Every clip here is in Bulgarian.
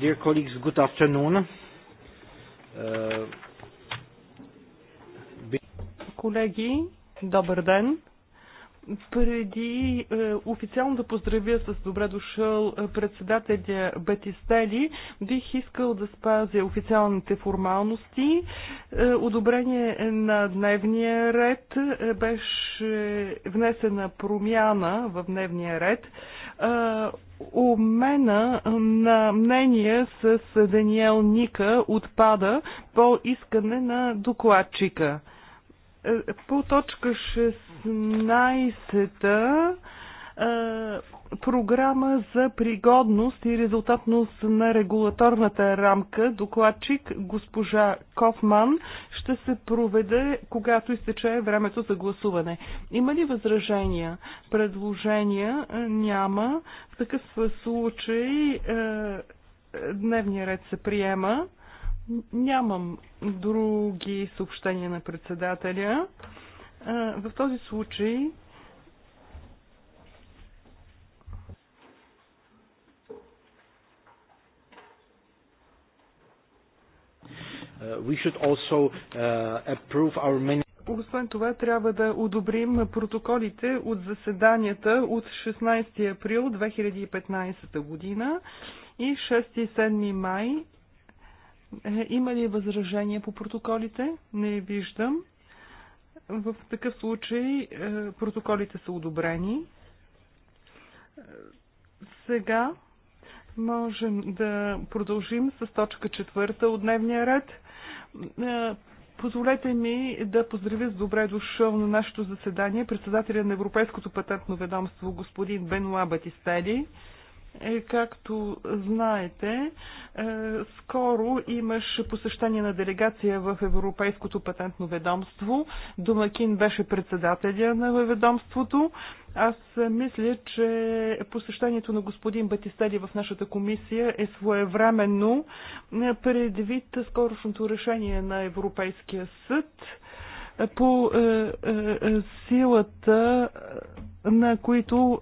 Dear colleagues, good afternoon. Uh, Колеги, добър ден. Преди е, официално да поздравя с добре дошъл е, председателя Бетистели, бих искал да спазя официалните формалности. Е, одобрение на дневния ред е, беше внесена промяна в дневния ред. Е, обмена на мнение с Даниел Ника отпада по искане на докладчика. Е, по точка 16 е, програма за пригодност и резултатност на регулаторната рамка, докладчик госпожа Кофман, ще се проведе, когато изтече времето за гласуване. Има ли възражения? Предложения няма. В такъв случай е, дневния ред се приема. Нямам други съобщения на председателя. Е, в този случай Uh, uh, освен това, трябва да одобрим протоколите от заседанията от 16 април 2015 година и 6 и 7 май. Е, има ли възражения по протоколите? Не виждам. В такъв случай е, протоколите са одобрени. Е, сега можем да продължим с точка четвърта от дневния ред. Е, позволете ми да поздравя с добре дошъл на нашето заседание председателя на Европейското патентно ведомство господин Бенуа Батистели. Е, както знаете, е, скоро имаш посещение на делегация в Европейското патентно ведомство. Домакин беше председателя на ведомството. Аз мисля, че посещението на господин Батистели в нашата комисия е своевременно е, предвид скорошното решение на Европейския съд по е, е, е, силата на които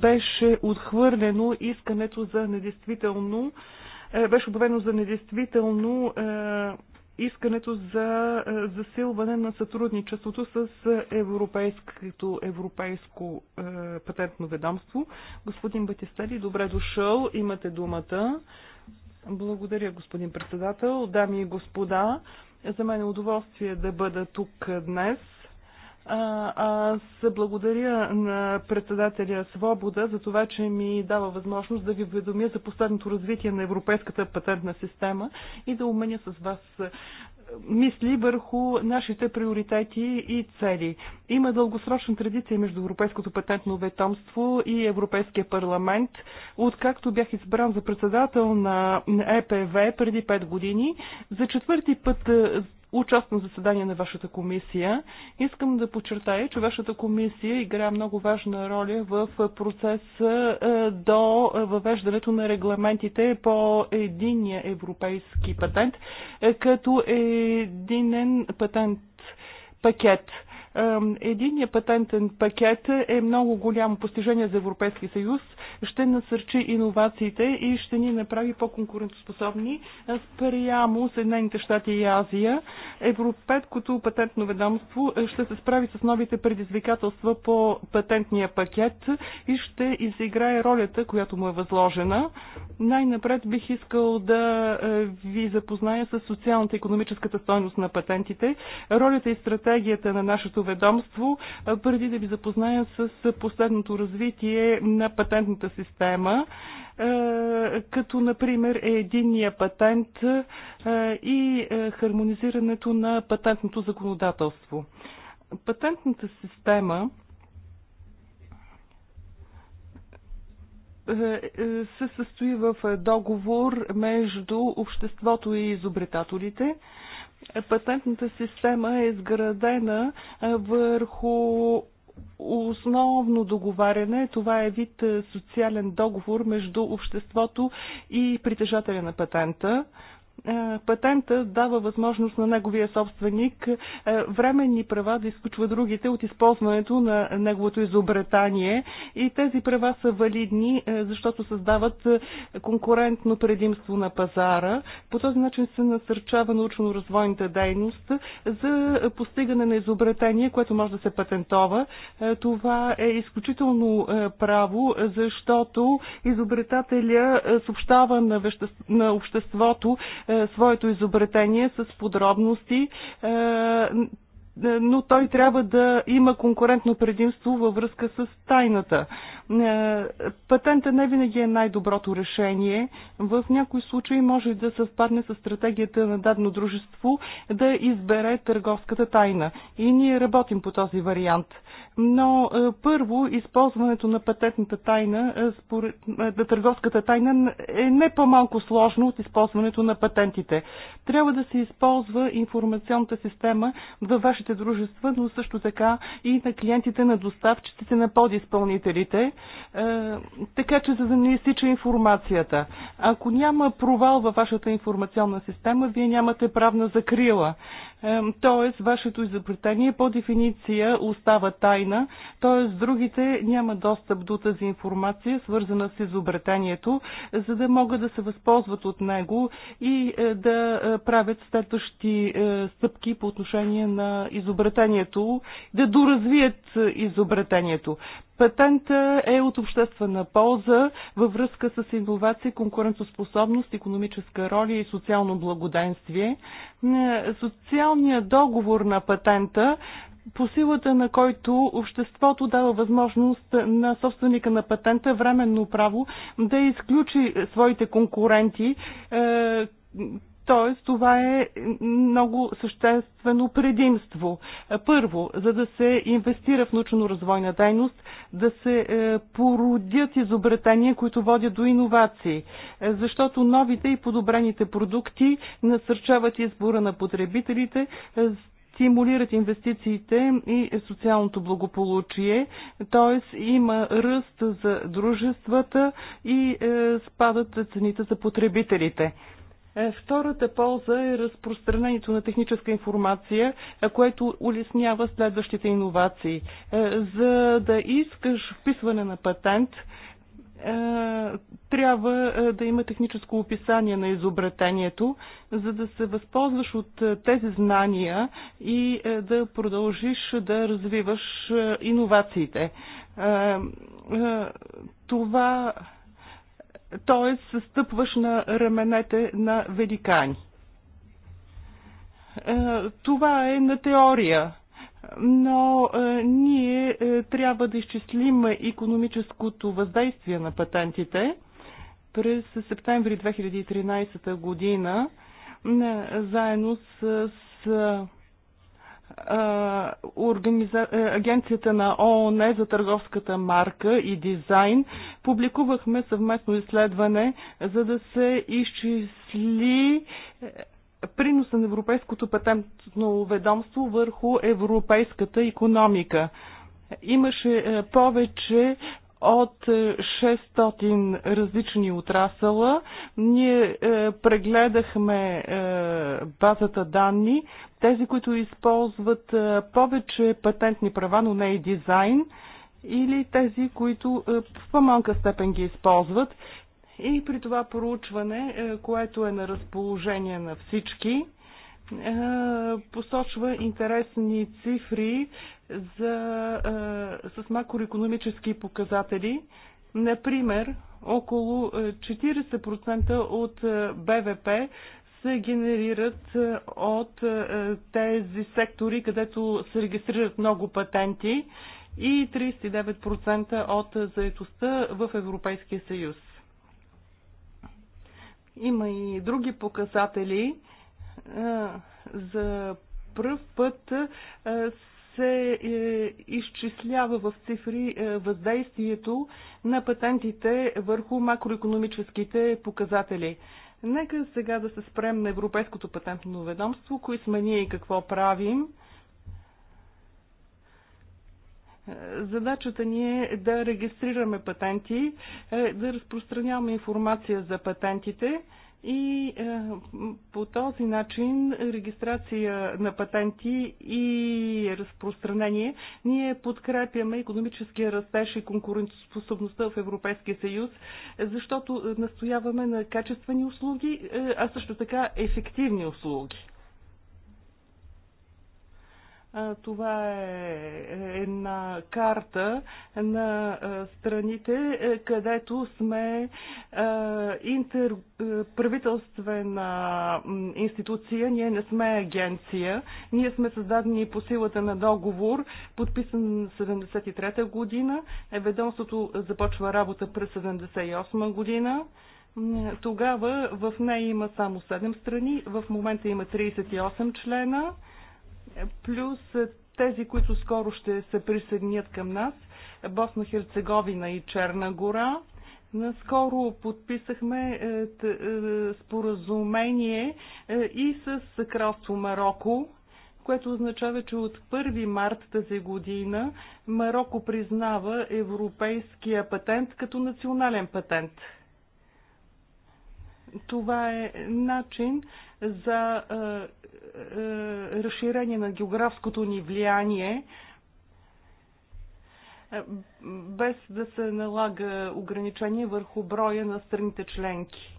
беше отхвърлено искането за недействително, беше обявено за недействително искането за засилване на сътрудничеството с Европейското европейско е, патентно ведомство. Господин Батистели, добре дошъл, имате думата. Благодаря, господин председател. Дами и господа, за мен е удоволствие да бъда тук днес. Аз благодаря на председателя Свобода за това, че ми дава възможност да ви уведомя за последното развитие на европейската патентна система и да уменя с вас мисли върху нашите приоритети и цели. Има дългосрочна традиция между Европейското патентно ведомство и Европейския парламент. Откакто бях избран за председател на ЕПВ преди 5 години, за четвърти път участвам в заседание на вашата комисия. Искам да подчертая, че вашата комисия играе много важна роля в процеса е, до въвеждането на регламентите по единия европейски патент, е, като единен патент пакет. Единият патентен пакет е много голямо постижение за Европейския съюз, ще насърчи иновациите и ще ни направи по-конкурентоспособни спрямо Съединените щати и Азия. Европейското патентно ведомство ще се справи с новите предизвикателства по патентния пакет и ще изиграе ролята, която му е възложена. Най-напред бих искал да ви запозная с социалната и економическата стойност на патентите, ролята и стратегията на нашето ведомство, преди да ви запозная с последното развитие на патентната система, като например е единния патент и хармонизирането на патентното законодателство. Патентната система е, се състои в договор между обществото и изобретателите патентната система е изградена върху основно договаряне. Това е вид социален договор между обществото и притежателя на патента. Е, патента дава възможност на неговия собственик е, временни права да изключва другите от използването на неговото изобретание и тези права са валидни, е, защото създават конкурентно предимство на пазара. По този начин се насърчава научно-развойната дейност за постигане на изобретение, което може да се патентова. Това е изключително право, защото изобретателя съобщава на, веще... на обществото е, своето изобретение с подробности е, е, но той трябва да има конкурентно предимство във връзка с тайната. Е, Патента не винаги е най-доброто решение. В някои случаи може да съвпадне с стратегията на дадено дружество да избере търговската тайна. И ние работим по този вариант. Но е, първо, използването на патентната тайна, е, според, на търговската тайна е не по-малко сложно от използването на патентите. Трябва да се използва информационната система във вашите дружества, но също така и на клиентите, на доставчиците, на подизпълнителите. Е, така че за да не изтича информацията. Ако няма провал във вашата информационна система, вие нямате правна закрила. Тоест, вашето изобретение по дефиниция остава тайна, т.е. другите няма достъп до тази информация, свързана с изобретението, за да могат да се възползват от него и е, да е, правят следващи е, стъпки по отношение на изобретението, да доразвият изобретението. Патента е от обществена полза във връзка с инновации, конкурентоспособност, економическа роля и социално благоденствие. Социал специалния договор на патента, по силата на който обществото дава възможност на собственика на патента временно право да изключи своите конкуренти, е, Тоест, това е много съществено предимство. Първо, за да се инвестира в научно-развойна дейност, да се е, породят изобретения, които водят до иновации, е, защото новите и подобрените продукти насърчават избора на потребителите, е, стимулират инвестициите и социалното благополучие, т.е. има ръст за дружествата и спадат цените за потребителите. Е, втората полза е разпространението на техническа информация, е, което улеснява следващите иновации. Е, за да искаш вписване на патент, трябва да има техническо описание на изобретението, за да се възползваш от тези знания и да продължиш да развиваш иновациите. Това т.е. стъпваш на раменете на великани. Е, това е на теория, но е, ние е, трябва да изчислим економическото въздействие на патентите. През септември 2013 година, заедно с Организа... Агенцията на ООН за търговската марка и дизайн публикувахме съвместно изследване, за да се изчисли е, приноса на Европейското патентно ведомство върху европейската економика. Имаше е, повече от 600 е, различни отрасъла. Ние е, прегледахме е, базата данни тези, които използват е, повече патентни права, но не и дизайн, или тези, които е, в по-малка степен ги използват. И при това проучване, е, което е на разположение на всички, посочва интересни цифри за, с макроекономически показатели. Например, около 40% от БВП се генерират е, от е, тези сектори, където се регистрират много патенти и 39% от заетостта в Европейския съюз. Има и други показатели. Е, за пръв път се изчислява в цифри въздействието на патентите върху макроекономическите показатели. Нека сега да се спрем на Европейското патентно ведомство, кои сме ние и какво правим. Задачата ни е да регистрираме патенти, е, да разпространяваме информация за патентите, и е, по този начин регистрация на патенти и разпространение ние подкрепяме економическия растеж и конкурентоспособността в Европейския съюз, защото настояваме на качествени услуги, е, а също така ефективни услуги. Това е, е една карта на страните, е, където сме интер... Е, правителствена институция. Ние не сме агенция. Ние сме създадени по силата на договор, подписан 73-та година. Ведомството започва работа през 78 година. Тогава в нея има само 7 страни, в момента има 38 члена плюс тези, които скоро ще се присъединят към нас, Босна Херцеговина и Черна гора. Наскоро подписахме е, е, споразумение е, и с кралство Марокко, което означава, че от 1 март тази година Марокко признава европейския патент като национален патент. Това е начин за е, разширение на географското ни влияние, е, без да се налага ограничение върху броя на страните членки.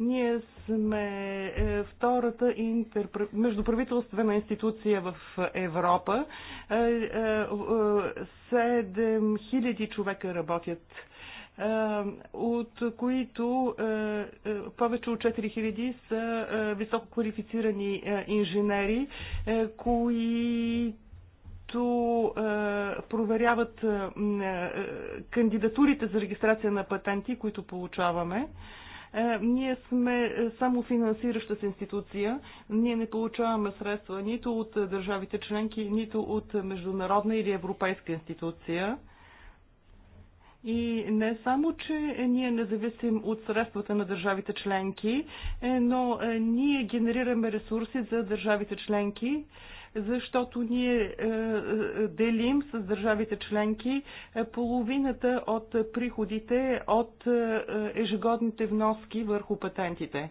Ние сме е, втората интерпр... междуправителствена институция в Европа. 7000 човека работят от които е, е, повече от 4000 са е, високо квалифицирани инженери, които проверяват кандидатурите за регистрация на патенти, които получаваме. ние сме само финансираща се институция. Ние не получаваме средства нито от държавите членки, нито от международна или европейска институция. И не само, че ние не зависим от средствата на държавите членки, е, но е, ние генерираме ресурси за държавите членки, защото ние е, делим с държавите членки половината от приходите от ежегодните вноски върху патентите.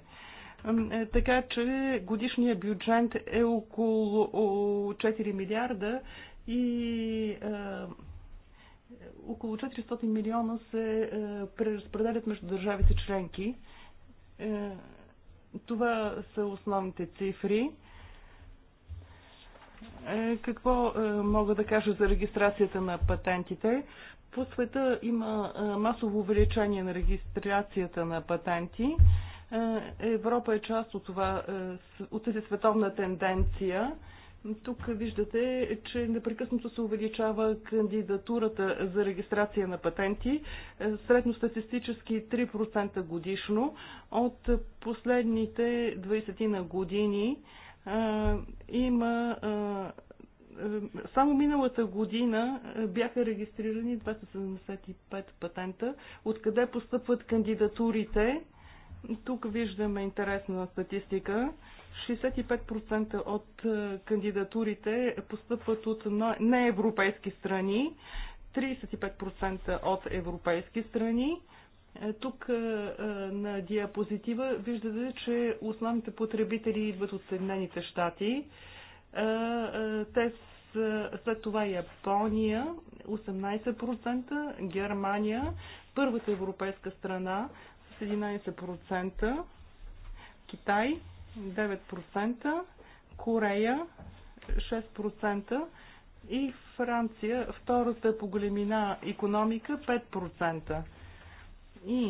Така че годишният бюджет е около 4 милиарда и около 400 милиона се е, преразпределят между държавите членки. Е, това са основните цифри. Е, какво мога да кажа за регистрацията на патентите? По света има масово увеличение на регистрацията на патенти. Европа е част от, това, от тази световна тенденция. Тук виждате, че непрекъснато се увеличава кандидатурата за регистрация на патенти, е, средно статистически 3% годишно. От последните 20 на години а, е, има а, е, само миналата година бяха регистрирани 275 патента, откъде постъпват кандидатурите тук виждаме интересна статистика. 65% от е, кандидатурите постъпват от неевропейски страни, 35% от европейски страни. Е, тук е, на диапозитива виждате, че основните потребители идват от Съединените щати. Те са след това Япония 18%, Германия, първата европейска страна 11%, Китай 9%, Корея 6% и Франция, втората по големина економика 5%. И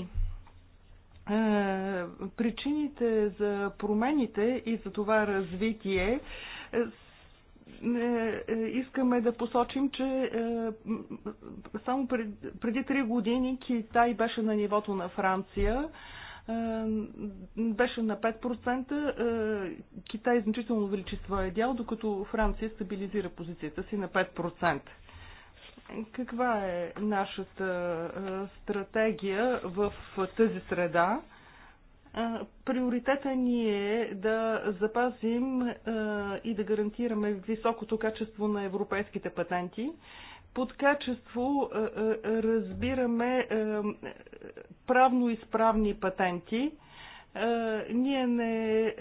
е, причините за промените и за това развитие е, е, е, искаме да посочим, че е, само преди три години Китай беше на нивото на Франция. Беше на 5%. Китай значително увеличи своя дял, докато Франция стабилизира позицията си на 5%. Каква е нашата стратегия в тази среда? Приоритета ни е да запазим и да гарантираме високото качество на европейските патенти. Под качество разбираме правно изправни патенти. Ние не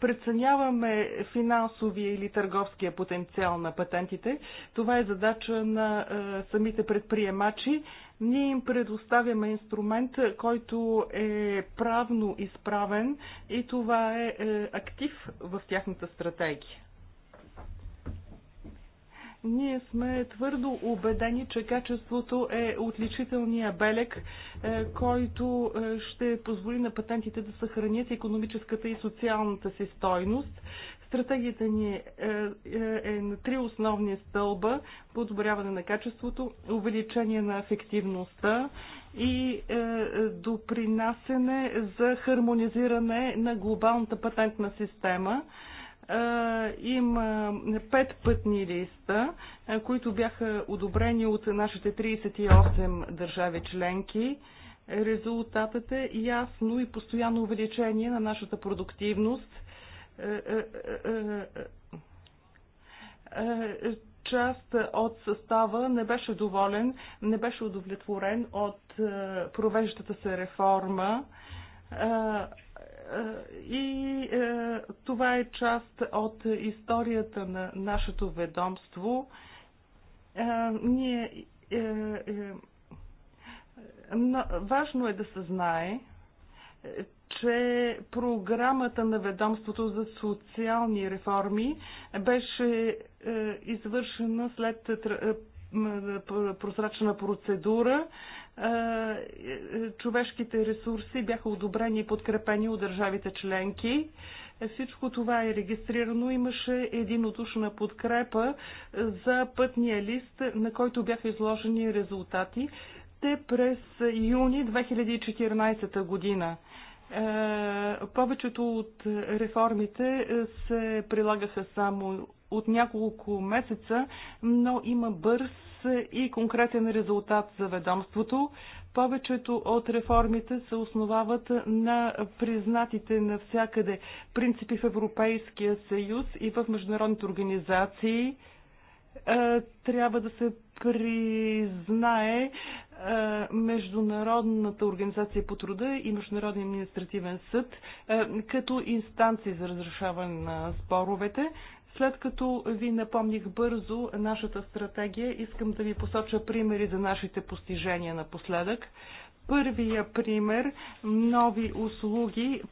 преценяваме финансовия или търговския потенциал на патентите. Това е задача на самите предприемачи ние им предоставяме инструмент, който е правно изправен и това е, е актив в тяхната стратегия. Ние сме твърдо убедени, че качеството е отличителния белег, е, който е, ще позволи на патентите да съхранят економическата и социалната си стойност. Стратегията ни е, е, е на три основни стълба – подобряване на качеството, увеличение на ефективността и е, е допринасене за хармонизиране на глобалната патентна система е, има пет пътни листа, които бяха одобрени от нашите 38 държави членки. Резултатът е ясно и постоянно увеличение на нашата продуктивност, част от състава не беше доволен, не беше удовлетворен от е, провеждата се реформа. Е, е, и това е част от историята на нашето ведомство. Ние важно е да се знае, че програмата на ведомството за социални реформи беше е, извършена след е, прозрачна процедура. Е, човешките ресурси бяха одобрени и подкрепени от държавите членки. Всичко това е регистрирано. Имаше единодушна подкрепа за пътния лист, на който бяха изложени резултати. Те през юни 2014 година. Е, повечето от реформите е, се прилагаха само от няколко месеца, но има бърз и конкретен резултат за ведомството. Повечето от реформите се основават на признатите навсякъде принципи в Европейския съюз и в международните организации. Е, трябва да се признае е, Международната организация по труда и Международния административен съд е, като инстанции за разрешаване на споровете. След като ви напомних бързо нашата стратегия, искам да ви посоча примери за нашите постижения напоследък. Първия пример – нови услуги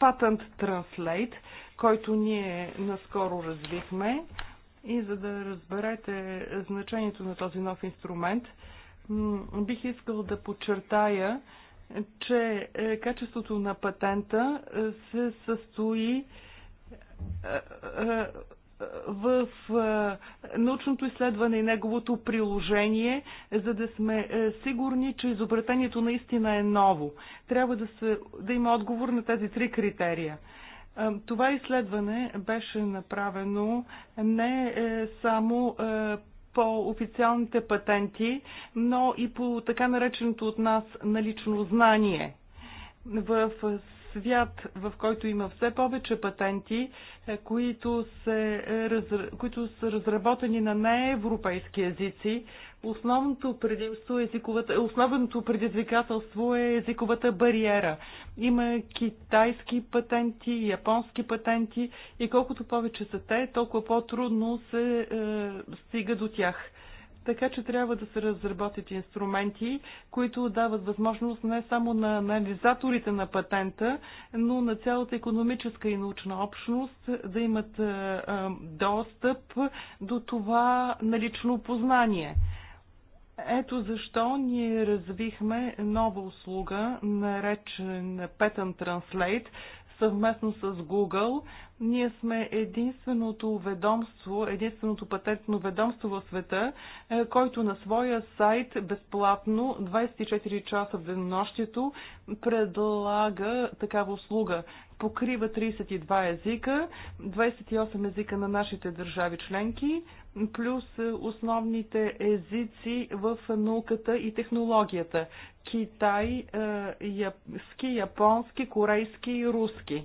Patent Translate, който ние наскоро развихме. И за да разберете значението на този нов инструмент, бих искал да подчертая, че е, качеството на патента е, се състои е, в научното изследване и неговото приложение, за да сме сигурни, че изобретението наистина е ново. Трябва да, се, да има отговор на тези три критерия. Е, това изследване беше направено не е, само е, по официалните патенти, но и по така нареченото от нас налично знание. В свят, в който има все повече патенти, е, които, се, е, които са разработени на неевропейски езици, основното предимство е езиковата, основното предизвикателство е езиковата бариера. Има китайски патенти, японски патенти и колкото повече са те, толкова по-трудно се е, стига до тях. Така че трябва да се разработят инструменти, които дават възможност не само на анализаторите на патента, но на цялата економическа и научна общност да имат достъп до това налично познание. Ето защо ние развихме нова услуга, наречена Patent Translate, съвместно с Google, ние сме единственото ведомство, единственото патентно ведомство в света, е, който на своя сайт безплатно 24 часа в денонощието предлага такава услуга. Покрива 32 езика, 28 езика на нашите държави членки, плюс основните езици в науката и технологията. Китай, е, японски, корейски и руски.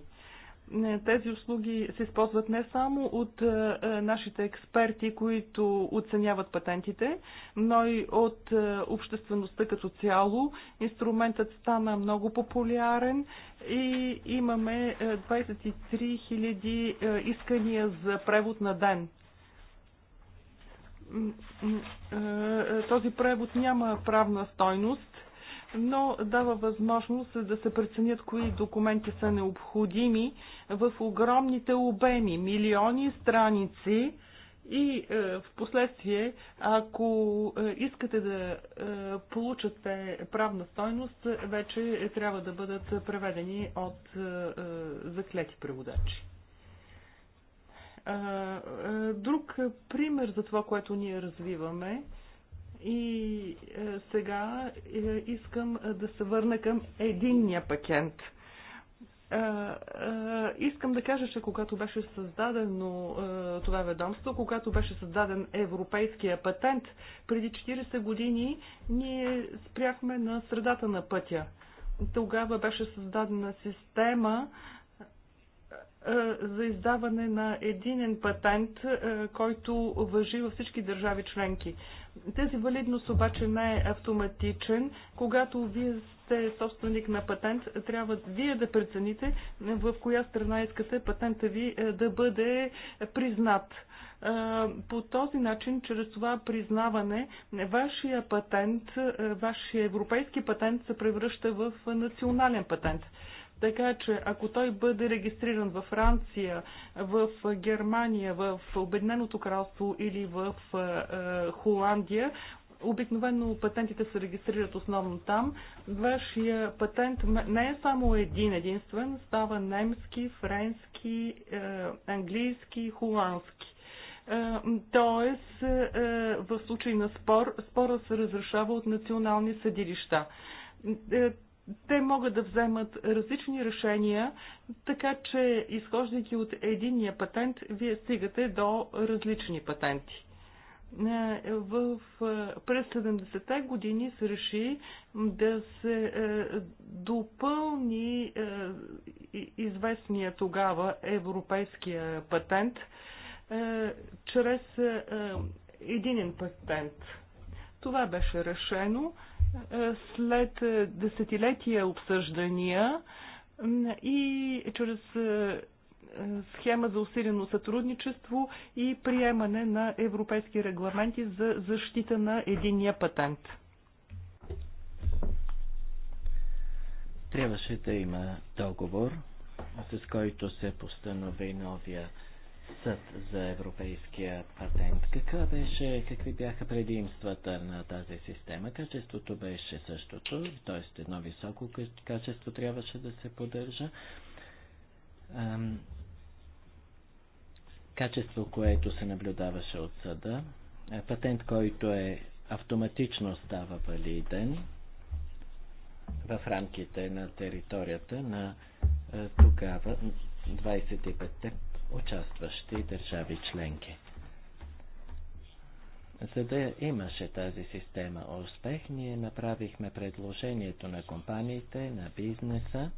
Е, тези услуги се използват не само от е, е, нашите експерти, които оценяват патентите, но и от обществеността като цяло. Инструментът стана много популярен и имаме 23 000 искания за превод на ден този превод няма правна стойност, но дава възможност да се преценят кои документи са необходими в огромните обеми, милиони страници. И е, в последствие, ако е, искате да е, получате правна стойност, вече трябва да бъдат преведени от е, е заклети преводачи. Е, друг пример за това, което ние развиваме, и е, сега е, искам е, да се върна към единния пакет. Е, е, искам да кажа, че когато беше създадено е, това ведомство, когато беше създаден европейския патент, преди 40 години ние спряхме на средата на пътя. Тогава беше създадена система, е, за издаване на единен патент, е, който въжи във всички държави членки. Тези валидност обаче не е автоматичен. Когато вие сте собственик на патент, трябва вие да прецените в коя страна искате патента ви е, да бъде признат. По този начин, чрез това признаване, вашия патент, вашия европейски патент се превръща в национален патент. Така че, ако той бъде регистриран във Франция, в Германия, в Обединеното кралство или в е, е, Холандия, Обикновено патентите се регистрират основно там. Вашия патент не е само един единствен, става немски, френски, е, английски, холандски. Тоест, в случай на спор, спора се разрешава от национални съдилища те могат да вземат различни решения, така че изхождайки от единия патент, вие стигате до различни патенти. Е, в, е, през 70-те години се реши да се е, допълни известния тогава европейския патент чрез единен патент. Това беше решено е, след е, десетилетия обсъждания и чрез е, схема за усилено сътрудничество и приемане на европейски регламенти за защита на единия патент. Трябваше да има договор, с който се постанови новия съд за европейския патент. Каква беше, какви бяха предимствата на тази система? Качеството беше същото, т.е. едно високо качество трябваше да се поддържа. Качество, което се наблюдаваше от съда. Е, патент, който е автоматично става валиден в рамките на територията на е, тогава 25-те участващи държави членки. За да имаше тази система успех, ние направихме предложението на компаниите, на бизнеса,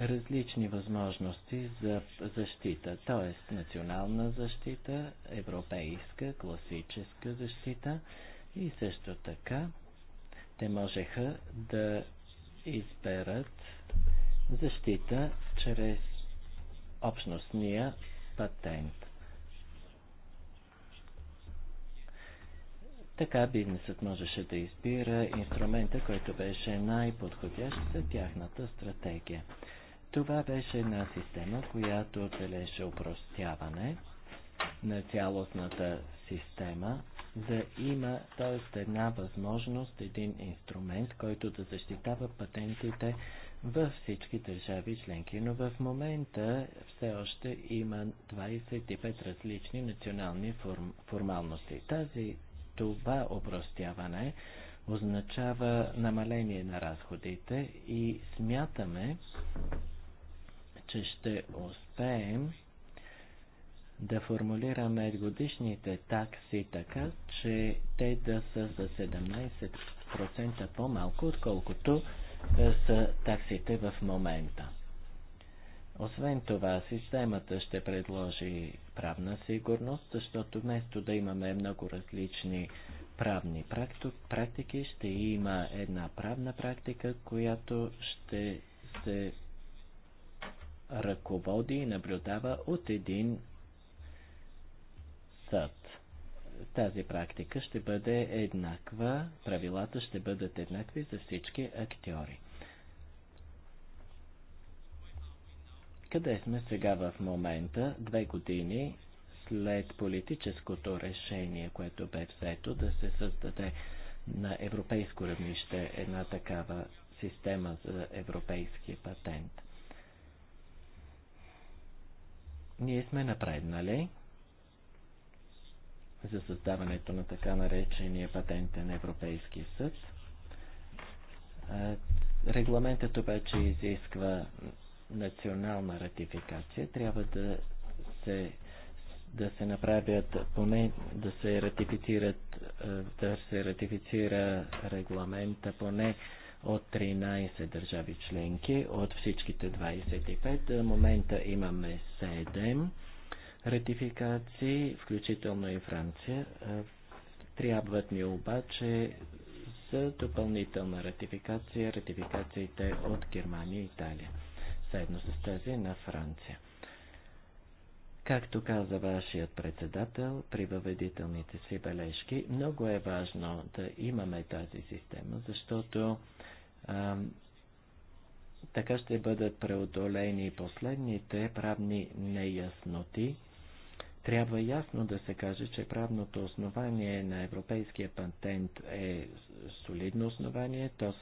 различни възможности за защита, т.е. национална защита, европейска, класическа защита и също така те можеха да изберат защита чрез общностния патент. Така бизнесът можеше да избира инструмента, който беше най-подходящ за тяхната стратегия. Това беше една система, която целеше упростяване на цялостната система, да има, т.е. една възможност, един инструмент, който да защитава патентите във всички държави членки, но в момента все още има 25 различни национални форм, формалности. Тази това опростяване означава намаление на разходите и смятаме, че ще успеем да формулираме годишните такси така, че те да са за 17% по-малко, отколкото е, с таксите в момента. Освен това, системата ще предложи правна сигурност, защото вместо да имаме много различни правни практики, ще има една правна практика, която ще се ръководи и наблюдава от един съд тази практика ще бъде еднаква, правилата ще бъдат еднакви за всички актьори. Къде сме сега в момента, две години след политическото решение, което бе взето да се създаде на европейско равнище една такава система за европейски патент? Ние сме напреднали за създаването на така наречения патентен Европейски съд. Регламентът обаче изисква национална ратификация. Трябва да се, да се направят поне да се ратифицират да се ратифицира регламента поне от 13 държави членки от всичките 25. До момента имаме 7 ратификации, включително и Франция. Трябват ни обаче за допълнителна ратификация ратификациите от Германия и Италия, заедно с тази на Франция. Както каза вашият председател при въведителните си бележки, много е важно да имаме тази система, защото ам, така ще бъдат преодолени последните правни неясноти, трябва ясно да се каже, че правното основание на европейския патент е солидно основание, то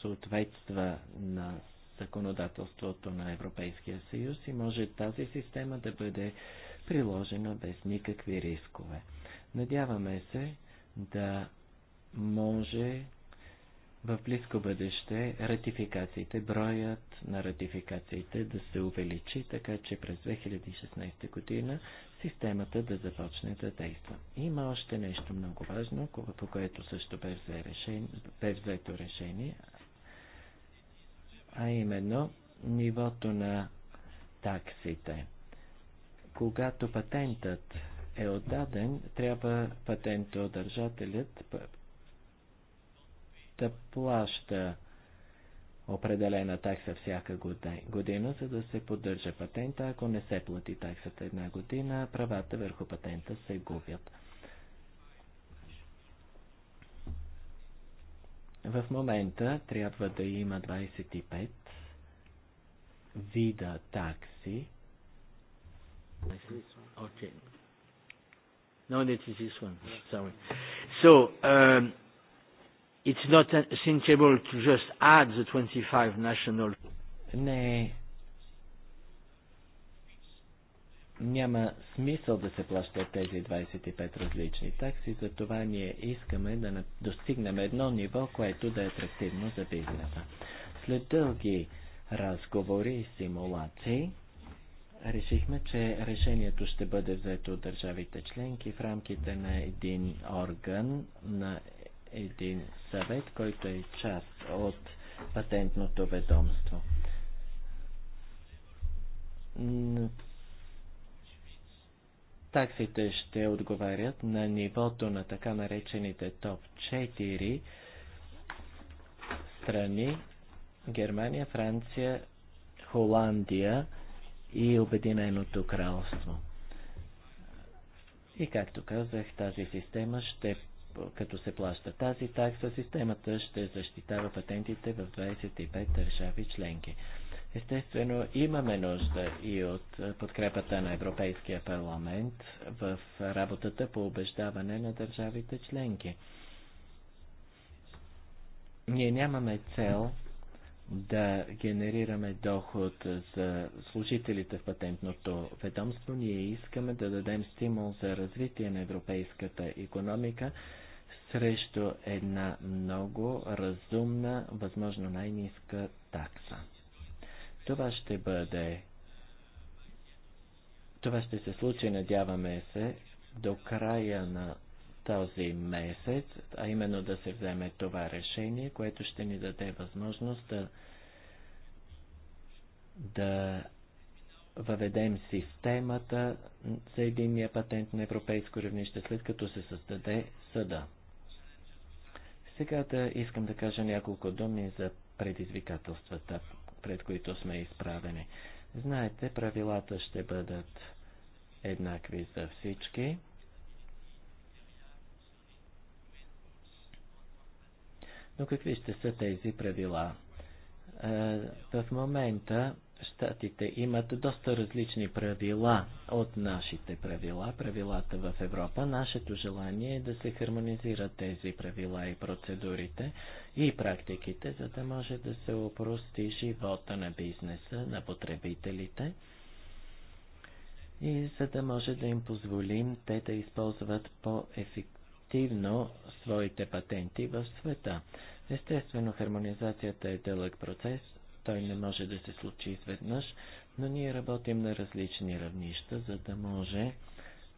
съответства на законодателството на Европейския съюз и може тази система да бъде приложена без никакви рискове. Надяваме се да може в близко бъдеще ратификациите, броят на ратификациите да се увеличи, така че през 2016 година системата да започне да действа. Има още нещо много важно, по което също бе, взе решение, бе взето решение, а именно нивото на таксите. Когато патентът е отдаден, трябва патентодържателят да плаща определена такса всяка година, за да се поддържа патента. Ако не се плати таксата една година, правата върху патента се губят. В момента трябва да има 25 вида такси. Okay. No, this is this one. Sorry. So, um, It's not thinkable to just add the 25 national. Не. Няма смисъл да се плащат тези 25 различни такси, затова ние искаме да достигнем едно ниво, което да е атрактивно за бизнеса. След дълги разговори и симулации, решихме, че решението ще бъде взето от държавите членки в рамките на един орган на един съвет, който е част от патентното ведомство. Таксите ще отговарят на нивото на така наречените топ 4 страни Германия, Франция, Холандия и Обединеното кралство. И както казах, тази система ще като се плаща тази такса, системата ще защитава патентите в 25 държави членки. Естествено, имаме нужда и от подкрепата на Европейския парламент в работата по убеждаване на държавите членки. Ние нямаме цел да генерираме доход за служителите в патентното ведомство. Ние искаме да дадем стимул за развитие на европейската економика срещу една много разумна, възможно най низка такса. Това ще бъде. Това ще се случи, надяваме се, до края на този месец, а именно да се вземе това решение, което ще ни даде възможност да, да въведем системата за единния патент на европейско равнище, след като се създаде съда. Сега да искам да кажа няколко думи за предизвикателствата, пред които сме изправени. Знаете, правилата ще бъдат еднакви за всички. Но какви ще са тези правила? Е, в момента щатите имат доста различни правила от нашите правила, правилата в Европа. Нашето желание е да се хармонизират тези правила и процедурите и практиките, за да може да се опрости живота на бизнеса, на потребителите и за да може да им позволим те да използват по-ефективно своите патенти в света. Естествено, хармонизацията е дълъг процес, той не може да се случи изведнъж, но ние работим на различни равнища, за да може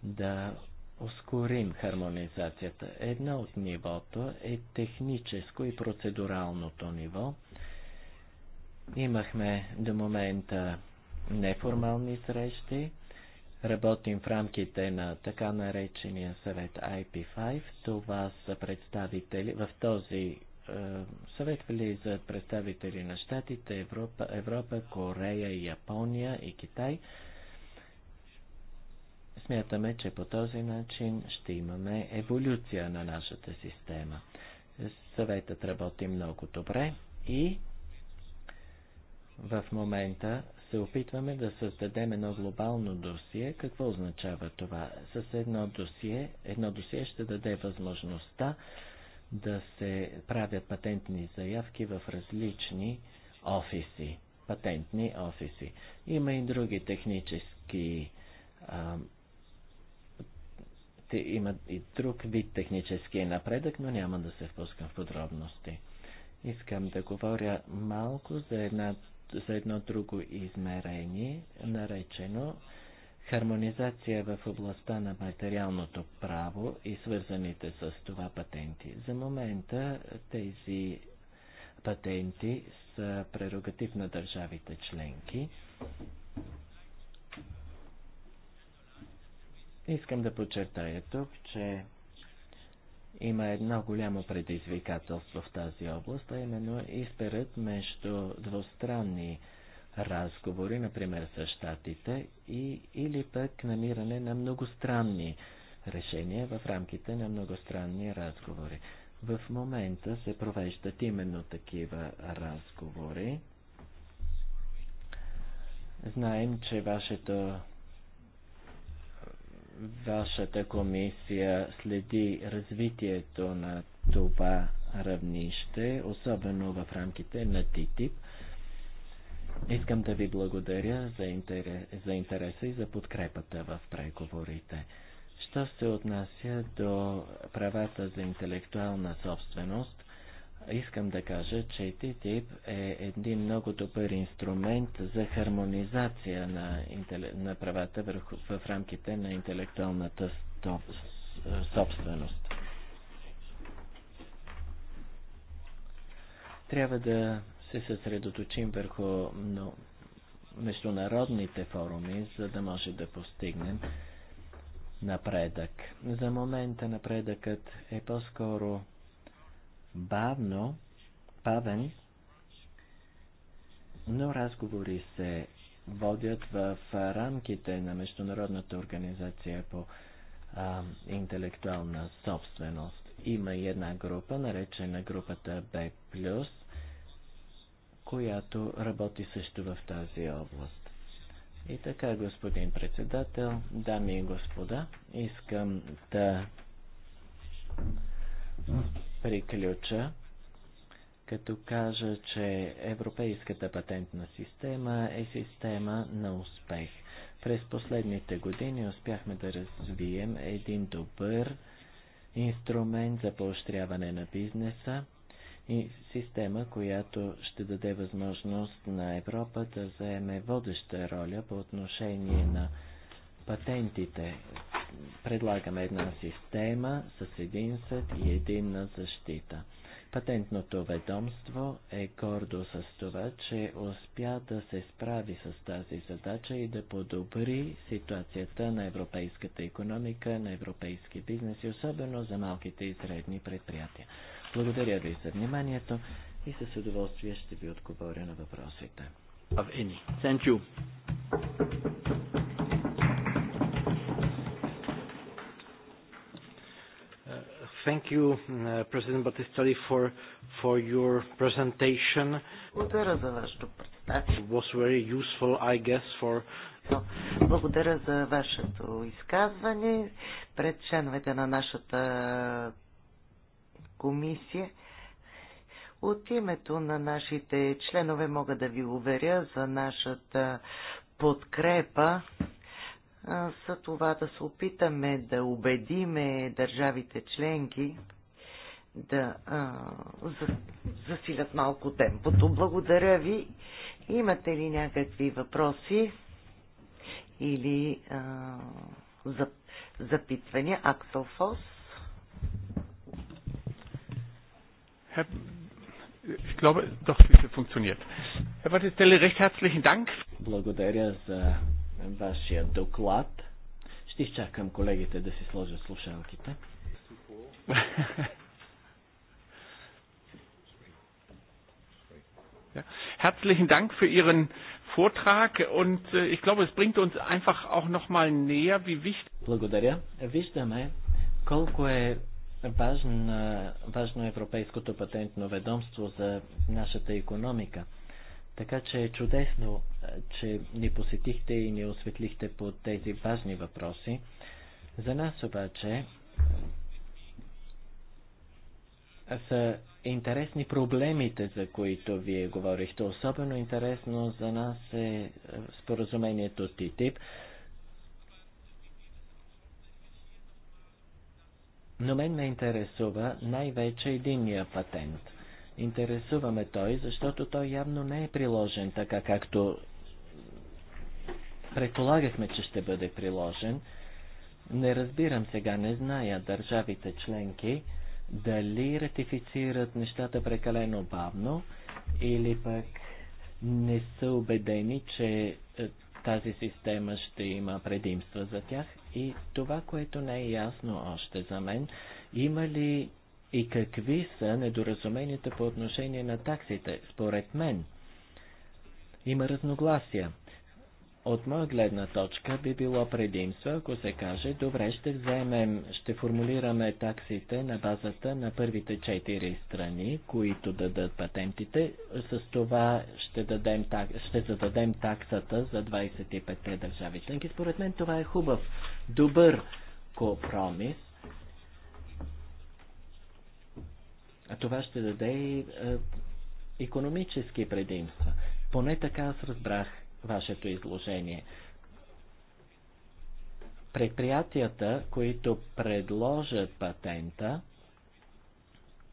да ускорим хармонизацията. Едно от нивото е техническо и процедуралното ниво. Имахме до момента неформални срещи. Работим в рамките на така наречения съвет IP5. Това са представители в този е, съветвали за представители на Штатите, Европа, Европа, Корея, Япония и Китай. Смятаме, че по този начин ще имаме еволюция на нашата система. Съветът работи много добре и в момента се опитваме да създадем едно глобално досие. Какво означава това? С едно досие, едно досие ще даде възможността да се правят патентни заявки в различни офиси, патентни офиси. Има и други технически а, те има и друг вид технически напредък, но няма да се впускам в подробности. Искам да говоря малко за, една, за едно друго измерение, наречено хармонизация в областта на материалното право и свързаните с това патенти. За момента тези патенти са прерогатив на държавите членки. Искам да подчертая тук, че има едно голямо предизвикателство в тази област, а именно изберът между двустранни разговори, например с щатите, и, или пък намиране на многостранни решения в рамките на многостранни разговори. В момента се провеждат именно такива разговори. Знаем, че вашето вашата комисия следи развитието на това равнище, особено в рамките на ТИТИП. Искам да ви благодаря за, интерес, за интереса и за подкрепата в преговорите. Що се отнася до правата за интелектуална собственост, искам да кажа, че ТТИП е един много добър инструмент за хармонизация на, на правата върху... в рамките на интелектуалната стоп... собственост. Трябва да се съсредоточим върху но, международните форуми, за да може да постигнем напредък. За момента напредъкът е по-скоро бавно, бавен, но разговори се водят в рамките на Международната организация по а, интелектуална собственост. Има и една група, наречена групата B+, която работи също в тази област. И така, господин председател, дами и господа, искам да приключа, като кажа, че Европейската патентна система е система на успех. През последните години успяхме да развием един добър инструмент за поощряване на бизнеса, и система, която ще даде възможност на Европа да заеме водеща роля по отношение на патентите. Предлагаме една система с един съд и единна защита. Патентното ведомство е гордо с това, че успя да се справи с тази задача и да подобри ситуацията на европейската економика, на европейски бизнес и особено за малките и средни предприятия. Благодаря ви за вниманието и с удоволствие ще ви отговоря на въпросите. Thank you. Uh, thank you, uh, President Battistelli, for, for your presentation. Благодаря за вашето представяне. It was very useful, I guess, for Благодаря за вашето изказване пред членовете на нашата комисия. От името на нашите членове мога да ви уверя за нашата подкрепа за това да се опитаме да убедиме държавите членки да а, засилят малко темпото. Благодаря ви. Имате ли някакви въпроси или а, запитвания? Аксел Фос? Herr, ich glaube, doch, es funktioniert. Herr Battistelle, recht herzlichen Dank. Herzlichen Dank für Ihren Vortrag und äh, ich glaube, es bringt uns einfach auch noch mal näher, wie wichtig. Благодаря. Виждаме колко е Важна, важно е Европейското патентно ведомство за нашата економика. Така че е чудесно, че ни посетихте и ни осветлихте по тези важни въпроси. За нас обаче са интересни проблемите, за които вие говорихте. Особено интересно за нас е споразумението ТИТИП. Но мен ме интересува най-вече единния патент. Интересуваме той, защото той явно не е приложен така, както предполагахме, че ще бъде приложен. Не разбирам сега, не зная държавите членки дали ратифицират нещата прекалено бавно или пък не са убедени, че тази система ще има предимства за тях. И това, което не е ясно още за мен, има ли и какви са недоразуменията по отношение на таксите? Според мен има разногласия. От моя гледна точка би било предимство, ако се каже, добре, ще вземем, ще формулираме таксите на базата на първите четири страни, които дадат патентите. С това ще, дадем, ще зададем таксата за 25-те държави членки. Според мен това е хубав, добър компромис. А това ще даде и економически предимства. Поне така аз разбрах вашето изложение. Предприятията, които предложат патента,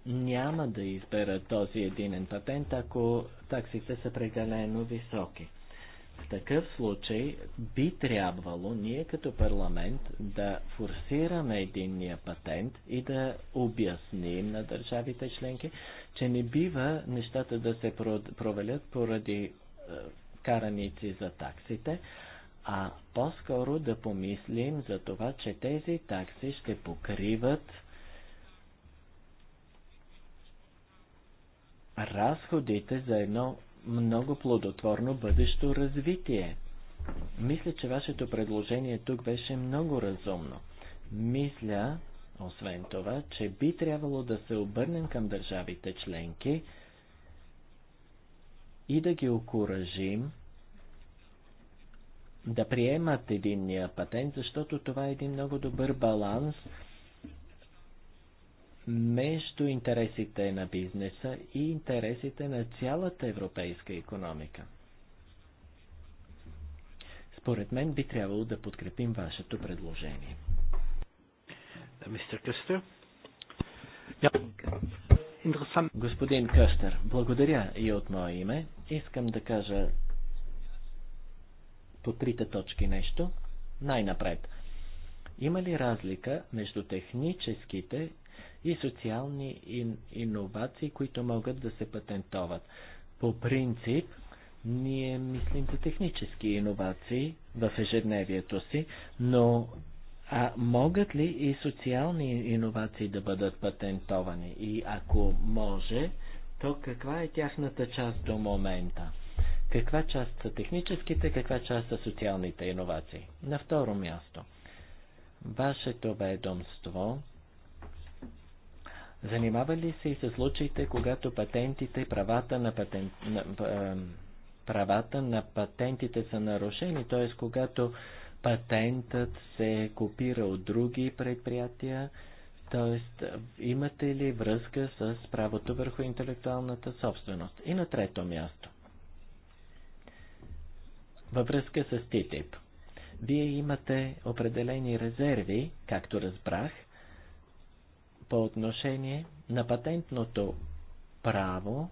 няма да изберат този единен патент, ако таксите са прекалено високи. В такъв случай би трябвало ние като парламент да форсираме единния патент и да обясним на държавите членки, че не бива нещата да се провалят поради е, караници за таксите, а по-скоро да помислим за това, че тези такси ще покриват разходите за едно много плодотворно бъдещо развитие. Мисля, че вашето предложение тук беше много разумно. Мисля, освен това, че би трябвало да се обърнем към държавите членки, и да ги окоръжим да приемат единния патент, защото това е един много добър баланс между интересите на бизнеса и интересите на цялата европейска економика. Според мен би трябвало да подкрепим вашето предложение. Мистер Къстър? interessant. Господин Къстер, благодаря и от мое име. Искам да кажа по трите точки нещо. Най-напред. Има ли разлика между техническите и социални ин, иновации, които могат да се патентоват? По принцип, ние мислим за технически иновации в ежедневието си, но а могат ли и социални иновации да бъдат патентовани? И ако може, то каква е тяхната част до момента? Каква част са техническите, каква част са социалните иновации? На второ място. Вашето ведомство занимава ли се и с случаите, когато патентите, и правата на, патент, на, правата на патентите са нарушени, т.е. когато патентът се копира от други предприятия, т.е. имате ли връзка с правото върху интелектуалната собственост? И на трето място. Във връзка с ТИТИП. Вие имате определени резерви, както разбрах, по отношение на патентното право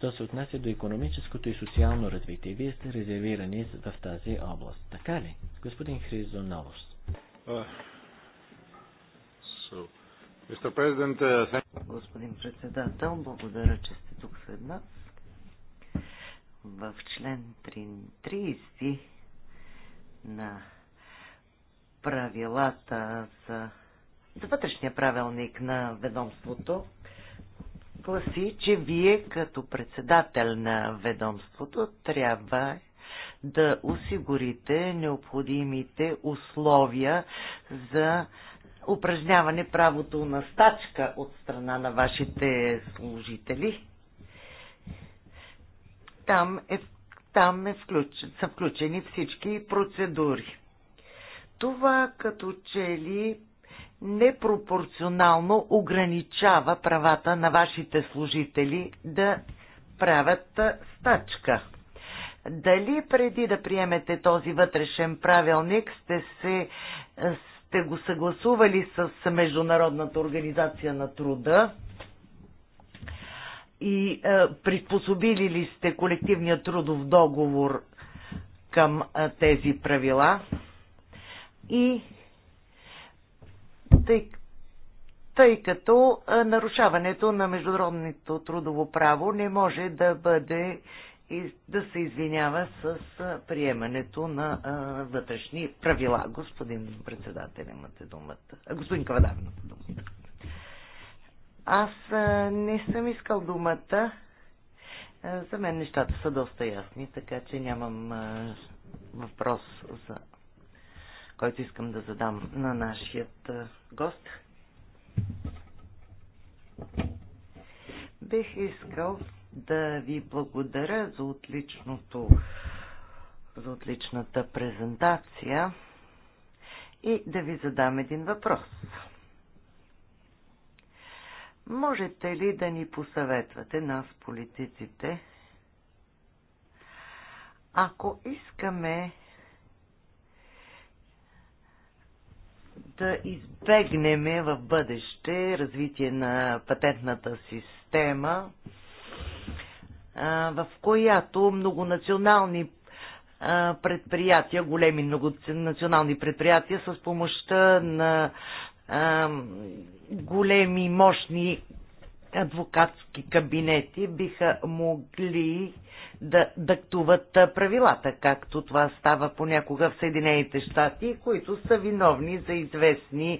що се отнася до економическото и социално развитие. Вие сте резервирани в тази област. Така ли? Господин Хризоновос. Uh, uh, Господин председател, благодаря, че сте тук след нас. В член 30 на правилата за, за вътрешния правилник на ведомството гласи, че вие като председател на ведомството трябва да осигурите необходимите условия за упражняване правото на стачка от страна на вашите служители. Там, е, там е включ, са включени всички процедури. Това като че ли непропорционално ограничава правата на вашите служители да правят стачка. Дали преди да приемете този вътрешен правилник сте, се, сте го съгласували с Международната организация на труда? И е, приспособили ли сте колективния трудов договор към е, тези правила? И тъй, тъй като нарушаването на международното трудово право не може да бъде и да се извинява с приемането на а, вътрешни правила. Господин председател, имате думата. Господин Кавадар, имате думата. Аз а, не съм искал думата. за мен нещата са доста ясни, така че нямам а, въпрос за който искам да задам на нашият гост. Бих искал да ви благодаря за отличното за отличната презентация и да ви задам един въпрос. Можете ли да ни посъветвате, нас политиците, ако искаме да избегнем в бъдеще развитие на патентната система, в която многонационални предприятия, големи многонационални предприятия с помощта на големи, мощни адвокатски кабинети биха могли да дактуват правилата, както това става понякога в Съединените щати, които са виновни за, известни,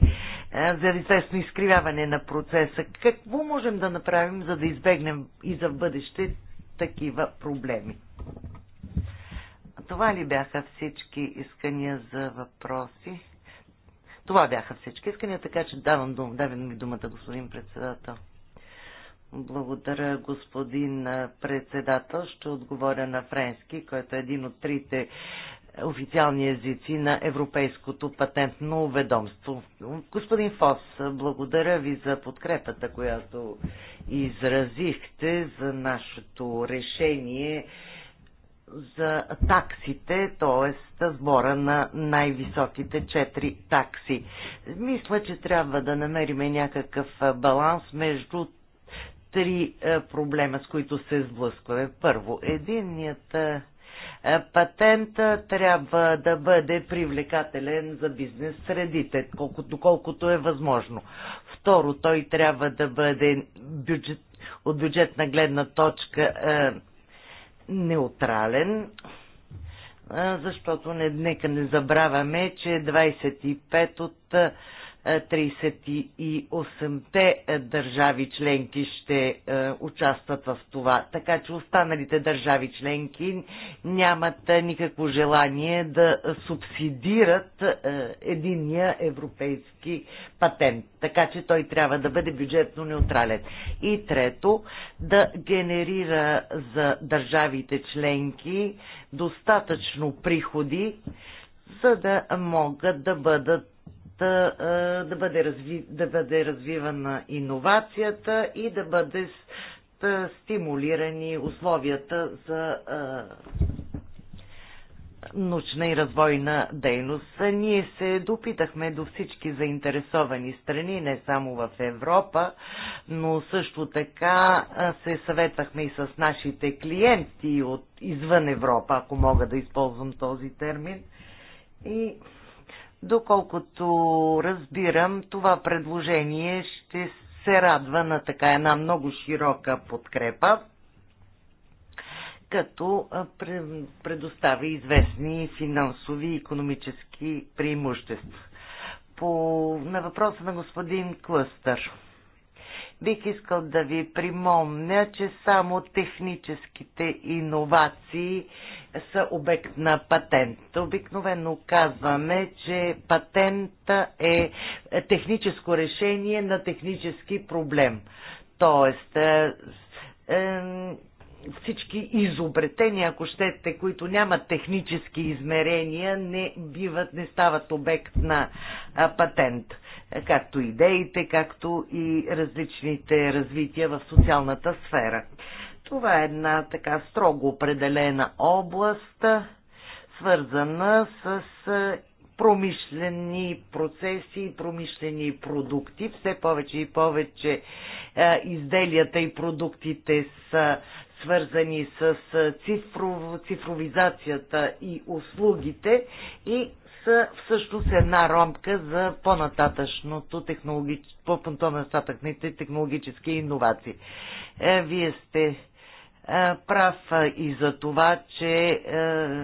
за известно изкривяване на процеса. Какво можем да направим, за да избегнем и за бъдеще такива проблеми? Това ли бяха всички искания за въпроси? Това бяха всички искания, така че давам, дум, давам ми думата, господин председател. Благодаря, господин председател. Ще отговоря на френски, който е един от трите е, официални езици на Европейското патентно ведомство. Господин Фос, благодаря ви за подкрепата, която изразихте за нашето решение за таксите, т.е. сбора на най-високите четири такси. Мисля, че трябва да намериме някакъв баланс между три е, проблема, с които се сблъскваме. Първо, единният е, е, патент трябва да бъде привлекателен за бизнес средите, доколкото е възможно. Второ, той трябва да бъде бюджет, от бюджетна гледна точка а, неутрален, защото не, нека не забравяме, че 25 от а, 38-те държави членки ще е, участват в това. Така че останалите държави членки нямат е, никакво желание да субсидират е, единия европейски патент. Така че той трябва да бъде бюджетно неутрален. И трето, да генерира за държавите членки достатъчно приходи, за да могат да бъдат да, да, бъде, разви, да бъде развивана иновацията и да бъде стимулирани условията за научна и развойна дейност. Ние се допитахме до всички заинтересовани страни, не само в Европа, но също така се съветвахме и с нашите клиенти от извън Европа, ако мога да използвам този термин. И Доколкото разбирам, това предложение ще се радва на така една много широка подкрепа, като предоставя известни финансови и економически преимущества. По, на въпроса на господин Клъстър. Бих искал да ви примомня, че само техническите иновации са обект на патент. Обикновено казваме, че патента е техническо решение на технически проблем. Тоест, е, е, всички изобретения, ако щете, които нямат технически измерения, не биват, не стават обект на а, патент. Както идеите, както и различните развития в социалната сфера. Това е една така строго определена област, свързана с промишлени процеси и промишлени продукти. Все повече и повече изделията и продуктите са свързани с цифров, цифровизацията и услугите и са всъщност една ромка за по-нататъчното технологич... по-нататъчните технологически иновации. Е, вие сте е, прав е, и за това, че е,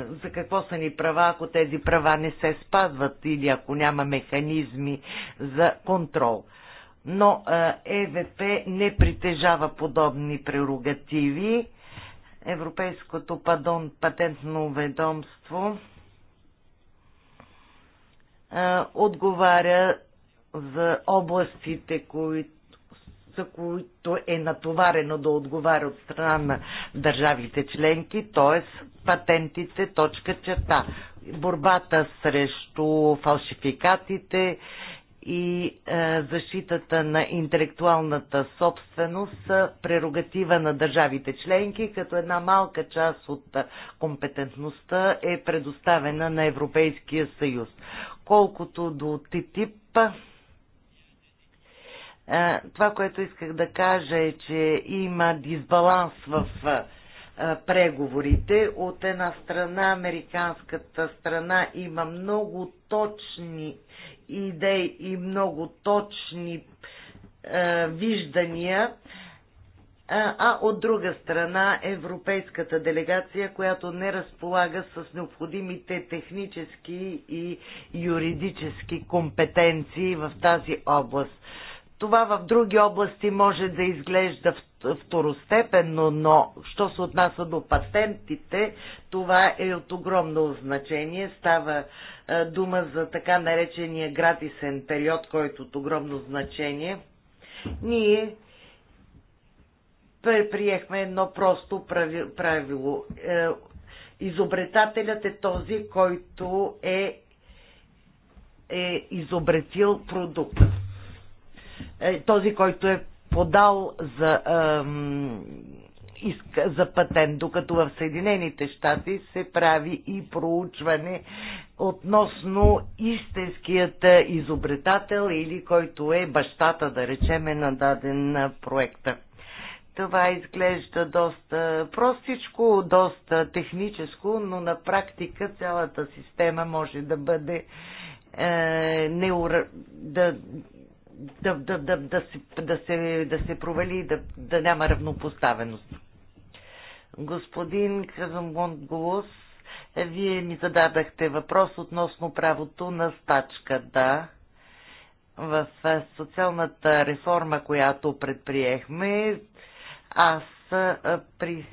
за какво са ни права, ако тези права не се спазват или ако няма механизми за контрол. Но ЕВП не притежава подобни прерогативи. Европейското падон, патентно ведомство отговаря за областите, които за които е натоварено да отговаря от страна на държавите членки, т.е. патентите, точка черта, борбата срещу фалшификатите и е, защитата на интелектуалната собственост са прерогатива на държавите членки, като една малка част от е, компетентността е предоставена на Европейския съюз. Колкото до ТИТИП, е, това, което исках да кажа е, че има дисбаланс в е, е, преговорите. От една страна, американската страна има много точни идеи и много точни виждания, а от друга страна европейската делегация, която не разполага с необходимите технически и юридически компетенции в тази област. Това в други области може да изглежда второстепенно, но що се отнася до патентите, това е от огромно значение. Става е, дума за така наречения гратисен период, който е от огромно значение. Ние приехме едно просто правило. Е, изобретателят е този, който е, е изобретил продукта. Е, този, който е подал за, а, за патент, докато в Съединените щати се прави и проучване относно истинският изобретател или който е бащата, да речеме, на даден проект. Това изглежда доста простичко, доста техническо, но на практика цялата система може да бъде е, неура... да, да, да, да, да, се, да, се, да се провали, да, да няма равнопоставеност. Господин Казамбон Голос, вие ми зададахте въпрос относно правото на стачка. Да, в социалната реформа, която предприехме, аз при,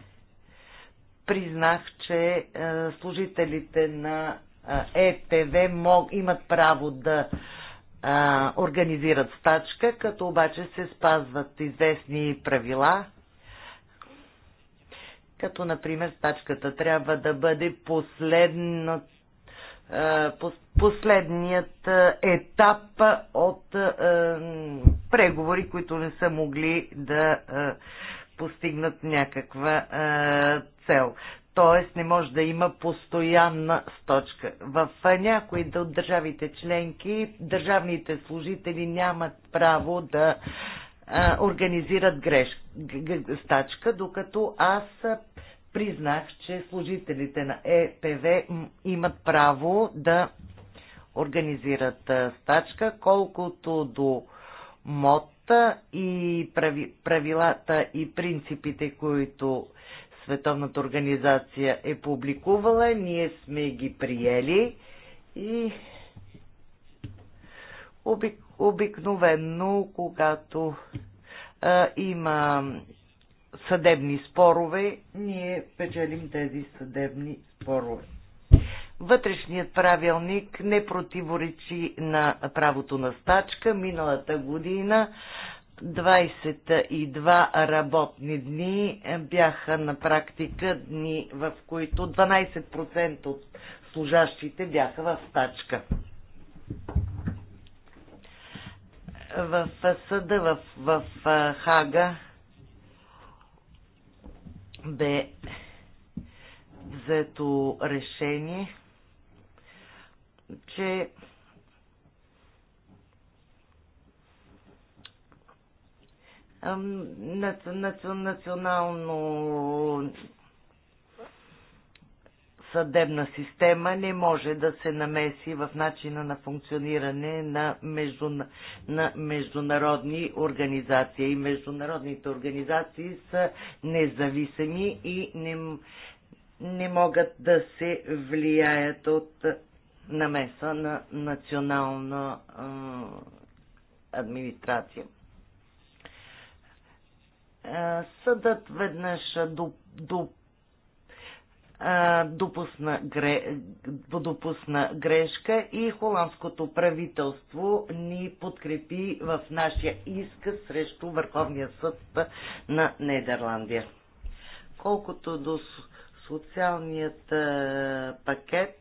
признах, че служителите на ЕТВ мог, имат право да а, организират стачка, като обаче се спазват известни правила, като например стачката трябва да бъде последна, последният етап от преговори, които не са могли да постигнат някаква цел т.е. не може да има постоянна сточка. В някои от държавите членки държавните служители нямат право да а, организират греш, стачка, докато аз признах, че служителите на ЕПВ имат право да организират стачка, колкото до МОД и правилата и принципите, които Световната организация е публикувала, ние сме ги приели и обик, обикновенно, когато а, има съдебни спорове, ние печелим тези съдебни спорове. Вътрешният правилник не противоречи на правото на стачка. Миналата година 22 работни дни е, бяха на практика дни, в които 12% от служащите бяха в стачка. В съда в, в, в Хага бе взето решение, че национално съдебна система не може да се намеси в начина на функциониране на, между, на международни организации. И международните организации са независими и не, не могат да се влияят от намеса на национална а, администрация. Е, съдът веднъж до, доп, е, допусна, гре, допусна грешка и холандското правителство ни подкрепи в нашия иск срещу Върховния съд на Нидерландия. Колкото до социалният е, пакет,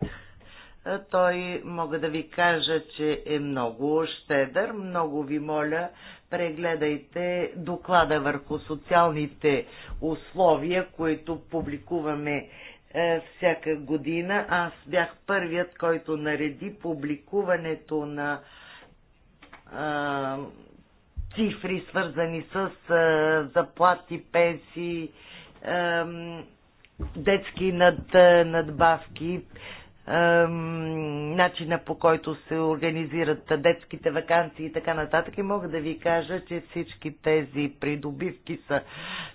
той мога да ви кажа, че е много щедър. Много ви моля прегледайте доклада върху социалните условия, които публикуваме е, всяка година. Аз бях първият, който нареди публикуването на е, цифри, свързани с е, заплати, пенсии, е, детски над, е, надбавки, начина по който се организират детските вакансии и така нататък. И мога да ви кажа, че всички тези придобивки са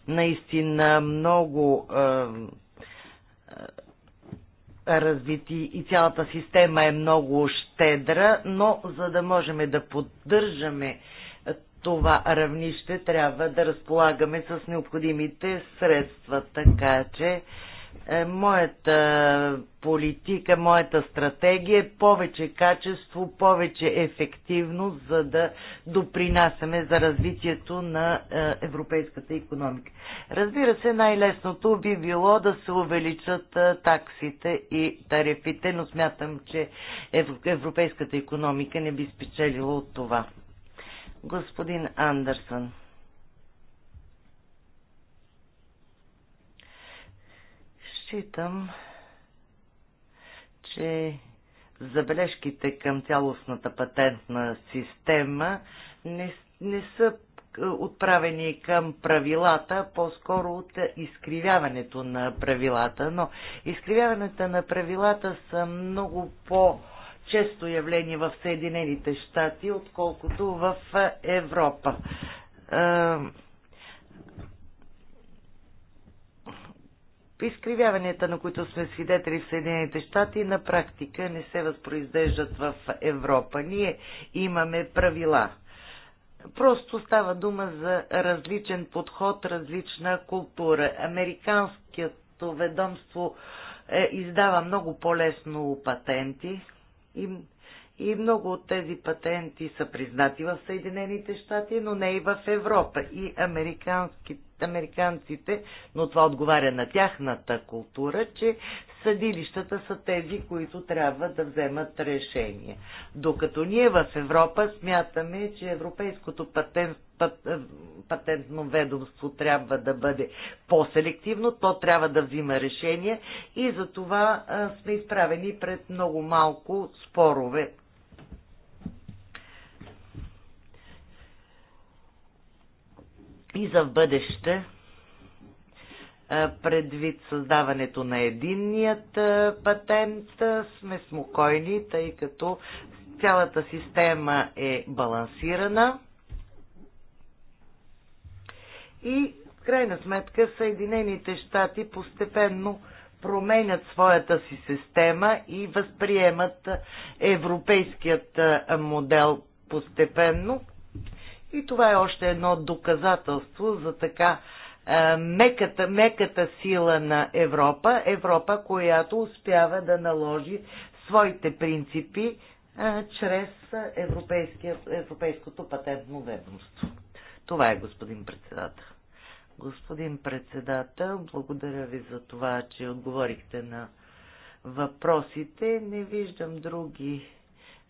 наистина много развити и цялата система е много щедра, но за да можем да поддържаме това равнище, трябва да разполагаме с необходимите средства. Така че е, моята политика, моята стратегия е повече качество, повече ефективност, за да допринасяме за развитието на е, европейската економика. Разбира се, най-лесното би било да се увеличат е, таксите и тарифите, но смятам, че европейската економика не би спечелила от това. Господин Андерсън. Считам, че забележките към цялостната патентна система не, не са отправени към правилата, по-скоро от изкривяването на правилата. Но изкривяването на правилата са много по- често явление в Съединените щати, отколкото в Европа. изкривяванията, на които сме свидетели в Съединените щати, на практика не се възпроизвеждат в Европа. Ние имаме правила. Просто става дума за различен подход, различна култура. Американското ведомство е, издава много по-лесно патенти и и много от тези патенти са признати в Съединените щати, но не и в Европа. И американците, но това отговаря на тяхната култура, че съдилищата са тези, които трябва да вземат решение. Докато ние в Европа смятаме, че европейското патент, пат, е, патентно ведомство трябва да бъде по-селективно, то трябва да взима решение и за това е, сме изправени пред много малко спорове и за в бъдеще предвид създаването на единният патент сме спокойни, тъй като цялата система е балансирана и в крайна сметка Съединените щати постепенно променят своята си система и възприемат европейският модел постепенно, и това е още едно доказателство за така е, меката, меката сила на Европа, Европа, която успява да наложи своите принципи е, чрез Европейското патентно ведомство. Това е, господин председател. Господин председател, благодаря ви за това, че отговорихте на въпросите. Не виждам други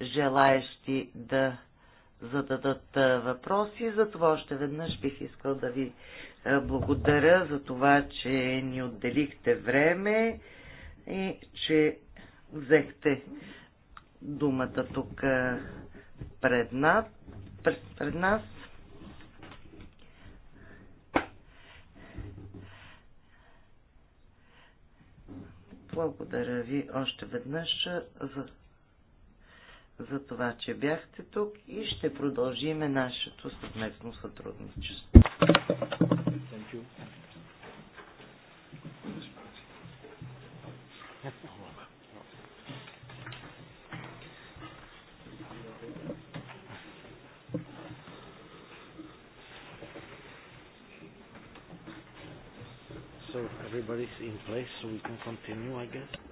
желаещи да зададат въпроси. За това още веднъж бих искал да ви благодаря за това, че ни отделихте време и че взехте думата тук пред нас. Пред, пред нас. Благодаря ви още веднъж за за това, че бяхте тук и ще продължиме нашето съвместно сътрудничество. So everybody's in place, so we can continue, I guess.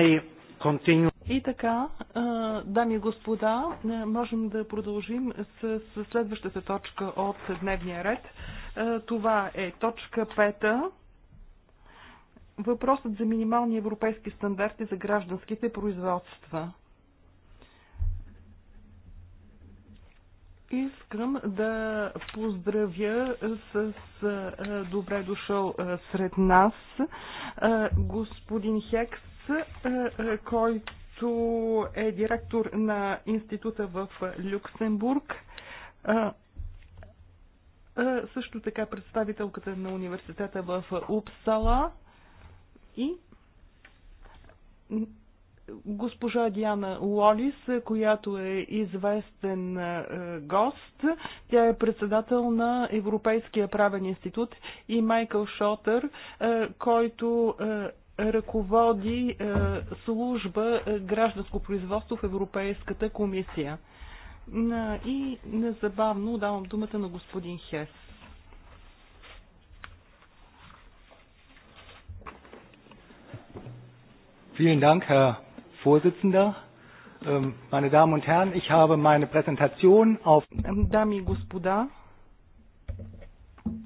may continue. И така, дами и господа, можем да продължим с следващата точка от дневния ред. Това е точка пета. Въпросът за минимални европейски стандарти за гражданските производства. Искам да поздравя с добре дошъл сред нас господин Хекс е, е, който е директор на института в Люксембург. Е, също така представителката на университета в Упсала и госпожа Диана Лолис, която е известен гост. Тя е председател на Европейския правен институт и Майкъл Шотър, който ръководи е, служба е, гражданско производство в Европейската комисия. На, И незабавно давам думата на господин Хес. Vielen Dank, Herr Vorsitzender. Ähm, meine Damen und Herren, ich habe meine Präsentation auf. Dami и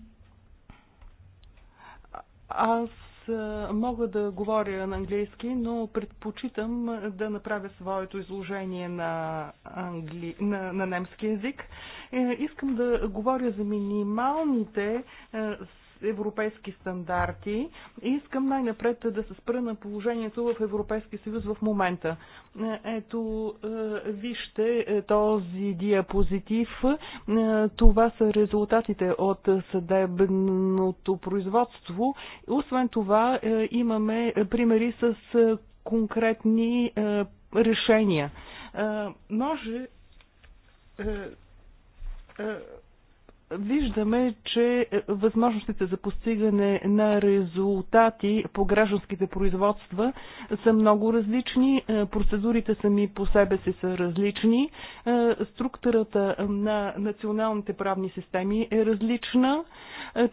Als е, мога да говоря на английски, но предпочитам да направя своето изложение на, англи... на, на немски язик. Е, искам да говоря за минималните е, европейски стандарти. И искам най-напред да се спра на положението в Европейски съюз в момента. Е, ето, е, вижте е, този диапозитив. Това са резултатите от съдебното производство. Освен това, имаме примери с конкретни решения. Може виждаме, че е, възможностите за постигане на резултати по гражданските производства са много различни, е, процедурите сами по себе си са различни, е, структурата на националните правни системи е различна,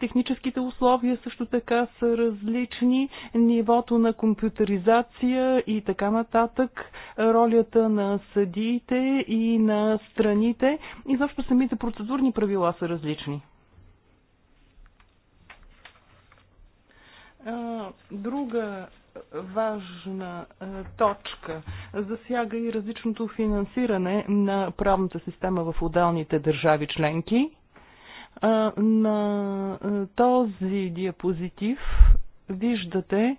техническите условия също така са различни, нивото на компютъризация и така нататък, ролята на съдиите и на страните и защо самите процедурни правила са различни различни. Друга важна точка засяга и различното финансиране на правната система в отдалните държави членки. На този диапозитив виждате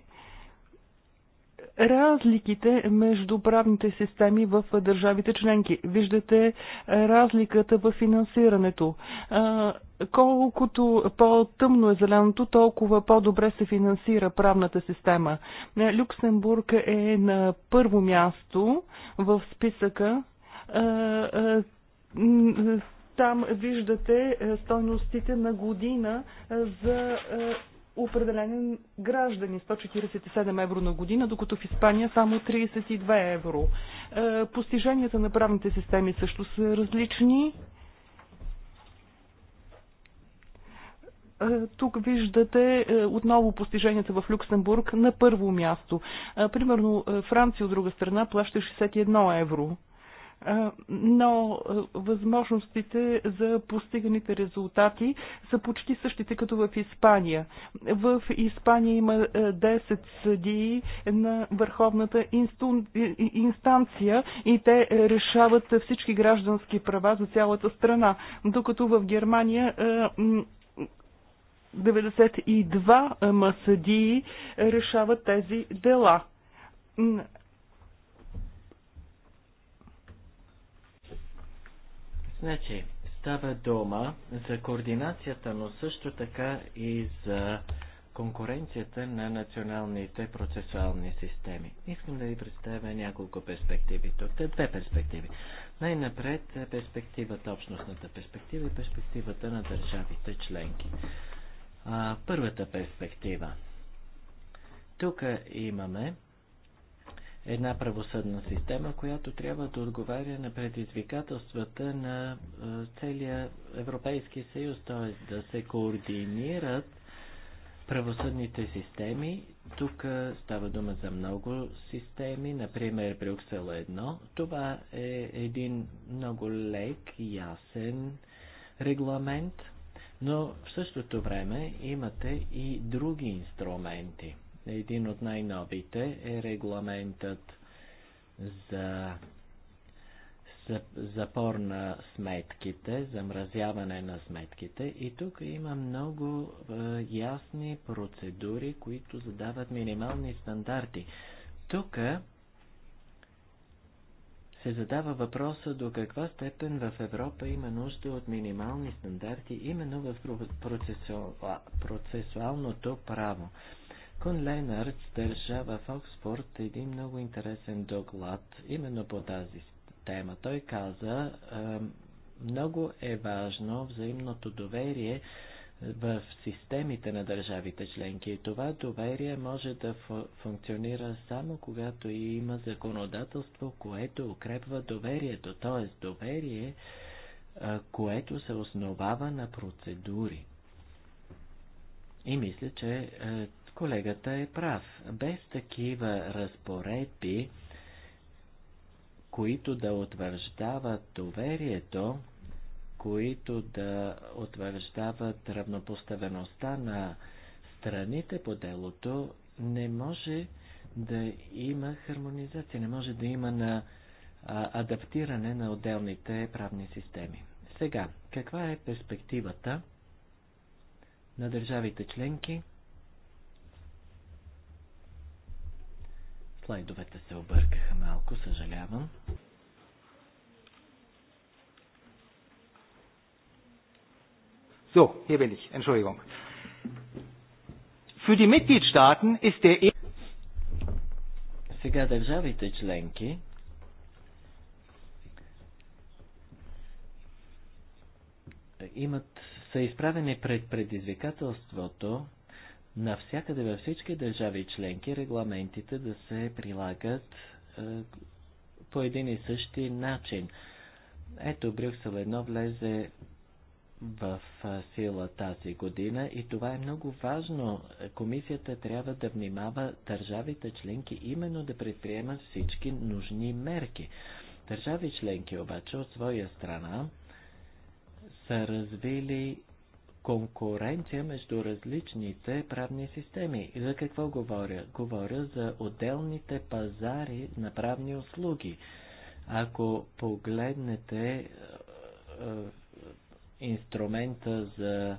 разликите между правните системи в държавите членки. Виждате е, разликата в финансирането. Е, колкото по-тъмно е зеленото, толкова по-добре се финансира правната система. Е, Люксембург е на първо място в списъка там виждате стойностите на година за определен граждани 147 евро на година, докато в Испания само 32 евро. Е, постиженията на правните системи също са различни. Е, тук виждате е, отново постиженията в Люксембург на първо място. Примерно Франция от друга страна плаща 61 евро но възможностите за постиганите резултати са почти същите като в Испания. В Испания има 10 съдии на върховната инстанция и те решават всички граждански права за цялата страна, докато в Германия 92 съдии решават тези дела Значи, става дума за координацията, но също така и за конкуренцията на националните процесуални системи. Искам да ви представя няколко перспективи. Тук две перспективи. Най-напред е перспективата, общностната перспектива и перспективата на държавите членки. А, първата перспектива. Тук имаме една правосъдна система, която трябва да отговаря на предизвикателствата на целия Европейски съюз, т.е. да се координират правосъдните системи. Тук става дума за много системи, например Брюксел 1. Това е един много лек, ясен регламент, но в същото време имате и други инструменти – един от най-новите е регламентът за запор на сметките, замразяване на сметките. И тук има много е, ясни процедури, които задават минимални стандарти. Тук се задава въпроса до каква степен в Европа има нужда от минимални стандарти именно в процесуалното право. Кон Ленард държа в Оксфорд един много интересен доклад именно по тази тема. Той каза, много е важно взаимното доверие в системите на държавите членки. И това доверие може да функционира само когато има законодателство, което укрепва доверието, т.е. доверие, което се основава на процедури. И мисля, че Колегата е прав. Без такива разпоредби, които да утвърждават доверието, които да утвърждават равнопоставеността на страните по делото, не може да има хармонизация, не може да има на а, адаптиране на отделните правни системи. Сега, каква е перспективата на държавите членки? Слайдовете се объркаха малко, съжалявам. So, hier bin ich. Entschuldigung. Für die Mitgliedstaaten ist der e Сега държавите членки имат, са изправени пред предизвикателството навсякъде във всички държави и членки регламентите да се прилагат е, по един и същи начин. Ето Брюксел едно влезе в е, сила тази година и това е много важно. Комисията трябва да внимава държавите членки именно да предприемат всички нужни мерки. Държави членки обаче от своя страна са развили конкуренция между различните правни системи. И за какво говоря? Говоря за отделните пазари на правни услуги. Ако погледнете е, е, инструмента за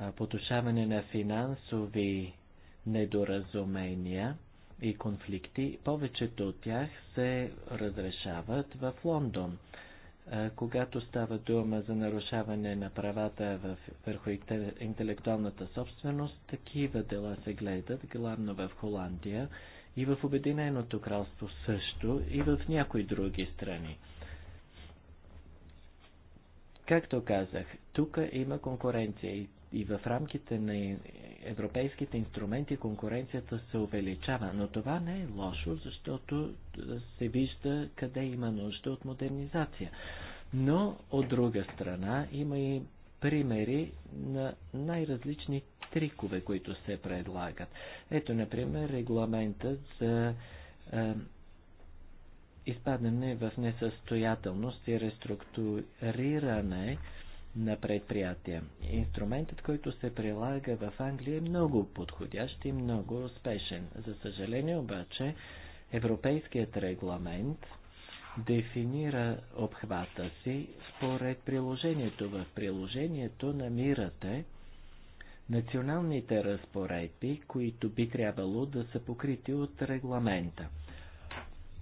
е, потушаване на финансови недоразумения и конфликти, повечето от тях се разрешават в Лондон когато става дума за нарушаване на правата в, върху интелектуалната собственост, такива дела се гледат главно в Холандия и в Обединеното кралство също и в някои други страни. Както казах, тук има конкуренция и и в рамките на европейските инструменти конкуренцията се увеличава. Но това не е лошо, защото се вижда къде има нужда от модернизация. Но от друга страна има и примери на най-различни трикове, които се предлагат. Ето, например, регламентът за е, изпадане в несъстоятелност и реструктуриране на предприятия. Инструментът, който се прилага в Англия е много подходящ и много успешен. За съжаление обаче, Европейският регламент дефинира обхвата си според приложението. В приложението намирате националните разпоредби, които би трябвало да са покрити от регламента.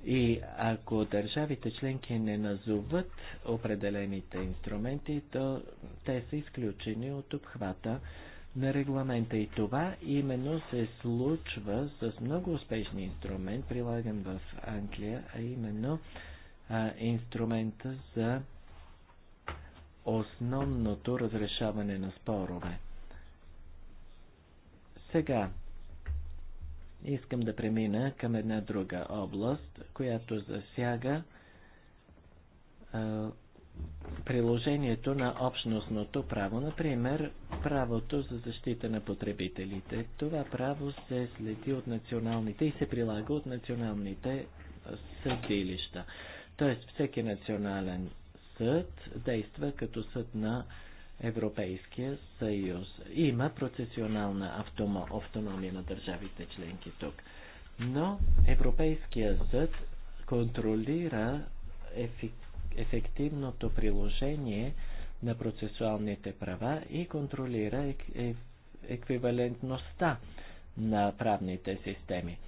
И ако държавите членки не назоват определените инструменти, то те са изключени от обхвата на регламента. И това именно се случва с много успешни инструмент, прилаган в Англия, а именно а, инструмента за основното разрешаване на спорове. Сега, Искам да премина към една друга област, която засяга приложението на общностното право, например правото за защита на потребителите. Това право се следи от националните и се прилага от националните съдилища. Тоест всеки национален съд действа като съд на Европейския съюз. Има процесионална автономия на държавите членки тук. Но Европейския съд контролира ефективното приложение на процесуалните права и контролира еквивалентността на правните системи.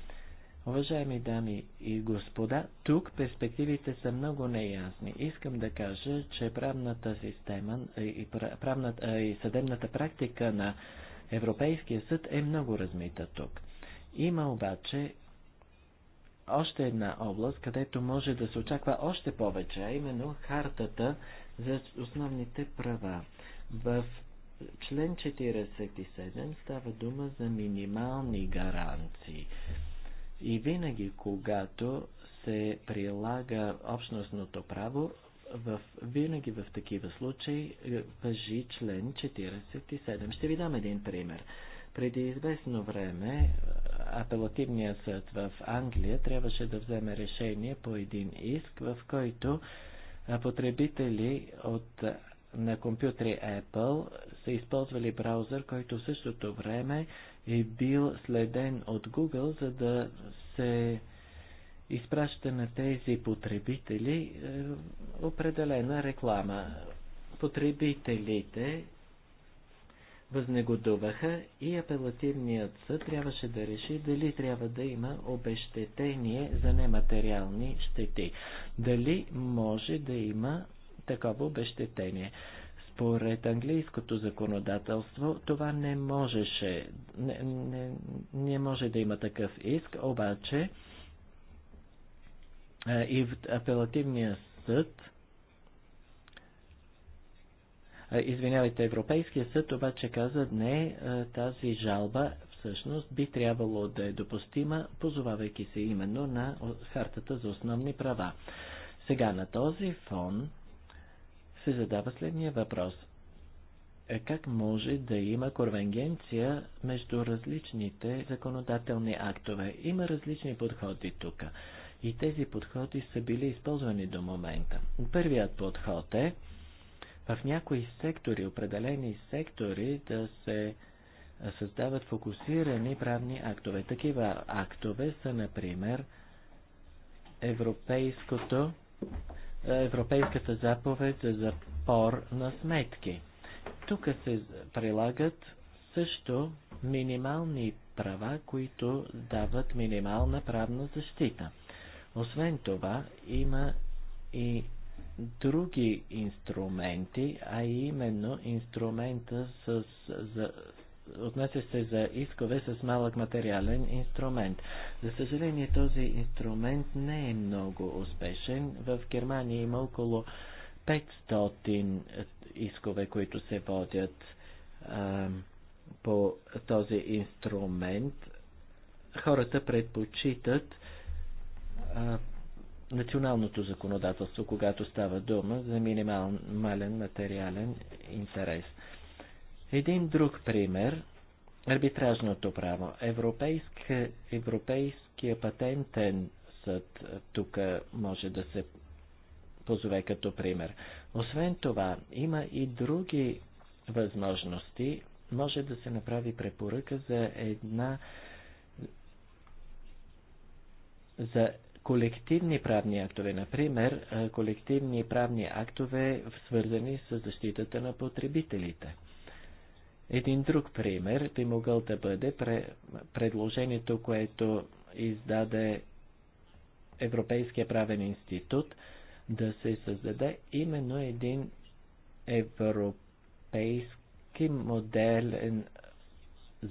Уважаеми дами и господа, тук перспективите са много неясни. Искам да кажа, че правната система и, правната, и съдебната практика на Европейския съд е много размита тук. Има обаче още една област, където може да се очаква още повече, а именно хартата за основните права. В член 47 става дума за минимални гаранции. И винаги, когато се прилага общностното право, в, винаги в такива случаи е, въжи член 47. Ще ви дам един пример. Преди известно време е, апелативният съд в Англия трябваше да вземе решение по един иск, в който е, потребители от, на компютри Apple са използвали браузър, който в същото време е бил следен от Google, за да се изпраща на тези потребители е, определена реклама. Потребителите възнегодуваха и апелативният съд трябваше да реши дали трябва да има обещетение за нематериални щети. Дали може да има такова обещетение. Според английското законодателство това не можеше, не, не, не може да има такъв иск, обаче и в апелативния съд Извинявайте, Европейския съд обаче каза не, тази жалба всъщност би трябвало да е допустима, позовавайки се именно на Хартата за основни права. Сега на този фон се задава следния въпрос. Е, как може да има конвенгенция между различните законодателни актове? Има различни подходи тук. И тези подходи са били използвани до момента. Първият подход е в някои сектори, определени сектори, да се създават фокусирани правни актове. Такива актове са, например, европейското Европейската заповед за запор на сметки. Тук се прилагат също минимални права, които дават минимална правна защита. Освен това, има и други инструменти, а именно инструмента с, за, отнася се за искове с малък материален инструмент. За съжаление, този инструмент не е много успешен. В Германия има около 500 искове, които се водят а, по този инструмент. Хората предпочитат а, националното законодателство, когато става дума за минимален материален интерес. Един друг пример арбитражното право. Европейска, европейския патентен съд тук може да се позове като пример. Освен това, има и други възможности. Може да се направи препоръка за една за колективни правни актове, например, колективни правни актове, свързани с защитата на потребителите. Един друг пример би могъл да бъде предложението, което издаде Европейския правен институт да се създаде именно един европейски моделен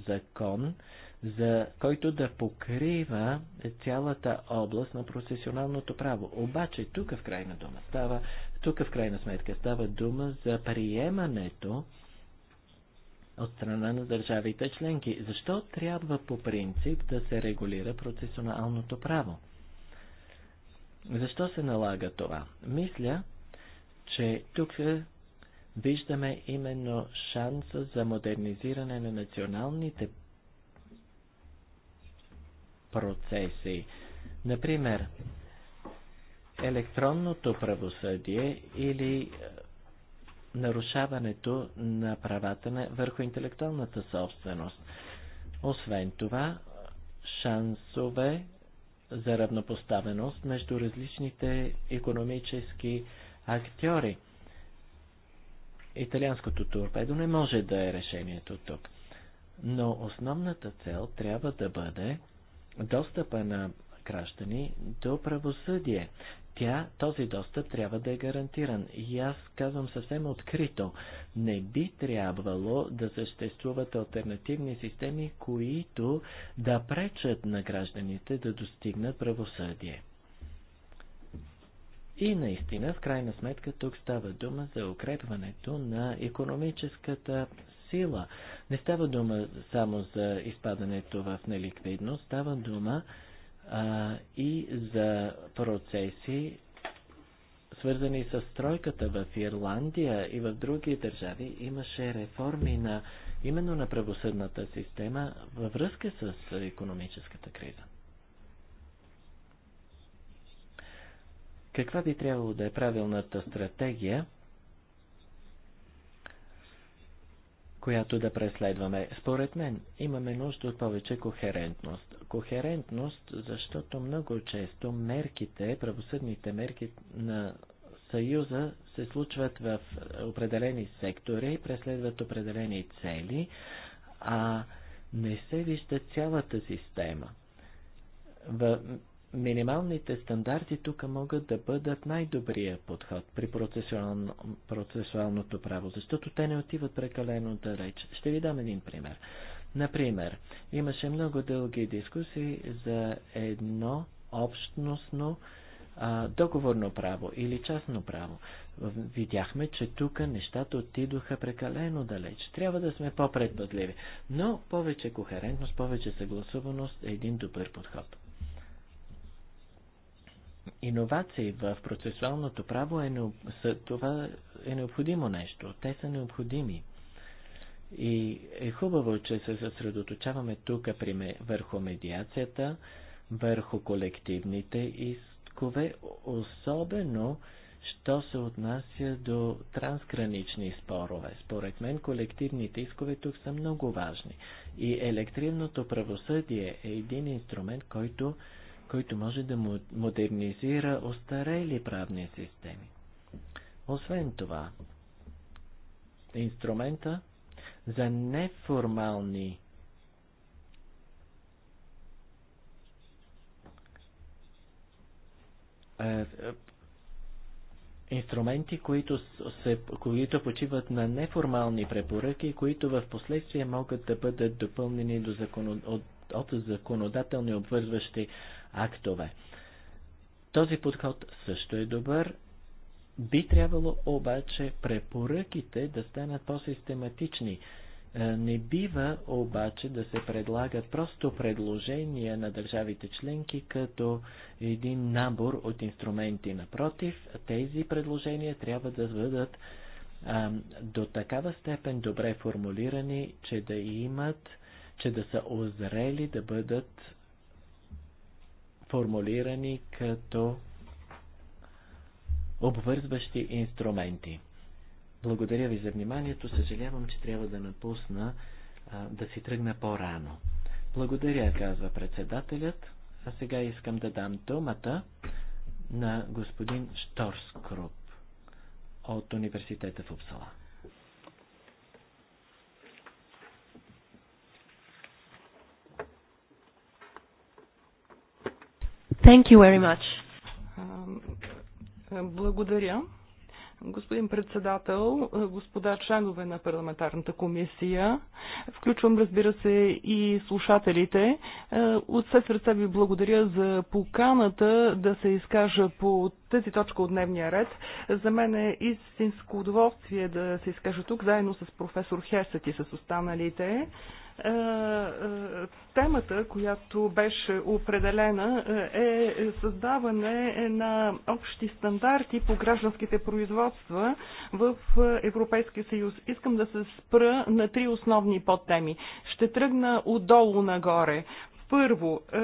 закон, за който да покрива цялата област на професионалното право. Обаче тук в крайна дума става, тук в крайна сметка става дума за приемането от страна на държавите членки. Защо трябва по принцип да се регулира процесуалното право? Защо се налага това? Мисля, че тук е, виждаме именно шанса за модернизиране на националните процеси. Например, електронното правосъдие или е, нарушаването на правата на, върху интелектуалната собственост. Освен това, шансове за равнопоставеност между различните економически актьори. Италианското торпедо не може да е решението тук. Но основната цел трябва да бъде достъпа на граждани до правосъдие тя, този достъп трябва да е гарантиран. И аз казвам съвсем открито, не би трябвало да съществуват альтернативни системи, които да пречат на гражданите да достигнат правосъдие. И наистина, в крайна сметка, тук става дума за укрепването на економическата сила. Не става дума само за изпадането в неликвидност, става дума и за процеси, свързани с тройката в Ирландия и в други държави, имаше реформи на именно на правосъдната система във връзка с економическата криза. Каква би трябвало да е правилната стратегия? която да преследваме. Според мен имаме нужда от повече кохерентност. Кохерентност, защото много често мерките, правосъдните мерки на Съюза се случват в определени сектори, преследват определени цели, а не се вижда цялата система. В минималните стандарти тук могат да бъдат най-добрия подход при процесуално, процесуалното право, защото те не отиват прекалено далеч. Ще ви дам един пример. Например, имаше много дълги дискусии за едно общностно а, договорно право или частно право. Видяхме, че тук нещата отидоха прекалено далеч. Трябва да сме по-предпазливи. Но повече кохерентност, повече съгласуваност е един добър подход иновации в процесуалното право е, това е необходимо нещо. Те са необходими. И е хубаво, че се съсредоточаваме тук върху медиацията, върху колективните искове, особено що се отнася до трансгранични спорове. Според мен колективните искове тук са много важни. И електривното правосъдие е един инструмент, който който може да модернизира остарели правни системи. Освен това, инструмента за неформални е, е, инструменти, които, се, които почиват на неформални препоръки, които в последствие могат да бъдат допълнени до закон, от, от законодателни обвързващи актове. Този подход също е добър. Би трябвало обаче препоръките да станат по-систематични. Е, не бива обаче да се предлагат просто предложения на държавите членки като един набор от инструменти. Напротив, тези предложения трябва да бъдат а, до такава степен добре формулирани, че да имат, че да са озрели да бъдат формулирани като обвързващи инструменти. Благодаря ви за вниманието. Съжалявам, че трябва да напусна, а, да си тръгна по-рано. Благодаря, казва председателят. А сега искам да дам думата на господин Шторскруп от университета в Упсала. Thank you very much. Благодаря. Господин председател, господа членове на парламентарната комисия, включвам разбира се и слушателите. Е, от все сърце ви благодаря за поканата да се изкажа по тази точка от дневния ред. За мен е истинско удоволствие да се изкажа тук, заедно с професор Хесът и с останалите. Е, е, темата, която беше определена е създаване на общи стандарти по гражданските производства в Европейския съюз. Искам да се спра на три основни подтеми. Ще тръгна отдолу нагоре. Първо, е,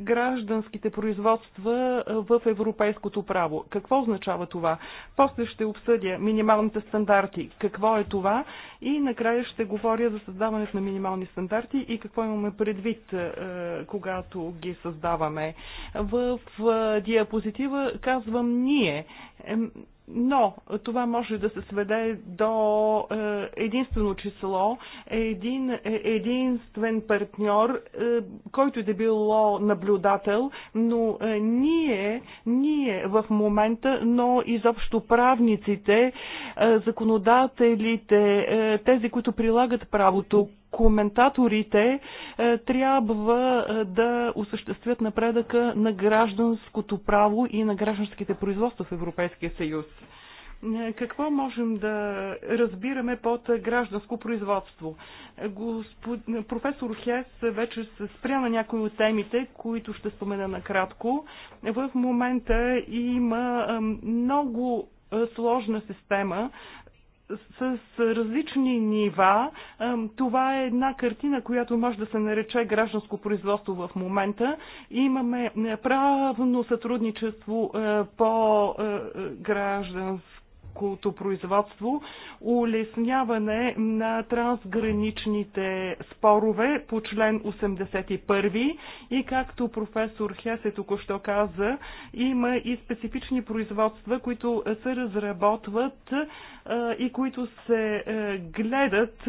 гражданските производства в европейското право. Какво означава това? После ще обсъдя минималните стандарти. Какво е това? И накрая ще говоря за създаването на минимални стандарти и какво имаме предвид, когато ги създаваме. В диапозитива казвам ние но това може да се сведе до е, единствено число, един е, единствен партньор, е, който да било наблюдател, но ние, ние в момента, но изобщо правниците, законодателите, тези, които прилагат правото, коментаторите е, трябва е, да осъществят напредъка на гражданското право и на гражданските производства в Европейския съюз. Е, какво можем да разбираме под гражданско производство? Господ... Професор Хес вече се спря на някои от темите, които ще спомена накратко. В момента има много сложна система с различни нива. Това е една картина, която може да се нарече гражданско производство в момента. Имаме правно сътрудничество е, по е, е, гражданско селското производство, улесняване на трансграничните спорове по член 81 и както професор Хесе току-що каза, има и специфични производства, които се разработват е, и които се е, гледат,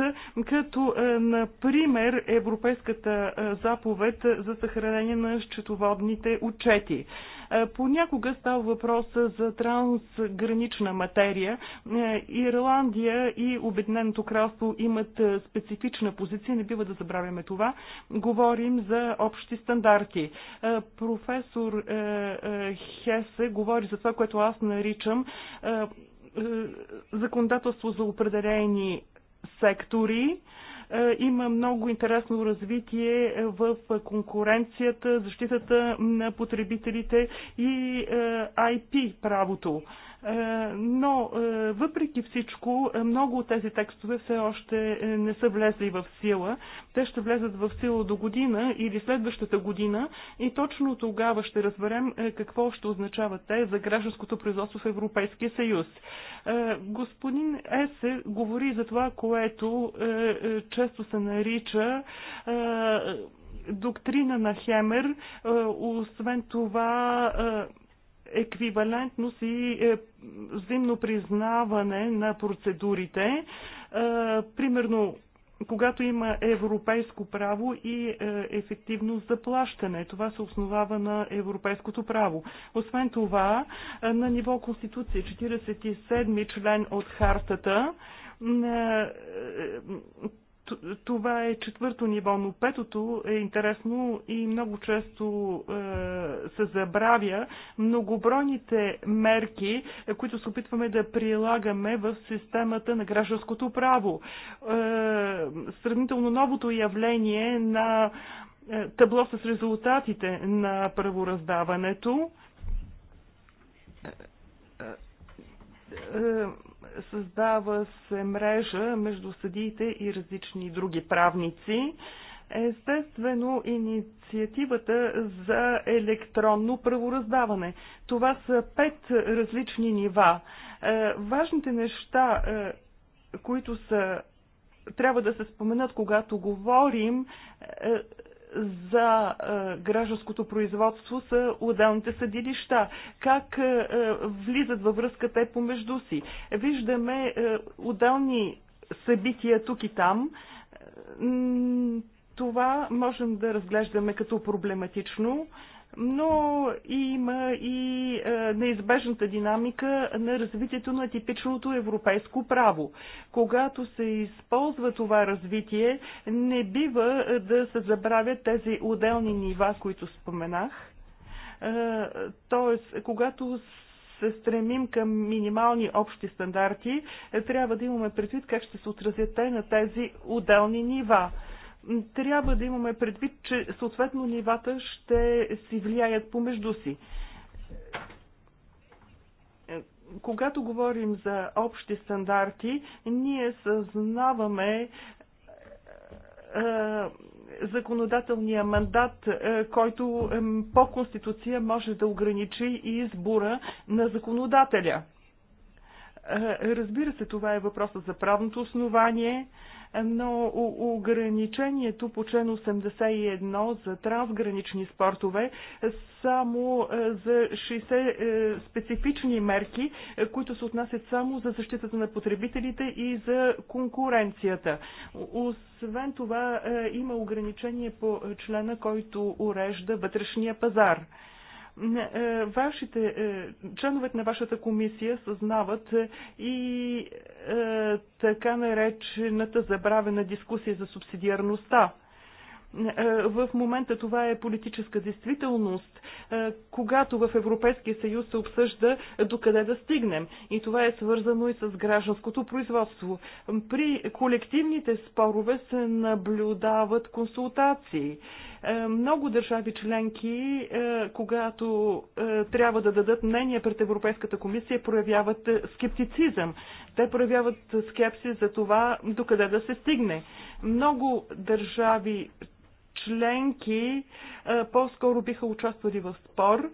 като е, например Европейската заповед за съхранение на счетоводните отчети. Е, понякога става въпрос за трансгранична материя. Е, Ирландия и Обединеното кралство имат е, специфична позиция, не бива да забравяме това. Говорим за общи стандарти. Професор Хесе говори за това, което аз наричам законодателство за определени сектори. Е, има много интересно развитие в конкуренцията, защитата на потребителите и IP е, правото. Е, но е, въпреки всичко, много от тези текстове все още е, не са влезли в сила. Те ще влезат в сила до година или следващата година и точно тогава ще разберем какво ще означават те за гражданското производство в Европейския съюз. Господин Есе говори за това, което често се нарича доктрина на Хемер. Освен това, еквивалентност и е, взаимно признаване на процедурите. Е, примерно, когато има европейско право и е, ефективно заплащане. Това се основава на европейското право. Освен това, на ниво Конституция 47 член от хартата това е четвърто ниво, но петото е интересно и много често е, се забравя. Многобройните мерки, е, които се опитваме да прилагаме в системата на гражданското право. Е, сравнително новото явление на е, табло с резултатите на правораздаването. Е, е, е Създава се мрежа между съдиите и различни други правници. Естествено, инициативата за електронно правораздаване. Това са пет различни нива. Е, важните неща, е, които са трябва да се споменат, когато говорим е, за е, гражданското производство са отделните съдилища. Как е, е, влизат във връзка те помежду си. Виждаме отделни събития тук и там. Това можем да разглеждаме като проблематично но има и е, неизбежната динамика на развитието на типичното европейско право. Когато се използва това развитие, не бива е, да се забравят тези отделни нива, които споменах. Е, тоест, когато се стремим към минимални общи стандарти, трябва да имаме предвид как ще се отразят те на тези отделни нива трябва да имаме предвид, че съответно нивата ще си влияят помежду си. Когато говорим за общи стандарти, ние съзнаваме е, законодателния мандат, е, който е, по Конституция може да ограничи и избора на законодателя. Разбира се, това е въпроса за правното основание, но ограничението по член 81 за трансгранични спортове само е, за 60 е, специфични мерки, е, които се отнасят само за защитата на потребителите и за конкуренцията. Освен това има ограничение по члена, който урежда вътрешния пазар. Е, вашите, е, членовете на вашата комисия съзнават е, и така наречената забравена дискусия за субсидиарността. Е, в момента това е политическа действителност, е, когато в Европейския съюз се обсъжда докъде да стигнем. И това е свързано и с гражданското производство. При колективните спорове се наблюдават консултации. Е, много държави членки, когато трябва да дадат мнение пред Европейската комисия, проявяват скептицизъм. Те проявяват скепсис за това докъде да се стигне. Много държави членки е, по-скоро биха участвали в спор.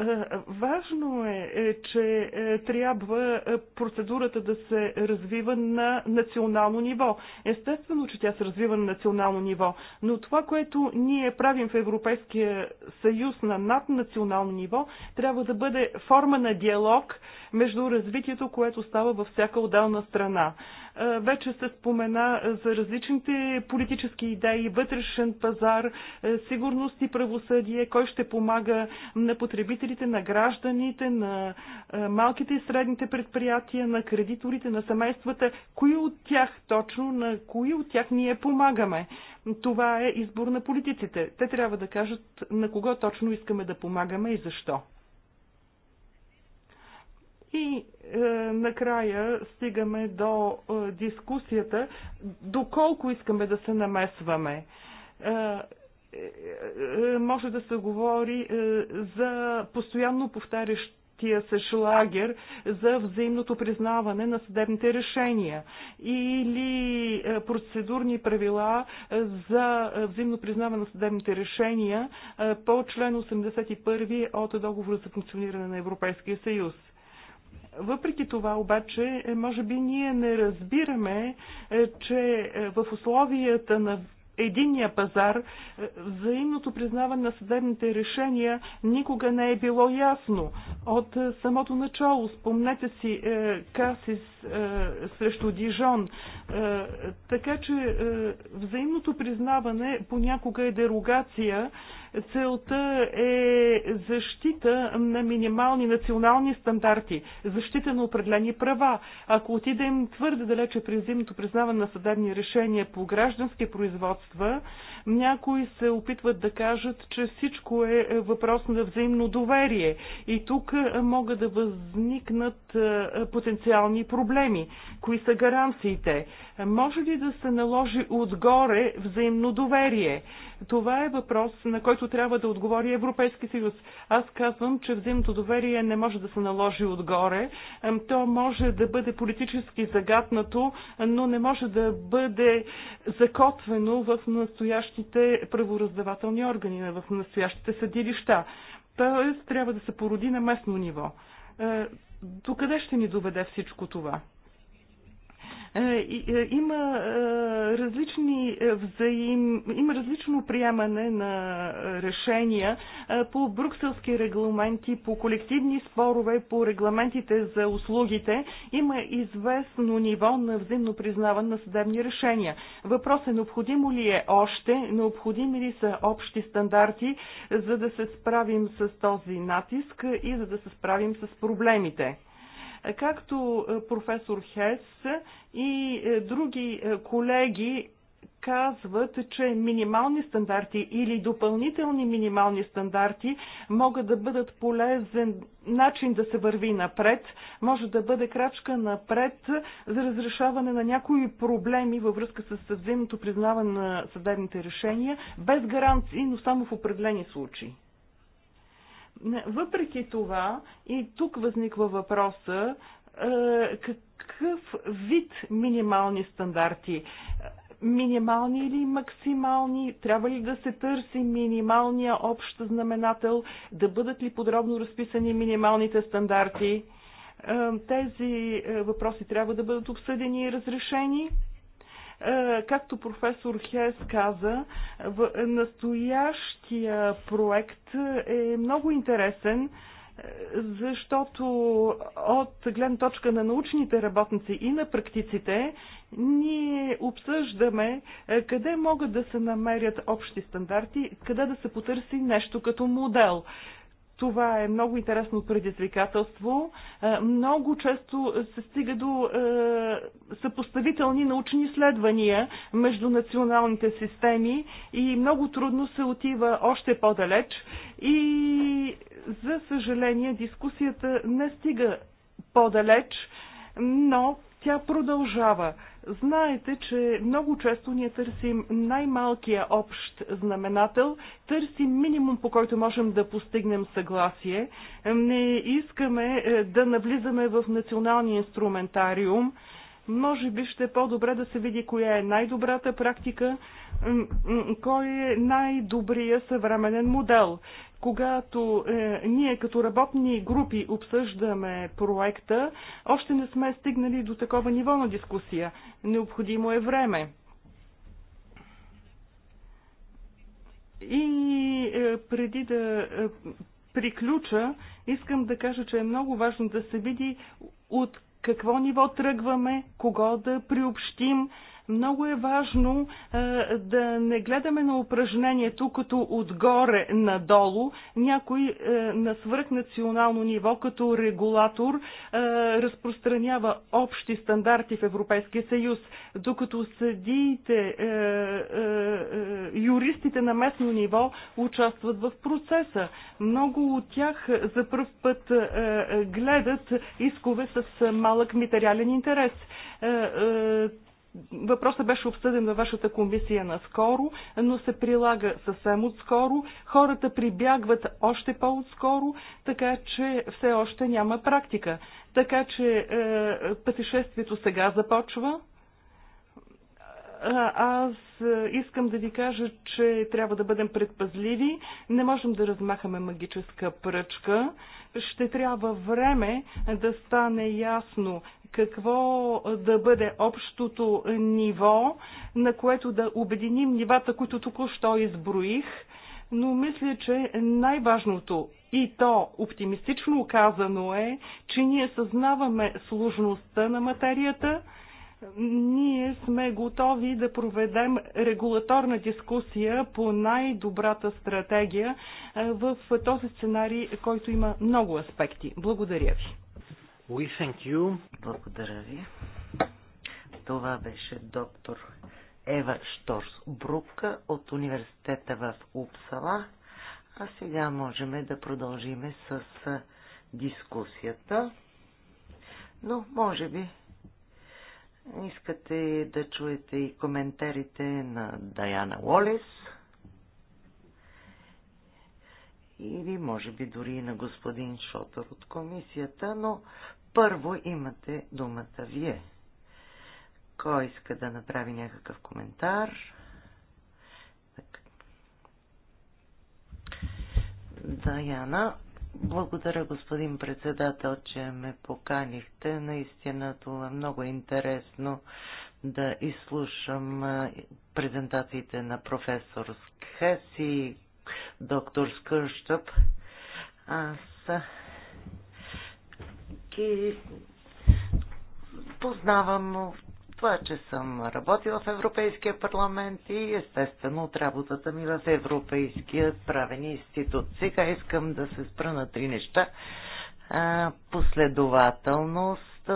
Е, е, важно е, че трябва процедурата да се развива на национално ниво. Естествено, че тя се развива на национално ниво, но това, което ние правим в Европейския съюз на наднационално ниво, трябва да бъде форма на диалог между развитието, което става във всяка отделна страна. Е, вече се спомена за различните политически идеи, вътрешен пазар, е, сигурност и правосъдие, кой ще помага на потребителите, на гражданите, на е, малките и средните предприятия, на кредиторите, на семействата. Кои от тях точно, на кои от тях ние помагаме? Това е избор на политиците. Те трябва да кажат на кого точно искаме да помагаме и защо. И е, накрая стигаме до е, дискусията, доколко искаме да се намесваме. Е, е, е може да се говори е, за постоянно повтарящ се шлагер за взаимното признаване на съдебните решения или е, процедурни правила е, за взаимно признаване на съдебните решения по член 81 от договора за функциониране на Европейския съюз. Въпреки това обаче, е, може би ние не разбираме, е, че е, в условията на единия пазар, взаимното признаване на съдебните решения никога не е било ясно. От самото начало, спомнете си Касис срещу Дижон, така че взаимното признаване понякога е дерогация Целта е защита на минимални национални стандарти, защита на определени права. Ако отидем твърде далече при взаимното признаване на съдебни решения по граждански производства, някои се опитват да кажат, че всичко е въпрос на взаимно доверие и тук могат да възникнат потенциални проблеми. Кои са гаранциите? Е, може ли да се наложи отгоре взаимно доверие? Това е въпрос, на който трябва да отговори Европейски съюз. Аз казвам, че взаимното доверие не може да се наложи отгоре. То може да бъде политически загатнато, но не може да бъде закотвено в настоящите правораздавателни органи, в настоящите съдилища. Тоест трябва да се породи на местно ниво. Е, До къде ще ни доведе всичко това? Е, е, има е, различни взаим, има различно приемане на решения по брукселски регламенти, по колективни спорове, по регламентите за услугите. Има известно ниво на взаимно признаване на съдебни решения. Въпрос е необходимо ли е още, необходими ли са общи стандарти, за да се справим с този натиск и за да се справим с проблемите. Както е, професор Хес и е, други е, колеги казват, че минимални стандарти или допълнителни минимални стандарти могат да бъдат полезен начин да се върви напред, може да бъде крачка напред за разрешаване на някои проблеми във връзка с взаимното признаване на съдебните решения, без гаранции, но само в определени случаи. Въпреки това, и тук възниква въпроса, е, какъв вид минимални стандарти? Минимални или максимални? Трябва ли да се търси минималния общ знаменател? Да бъдат ли подробно разписани минималните стандарти? Е, тези е, въпроси трябва да бъдат обсъдени и разрешени. Е, както професор Хес каза, настоящия проект е много интересен е, защото от гледна точка на научните работници и на практиците, ние обсъждаме е, къде могат да се намерят общи стандарти, къде да се потърси нещо като модел. Това е много интересно предизвикателство. Е, много често се стига до е, съпоставителни научни изследвания между националните системи и много трудно се отива още по-далеч. И, за съжаление, дискусията не стига по-далеч, но тя продължава. Знаете, че много често ние търсим най-малкия общ знаменател, търсим минимум, по който можем да постигнем съгласие. Не искаме е, да навлизаме в националния инструментариум. Може би ще е по-добре да се види коя е най-добрата практика, кой е най-добрия съвременен модел когато е, ние като работни групи обсъждаме проекта, още не сме стигнали до такова ниво на дискусия. Необходимо е време. И е, преди да е, приключа, искам да кажа, че е много важно да се види от какво ниво тръгваме, кого да приобщим, много е важно е, да не гледаме на упражнението като отгоре надолу, някой е, на свръхнационално ниво като регулатор е, разпространява общи стандарти в Европейския съюз, докато съдиите, юристите на местно ниво участват в процеса. Много от тях за първ път гледат искове с малък материален интерес Въпросът беше обсъден във вашата комисия наскоро, но се прилага съвсем отскоро. Хората прибягват още по-отскоро, така че все още няма практика. Така че е, пътешествието сега започва аз искам да ви кажа, че трябва да бъдем предпазливи. Не можем да размахаме магическа пръчка. Ще трябва време да стане ясно какво да бъде общото ниво, на което да обединим нивата, които току-що изброих. Но мисля, че най-важното и то оптимистично казано е, че ние съзнаваме сложността на материята, ние сме готови да проведем регулаторна дискусия по най-добрата стратегия е, в този сценарий, който има много аспекти. Благодаря ви. We thank you. Благодаря ви. Това беше доктор Ева Шторс Брука от университета в Упсала. А сега можем да продължиме с е, дискусията. Но, може би, Искате да чуете и коментарите на Даяна Уолес или може би дори и на господин Шотър от комисията, но първо имате думата вие. Кой иска да направи някакъв коментар? Даяна, благодаря, господин председател, че ме поканихте. Наистина това е много интересно да изслушам презентациите на професор Скхес и доктор Скърщъп. Аз познавам това, че съм работила в Европейския парламент и естествено от работата ми в Европейския правен институт. Сега искам да се спра на три неща. Последователност,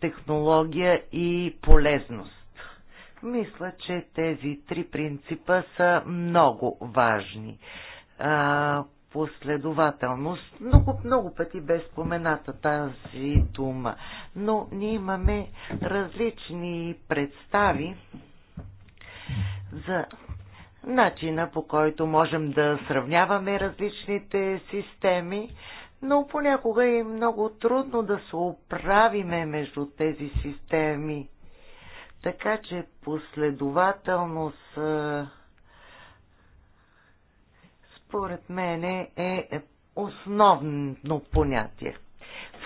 технология и полезност. Мисля, че тези три принципа са много важни. А, последователност. Много, много пъти бе спомената тази дума, но ние имаме различни представи за начина по който можем да сравняваме различните системи, но понякога е много трудно да се оправиме между тези системи. Така че последователност според мен е основно понятие.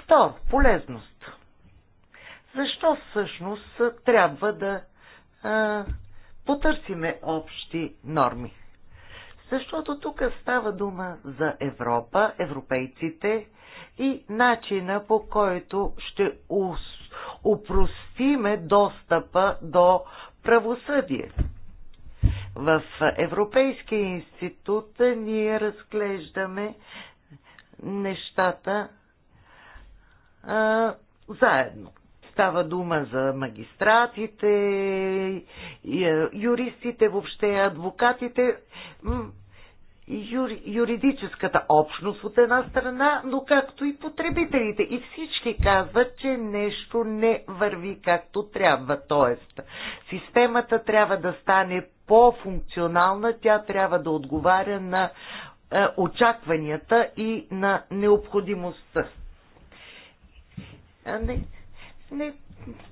Второ, полезност. Защо всъщност трябва да а, потърсиме общи норми? Защото тук става дума за Европа, европейците и начина по който ще упростиме достъпа до правосъдие. В Европейския институт ние разглеждаме нещата а, заедно. Става дума за магистратите, юристите, въобще адвокатите, юр, юридическата общност от една страна, но както и потребителите. И всички казват, че нещо не върви както трябва. Тоест, системата трябва да стане по-функционална, тя трябва да отговаря на е, очакванията и на необходимостта. А не, не,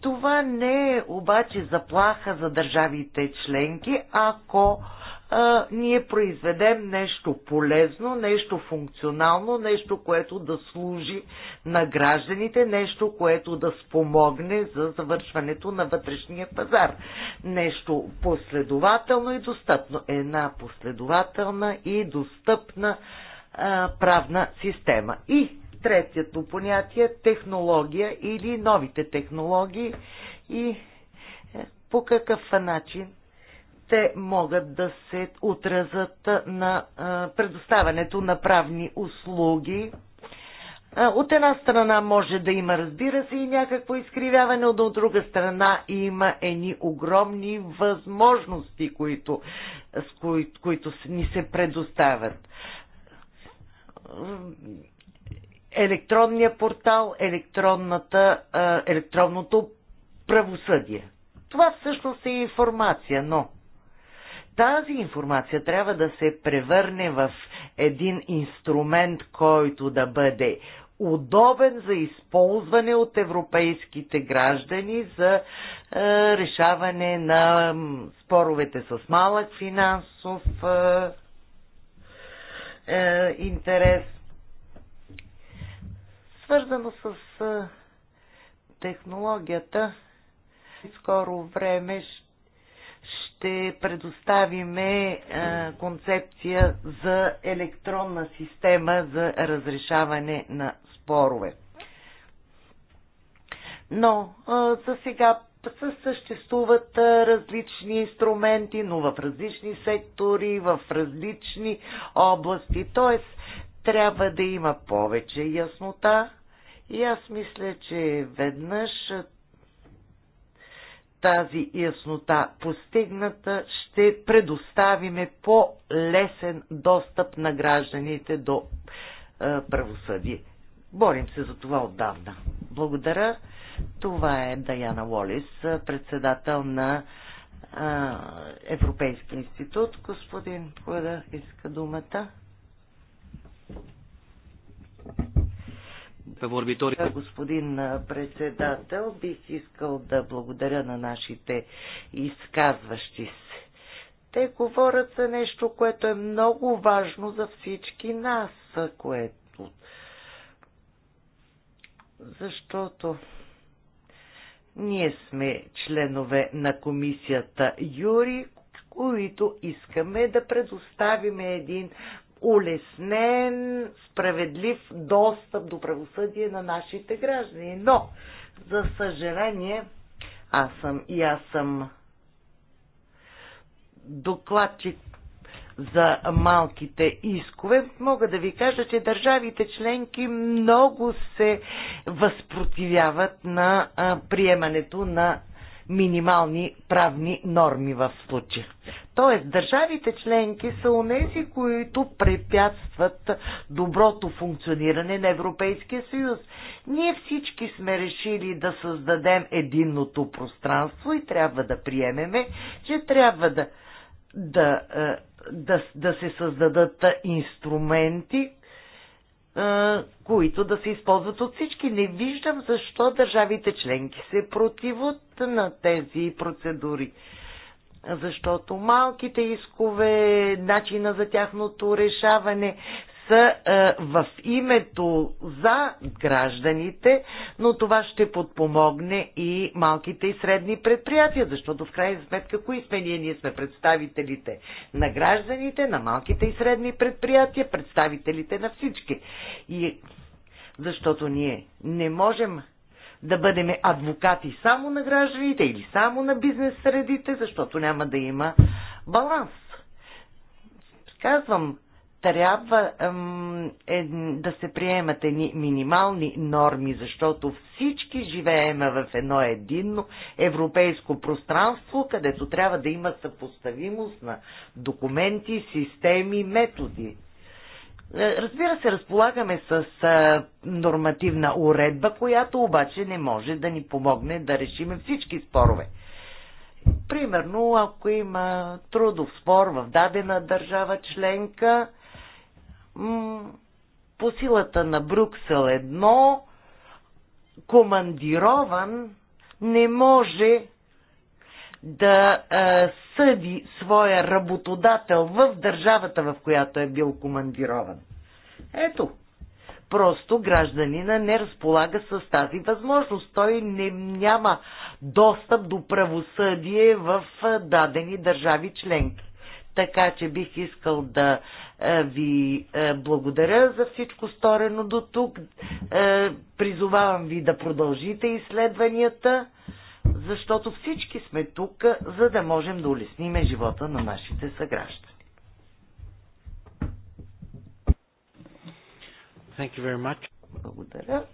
това не е обаче заплаха за държавите членки, ако а, ние произведем нещо полезно, нещо функционално, нещо, което да служи на гражданите, нещо, което да спомогне за завършването на вътрешния пазар. Нещо последователно и достъпно. Една последователна и достъпна а, правна система. И третието понятие технология или новите технологии и е, по какъв начин те могат да се отразат на предоставянето на правни услуги. От една страна може да има, разбира се, и някакво изкривяване, от друга страна има едни огромни възможности, които, с кои, които ни се предоставят. Електронния портал, електронната, електронното правосъдие. Това всъщност е информация, но тази информация трябва да се превърне в един инструмент, който да бъде удобен за използване от европейските граждани за е, решаване на споровете с малък финансов е, е, интерес, свързано с е, технологията. Скоро време ще ще предоставиме е, концепция за електронна система за разрешаване на спорове. Но е, за сега съществуват е, различни инструменти, но в различни сектори, в различни области. Т.е. трябва да има повече яснота. И аз мисля, че веднъж тази яснота постигната, ще предоставиме по-лесен достъп на гражданите до е, правосъдие. Борим се за това отдавна. Благодаря. Това е Даяна Уолис, председател на е, Европейски институт. Господин да иска думата. Господин председател, бих искал да благодаря на нашите изказващи се. Те говорят за нещо, което е много важно за всички нас, което... Защото ние сме членове на комисията Юри, които искаме да предоставим един улеснен, справедлив достъп до правосъдие на нашите граждани. Но, за съжаление, аз съм и аз съм докладчик за малките искове, мога да ви кажа, че държавите членки много се възпротивяват на приемането на минимални правни норми в случая. Тоест, държавите членки са унези, които препятстват доброто функциониране на Европейския съюз. Ние всички сме решили да създадем единното пространство и трябва да приемеме, че трябва да, да, е, да, да се създадат инструменти, които да се използват от всички. Не виждам защо държавите членки се противят на тези процедури. Защото малките искове, начина за тяхното решаване са е, в името за гражданите, но това ще подпомогне и малките и средни предприятия, защото в крайна сметка кои сме ние? Ние сме представителите на гражданите, на малките и средни предприятия, представителите на всички. И защото ние не можем да бъдем адвокати само на гражданите или само на бизнес средите, защото няма да има баланс. Казвам, трябва е, да се приемат едни минимални норми, защото всички живеем в едно единно европейско пространство, където трябва да има съпоставимост на документи, системи, методи. Е, разбира се, разполагаме с а, нормативна уредба, която обаче не може да ни помогне да решим всички спорове. Примерно, ако има трудов спор в дадена държава членка, по силата на Бруксел едно, командирован не може да а, съди своя работодател в държавата, в която е бил командирован. Ето, просто гражданина не разполага с тази възможност. Той не, няма достъп до правосъдие в дадени държави членки. Така че бих искал да е, ви е, благодаря за всичко сторено до тук. Е, призовавам ви да продължите изследванията, защото всички сме тук, за да можем да улесниме живота на нашите съграждани. Thank you very much. Благодаря.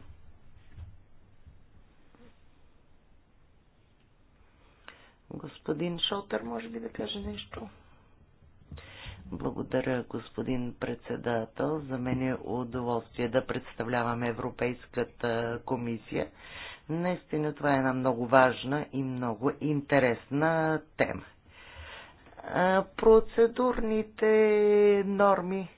Господин Шотер, може би да каже нещо? Благодаря, господин председател. За мен е удоволствие да представлявам Европейската комисия. Наистина това е една много важна и много интересна тема. Процедурните норми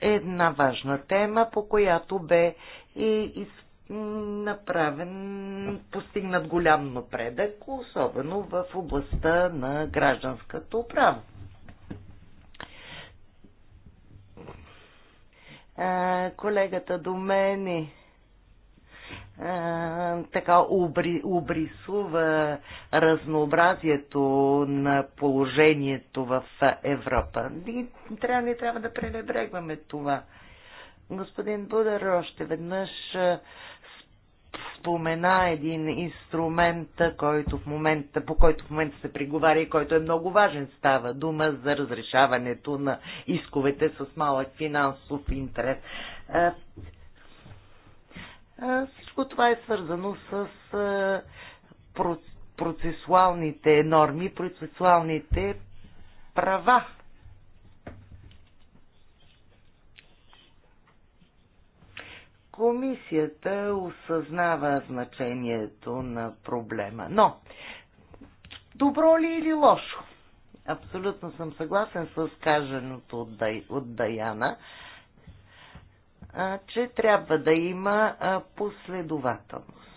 е една важна тема, по която бе и изпълнена направен, постигнат голям напредък, особено в областта на гражданското право. колегата до а, така обри, обрисува разнообразието на положението в Европа. И трябва, не трябва да пренебрегваме това. Господин Будар още веднъж спомена един инструмент, който в момента, по който в момента се приговаря и който е много важен. Става дума за разрешаването на исковете с малък финансов интерес. Всичко това е свързано с процесуалните норми, процесуалните права Комисията осъзнава значението на проблема. Но, добро ли или лошо? Абсолютно съм съгласен с казаното от, Дай, от Даяна, а, че трябва да има а, последователност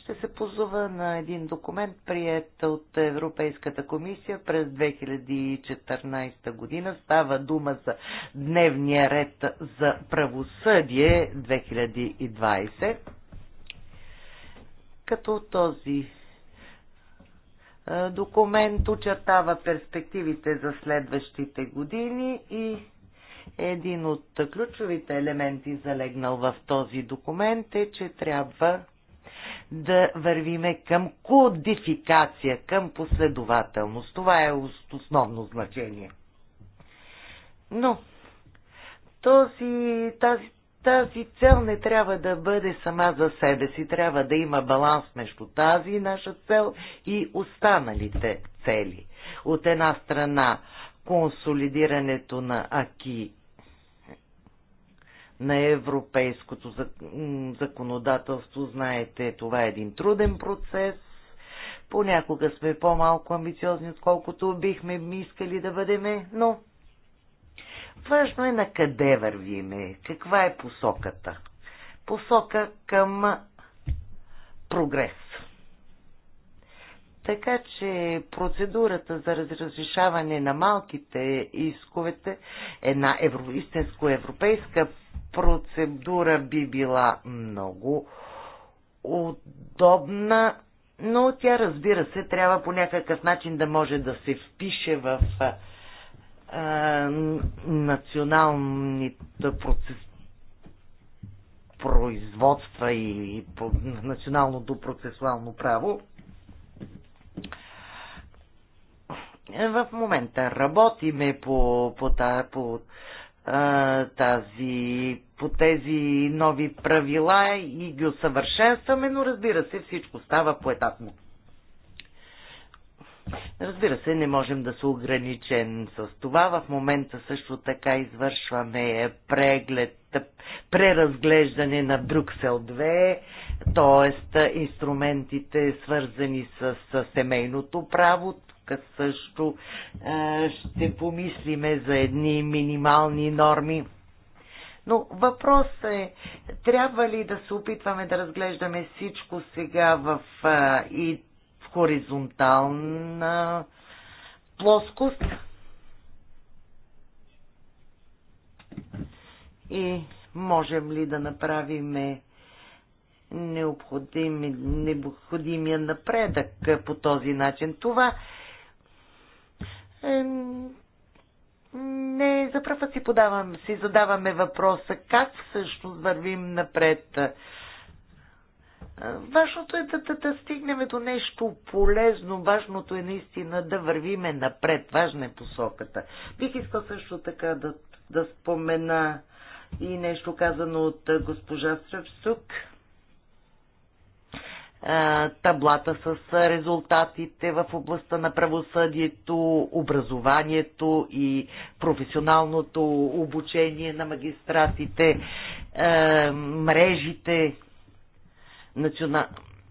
ще се позова на един документ, прият от Европейската комисия през 2014 година. Става дума за дневния ред за правосъдие 2020. Като този документ очертава перспективите за следващите години и един от ключовите елементи, залегнал в този документ, е, че трябва да вървиме към кодификация, към последователност. Това е основно значение. Но този, тази, тази цел не трябва да бъде сама за себе си. Трябва да има баланс между тази наша цел и останалите цели. От една страна консолидирането на АКИ на европейското законодателство. Знаете, това е един труден процес. Понякога сме по-малко амбициозни, отколкото бихме искали да бъдеме, но важно е на къде вървиме, каква е посоката. Посока към прогрес. Така че процедурата за разрешаване на малките исковете, една евро, истинско европейска процедура би била много удобна, но тя, разбира се, трябва по някакъв начин да може да се впише в а, националните процес, производства и по националното процесуално право. В момента работиме по, по, по, по тази, по тези нови правила и ги усъвършенстваме, но разбира се, всичко става поетапно. Разбира се, не можем да се ограничен с това. В момента също така извършваме преглед, преразглеждане на Брюксел 2, т.е. инструментите свързани с, с семейното право рамка също. Ще помислиме за едни минимални норми. Но въпросът е, трябва ли да се опитваме да разглеждаме всичко сега в а, и в хоризонтална плоскост? И можем ли да направим необходим, необходимия напредък по този начин? Това не, за първ си, подавам, си задаваме въпроса как всъщност вървим напред. Е, важното е да, да, да стигнем до нещо полезно, важното е наистина да вървиме напред, важна е посоката. Бих искал също така да, да спомена и нещо казано от е, госпожа Сръвсук таблата с резултатите в областта на правосъдието, образованието и професионалното обучение на магистратите, мрежите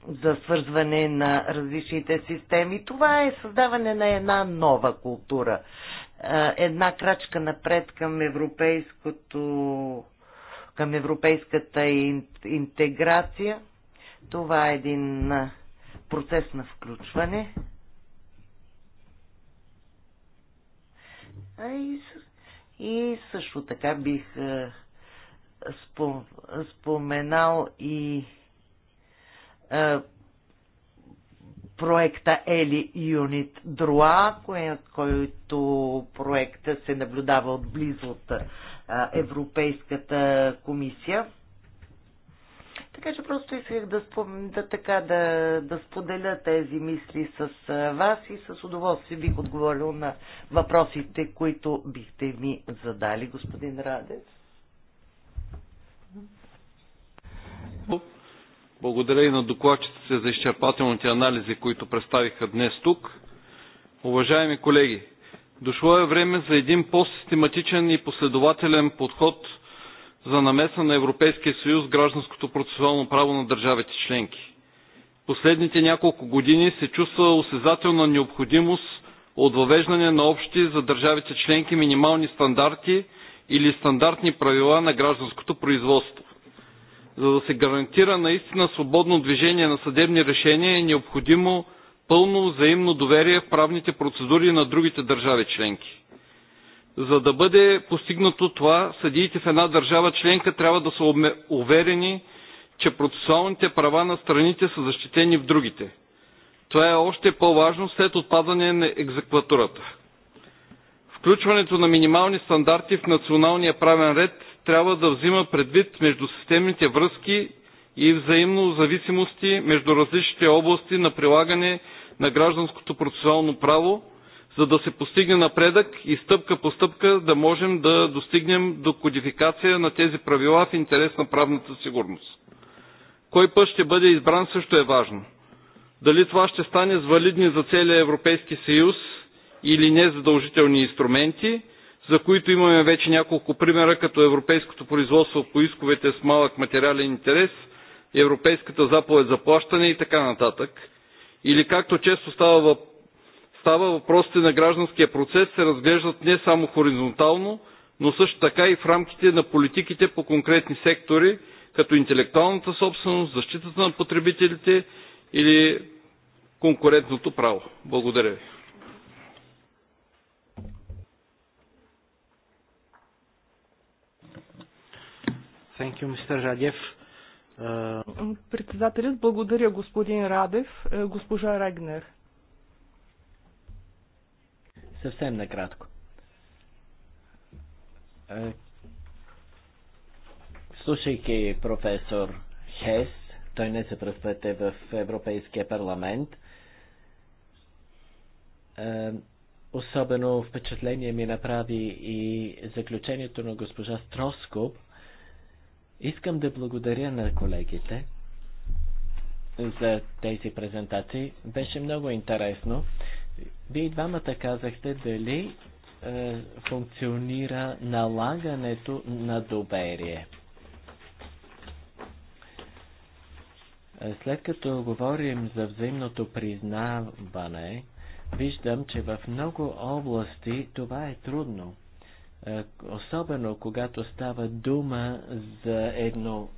за свързване на различните системи. Това е създаване на една нова култура, една крачка напред към европейското към европейската интеграция. Това е един процес на включване. А и, и също така бих спом, споменал и а, проекта Ели Юнит Друа, който проекта се наблюдава отблизо от а, Европейската комисия. Така че просто исках да, спом... да, така, да, да споделя тези мисли с вас и с удоволствие бих отговорил на въпросите, които бихте ми задали, господин радец. Благодаря и на докладчиците за изчерпателните анализи, които представиха днес тук. Уважаеми колеги, дошло е време за един по-систематичен и последователен подход – за намеса на Европейския съюз в гражданското процесуално право на държавите членки. Последните няколко години се чувства осезателна необходимост от въвеждане на общи за държавите членки минимални стандарти или стандартни правила на гражданското производство. За да се гарантира наистина свободно движение на съдебни решения е необходимо пълно взаимно доверие в правните процедури на другите държави членки за да бъде постигнато това, съдиите в една държава членка трябва да са уверени, че процесуалните права на страните са защитени в другите. Това е още по-важно след отпадане на екзекватурата. Включването на минимални стандарти в националния правен ред трябва да взима предвид между системните връзки и взаимно зависимости между различните области на прилагане на гражданското процесуално право – за да се постигне напредък и стъпка по стъпка да можем да достигнем до кодификация на тези правила в интерес на правната сигурност. Кой път ще бъде избран също е важно. Дали това ще стане с валидни за целия Европейски съюз или не задължителни инструменти, за които имаме вече няколко примера, като европейското производство по исковете с малък материален интерес, европейската заповед за плащане и така нататък. Или както често става въпрос, става въпросите на гражданския процес се разглеждат не само хоризонтално, но също така и в рамките на политиките по конкретни сектори, като интелектуалната собственост, защитата на потребителите или конкурентното право. Благодаря ви. Thank you, Mr. Uh... Председателят, благодаря господин Радев, е, госпожа Регнер. Съвсем накратко. Е, слушайки професор Хес, той не се пръв в Европейския парламент, е, особено впечатление ми направи и заключението на госпожа Строскоп. Искам да благодаря на колегите за тези презентации. Беше много интересно. Вие двамата казахте дали е, функционира налагането на доверие. Е, след като говорим за взаимното признаване, виждам, че в много области това е трудно. Е, особено когато става дума за едно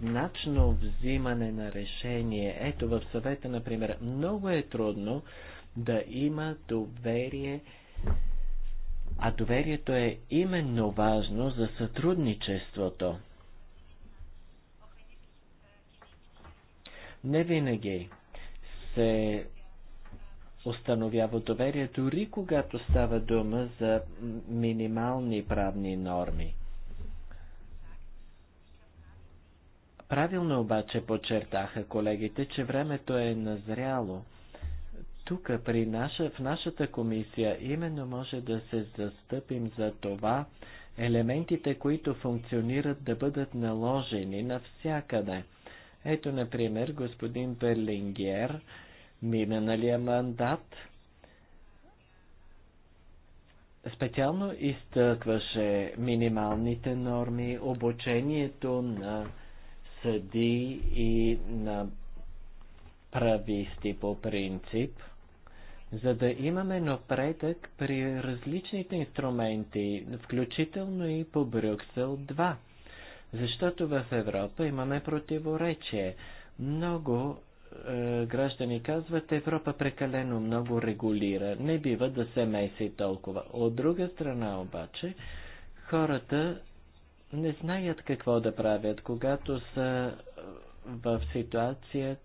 значно взимане на решение. Ето в съвета, например, много е трудно да има доверие, а доверието е именно важно за сътрудничеството. Не винаги се установява доверие, дори когато става дума за минимални правни норми. Правилно обаче подчертаха колегите, че времето е назряло – тук при наша, в нашата комисия именно може да се застъпим за това елементите, които функционират да бъдат наложени навсякъде. Ето, например, господин Берлингер, миналия мандат, специално изтъкваше минималните норми, обучението на съди и на прависти по принцип – за да имаме напредък при различните инструменти, включително и по Брюксел 2. Защото в Европа имаме противоречие. Много е, граждани казват, Европа прекалено много регулира, не бива да се меси толкова. От друга страна обаче, хората не знаят какво да правят, когато са в ситуация,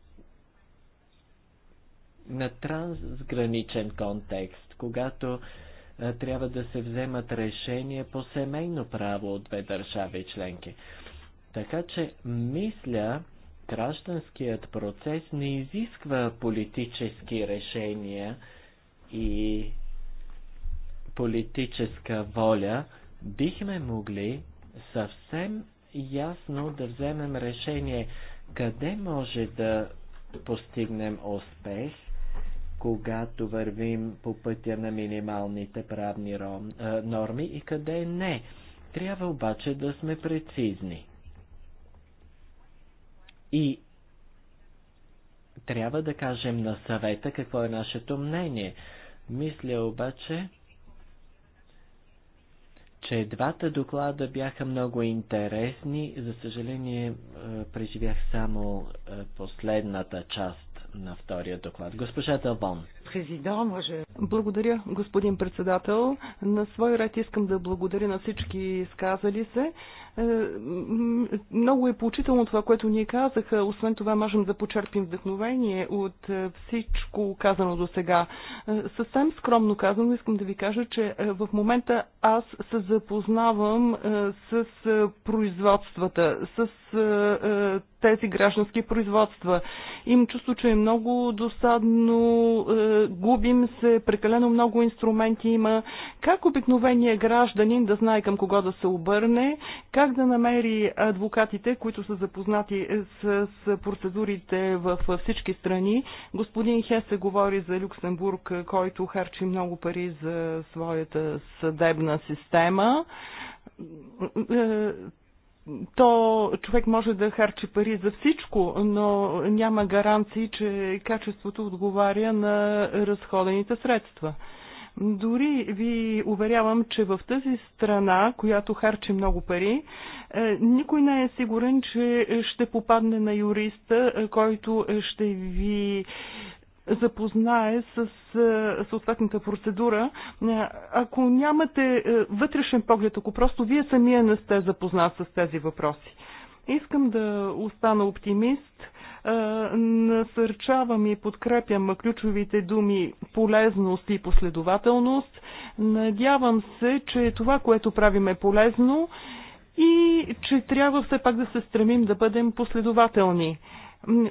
на трансграничен контекст, когато а, трябва да се вземат решения по семейно право от две държави членки. Така че, мисля, гражданският процес не изисква политически решения и политическа воля, бихме могли съвсем ясно да вземем решение къде може да постигнем успех когато вървим по пътя на минималните правни норми и къде не. Трябва обаче да сме прецизни. И трябва да кажем на съвета какво е нашето мнение. Мисля обаче, че двата доклада бяха много интересни. За съжаление, преживях само последната част на втория доклад. Госпожа Дълбон. Благодаря, господин председател. На свой ред искам да благодаря на всички изказали се. Е, много е поучително това, което ние казаха. Освен това, можем да почерпим вдъхновение от е, всичко казано до сега. Е, съвсем скромно казано, искам да ви кажа, че в момента аз се запознавам с производствата, с тези граждански производства. Им чувство, че е много досадно, губим се, прекалено много инструменти има. Как обикновения гражданин да знае към кого да се обърне, как да намери адвокатите, които са запознати с, с процедурите в всички страни. Господин Хесе говори за Люксембург, който харчи много пари за своята съдебна система е, то човек може да харчи пари за всичко, но няма гаранции, че качеството отговаря на разходените средства. Дори ви уверявам, че в тази страна, която харчи много пари, е, никой не е сигурен, че ще попадне на юриста, е, който ще ви запознае с е, съответната процедура. Е, ако нямате е, вътрешен поглед, ако просто вие самия не сте запознат с тези въпроси. Искам да остана оптимист. Насърчавам и подкрепям ключовите думи полезност и последователност. Надявам се, че това, което правим е полезно и че трябва все пак да се стремим да бъдем последователни.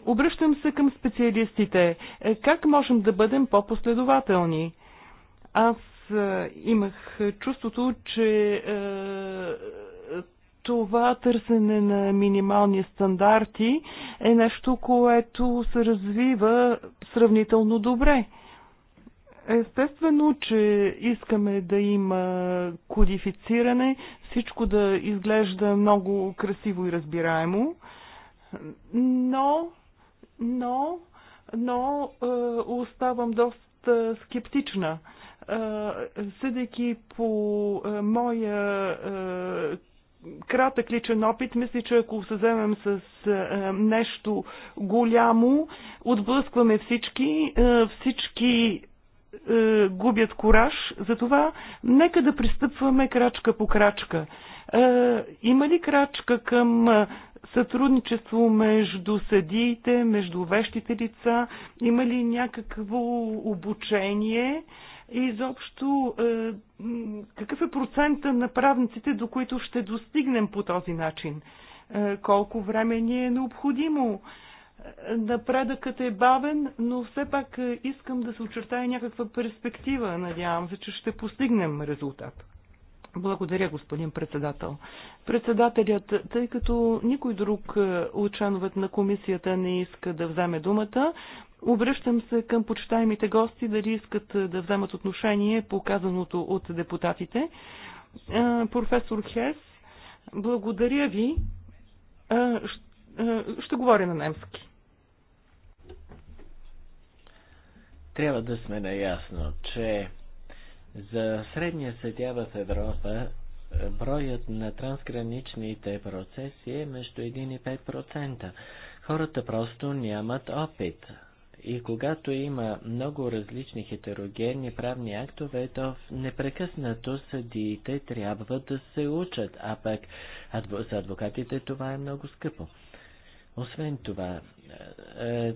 Обръщам се към специалистите. Е, как можем да бъдем по-последователни? Аз е, имах чувството, че е, това търсене на минимални стандарти е нещо, което се развива сравнително добре. Естествено, че искаме да има кодифициране, всичко да изглежда много красиво и разбираемо но, но, но е, оставам доста скептична. Е, съдейки по е, моя е, кратък личен опит, мисля, че ако се вземем с е, нещо голямо, отблъскваме всички, е, всички е, губят кураж, затова нека да пристъпваме крачка по крачка. Е, има ли крачка към е, сътрудничество между съдиите, между вещите лица? Има ли някакво обучение? И изобщо, е, какъв е процента на правниците, до които ще достигнем по този начин? Е, колко време ни е необходимо? Е, напредъкът е бавен, но все пак искам да се очертая някаква перспектива. Надявам се, че ще постигнем резултат. Благодаря, господин председател. Председателят, тъй като никой друг е, от членовете на комисията не иска да вземе думата, обръщам се към почитаемите гости дали искат е, да вземат отношение по казаното от депутатите. Е, професор Хес, благодаря ви. Ще говоря на немски. Трябва да сме наясно, че за средния съдя в Европа е, броят на трансграничните процеси е между 1 и 5%. Хората просто нямат опит. И когато има много различни хетерогенни правни актове, то непрекъснато съдиите трябва да се учат, а пък за адвокатите това е много скъпо. Освен това, е, е,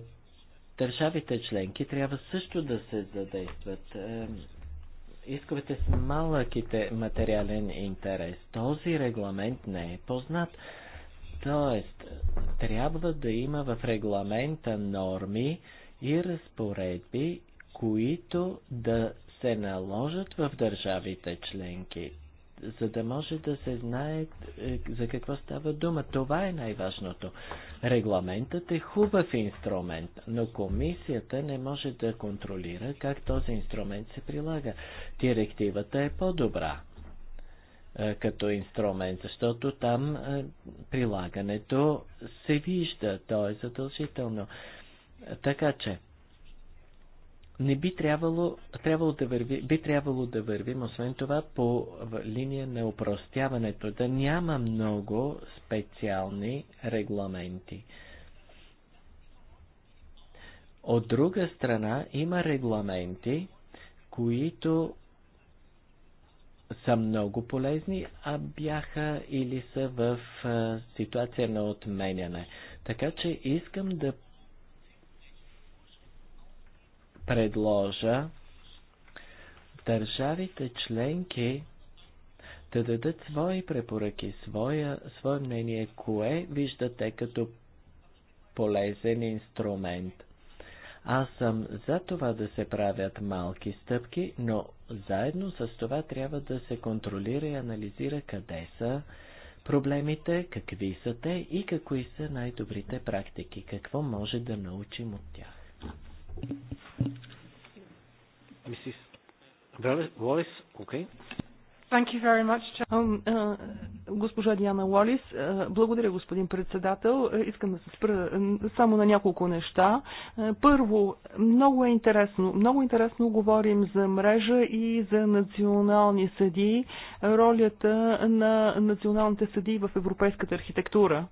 държавите членки трябва също да се задействат исковете с малъките материален интерес. Този регламент не е познат. Тоест, трябва да има в регламента норми и разпоредби, които да се наложат в държавите членки за да може да се знае е, за какво става дума. Това е най-важното. Регламентът е хубав инструмент, но комисията не може да контролира как този инструмент се прилага. Директивата е по-добра е, като инструмент, защото там е, прилагането се вижда, то е задължително. Така че, не би трябвало, трябвало да върви, би трябвало да вървим, освен това, по линия на упростяването, да няма много специални регламенти. От друга страна, има регламенти, които са много полезни, а бяха или са в ситуация на отменяне. Така че искам да предложа държавите членки да дадат свои препоръки, своя, свое мнение, кое виждате като полезен инструмент. Аз съм за това да се правят малки стъпки, но заедно с това трябва да се контролира и анализира къде са проблемите, какви са те и какви са най-добрите практики, какво може да научим от тях. Mrs. Wallis, okay. Thank you very much. Госпожа Диана Лолис, благодаря господин председател. Искам да се спра само на няколко неща. Първо, много е интересно. Много интересно говорим за мрежа и за национални съдии, ролята на националните съдии в европейската архитектура.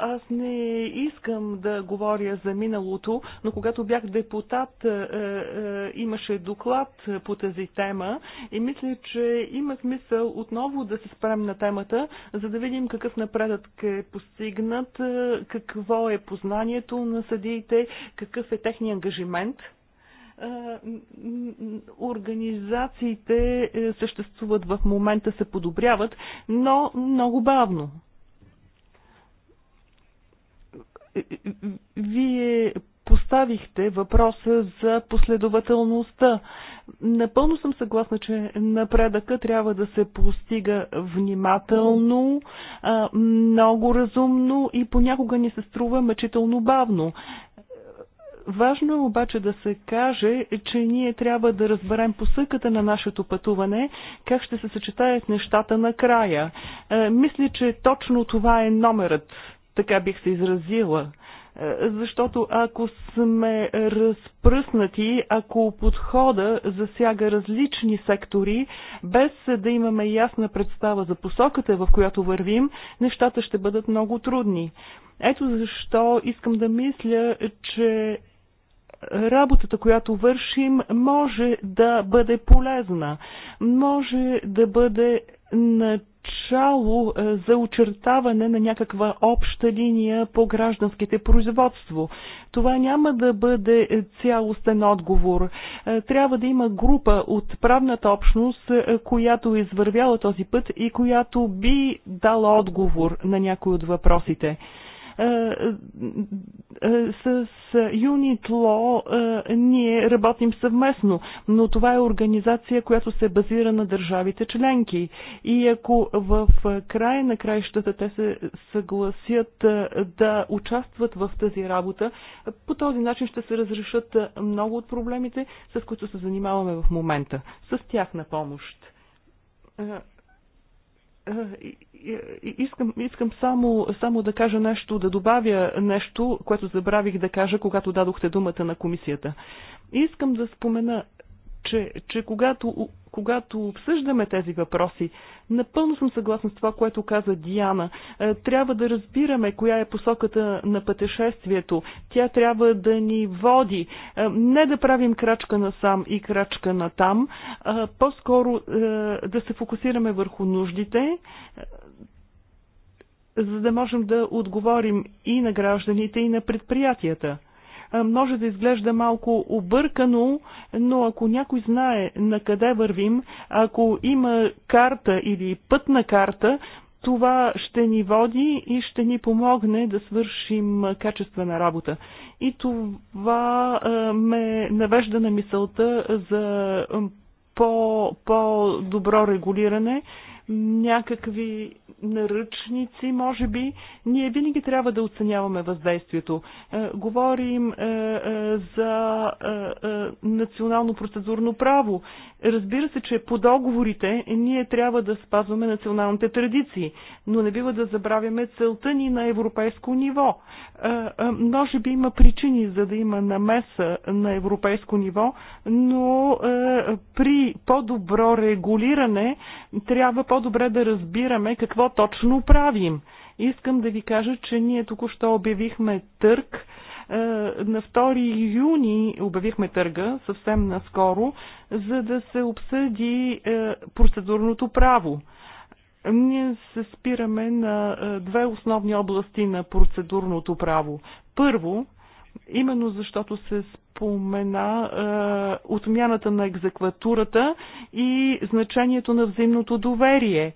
Аз не искам да говоря за миналото, но когато бях депутат, имаше доклад по тази тема и мисля, че има смисъл отново да се спрем на темата, за да видим какъв напредък е постигнат, какво е познанието на съдиите, какъв е техния ангажимент организациите е, съществуват в момента, се подобряват, но много бавно. Вие поставихте въпроса за последователността. Напълно съм съгласна, че напредъка трябва да се постига внимателно, много разумно и понякога ни се струва мъчително бавно. Важно е обаче да се каже, че ние трябва да разберем посъката на нашето пътуване, как ще се съчетаят нещата накрая. Е, мисля, че точно това е номерът така бих се изразила. Е, защото ако сме разпръснати, ако подхода засяга различни сектори, без да имаме ясна представа за посоката, в която вървим, нещата ще бъдат много трудни. Ето защо искам да мисля, че работата, която вършим, може да бъде полезна, може да бъде начало е, за очертаване на някаква обща линия по гражданските производство. Това няма да бъде цялостен отговор. Е, трябва да има група от правната общност, е, която извървяла този път и която би дала отговор на някои от въпросите. Е, е, с Ло, е, ние работим съвместно, но това е организация, която се базира на държавите членки. И ако в края на краищата те се съгласят да участват в тази работа, по този начин ще се разрешат много от проблемите, с които се занимаваме в момента. С тях на помощ. Е, е, искам, искам само, само да кажа нещо, да добавя нещо, което забравих да кажа, когато дадохте думата на комисията. Искам да спомена че, че когато, когато обсъждаме тези въпроси, напълно съм съгласна с това, което каза Диана. Е, трябва да разбираме коя е посоката на пътешествието. Тя трябва да ни води. Е, не да правим крачка насам и крачка на там, по-скоро е, да се фокусираме върху нуждите, за да можем да отговорим и на гражданите, и на предприятията. Е, може да изглежда малко объркано, но ако някой знае на къде вървим, ако има карта или пътна карта, това ще ни води и ще ни помогне да свършим качествена работа. И това е, ме навежда на мисълта за по-добро по регулиране някакви наръчници, може би. Ние винаги трябва да оценяваме въздействието. Е, говорим е, е, за национално процедурно право. Разбира се, че по договорите ние трябва да спазваме националните традиции, но не бива да забравяме целта ни на европейско ниво. Може би има причини за да има намеса на европейско ниво, но при по-добро регулиране трябва по по-добре да разбираме какво точно правим. Искам да ви кажа, че ние току-що обявихме търг. Е, на 2 юни обявихме търга, съвсем наскоро, за да се обсъди е, процедурното право. Ние се спираме на е, две основни области на процедурното право. Първо, именно защото се спомена е, отмяната на екзекватурата и значението на взаимното доверие. Е,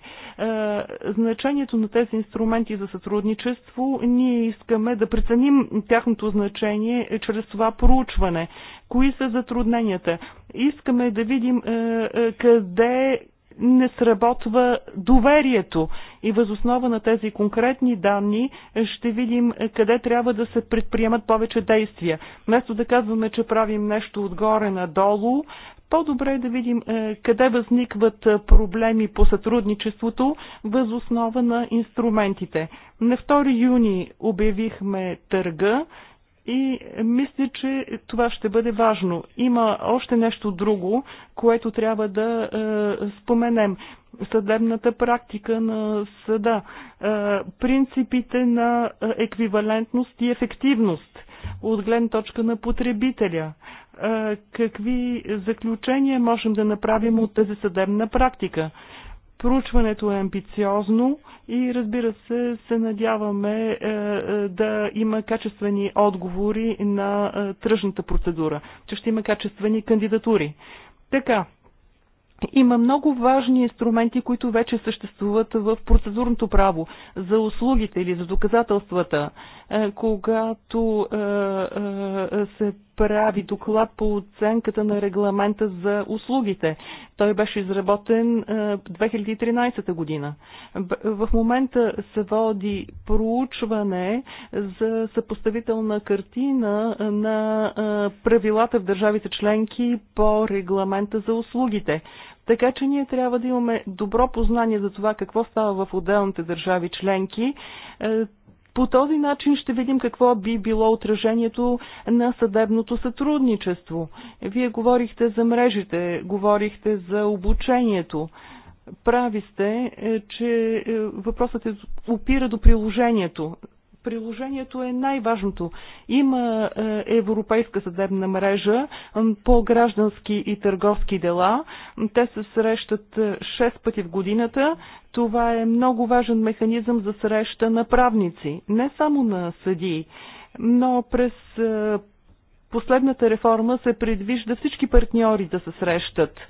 значението на тези инструменти за сътрудничество ние искаме да преценим тяхното значение е, чрез това проучване. Кои са затрудненията? Искаме да видим е, е, къде не сработва доверието. И възоснова на тези конкретни данни ще видим е, къде трябва да се предприемат повече действия. Вместо да казваме, че правим нещо отгоре надолу, по-добре е да видим е, къде възникват е, проблеми по сътрудничеството възоснова на инструментите. На 2 юни обявихме търга и мисля, че това ще бъде важно. Има още нещо друго, което трябва да е, споменем. Съдебната практика на съда, е, принципите на еквивалентност и ефективност от гледна точка на потребителя. Е, какви заключения можем да направим от тази съдебна практика? Проучването е амбициозно и разбира се, се надяваме е, е, да има качествени отговори на е, тръжната процедура, че ще има качествени кандидатури. Така, има много важни инструменти, които вече съществуват в процедурното право за услугите или за доказателствата. Когато се прави доклад по оценката на регламента за услугите. Той беше изработен 2013 е, година. В момента се води проучване за съпоставителна картина е, на е, правилата в държавите членки по регламента за услугите. Така че ние трябва да имаме добро познание за това какво става в отделните държави членки. По този начин ще видим какво би било отражението на съдебното сътрудничество. Вие говорихте за мрежите, говорихте за обучението. Прави сте, е, че е, въпросът е, опира до приложението. Приложението е най-важното. Има е, европейска съдебна мрежа по граждански и търговски дела. Те се срещат 6 е, пъти в годината. Това е много важен механизъм за среща на правници, не само на съдии, но през е, последната реформа се предвижда всички партньори да се срещат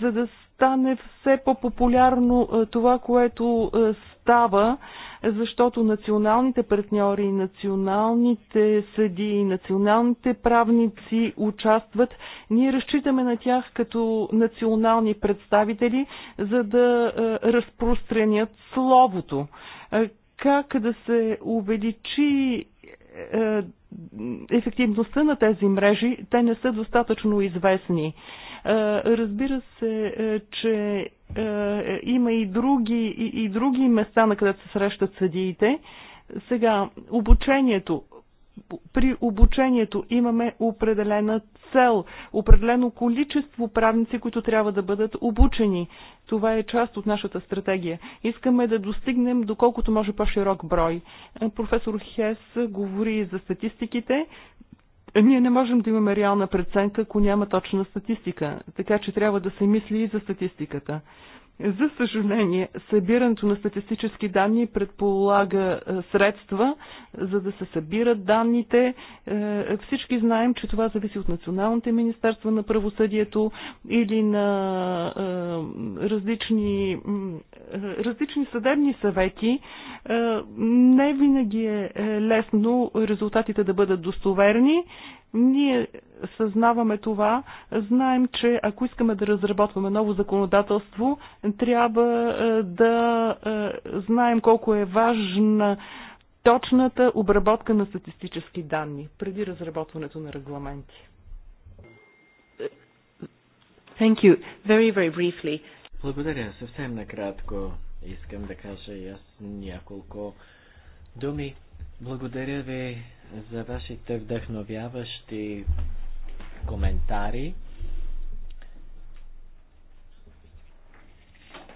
за да стане все по-популярно е, това, което е, става, защото националните партньори, националните съдии, националните правници участват. Ние разчитаме на тях като национални представители, за да е, разпространят словото. Как да се увеличи ефективността на тези мрежи, те не са достатъчно известни. Е, разбира се, е, че е, има и други, и, и други места, на където се срещат съдиите. Сега, обучението. При обучението имаме определена цел, определено количество правници, които трябва да бъдат обучени. Това е част от нашата стратегия. Искаме да достигнем доколкото може по-широк брой. Професор Хес говори за статистиките. Ние не можем да имаме реална преценка, ако няма точна статистика, така че трябва да се мисли и за статистиката. За съжаление, събирането на статистически данни предполага е, средства, за да се събират данните. Е, всички знаем, че това зависи от националните министерства на правосъдието или на е, различни, различни съдебни съвети. Не винаги е лесно резултатите да бъдат достоверни ние съзнаваме това, знаем, че ако искаме да разработваме ново законодателство, трябва е, да е, знаем колко е важна точната обработка на статистически данни преди разработването на регламенти. Thank you. Very, very briefly. Благодаря. Съвсем накратко искам да кажа и аз няколко думи. Благодаря ви за вашите вдъхновяващи коментари.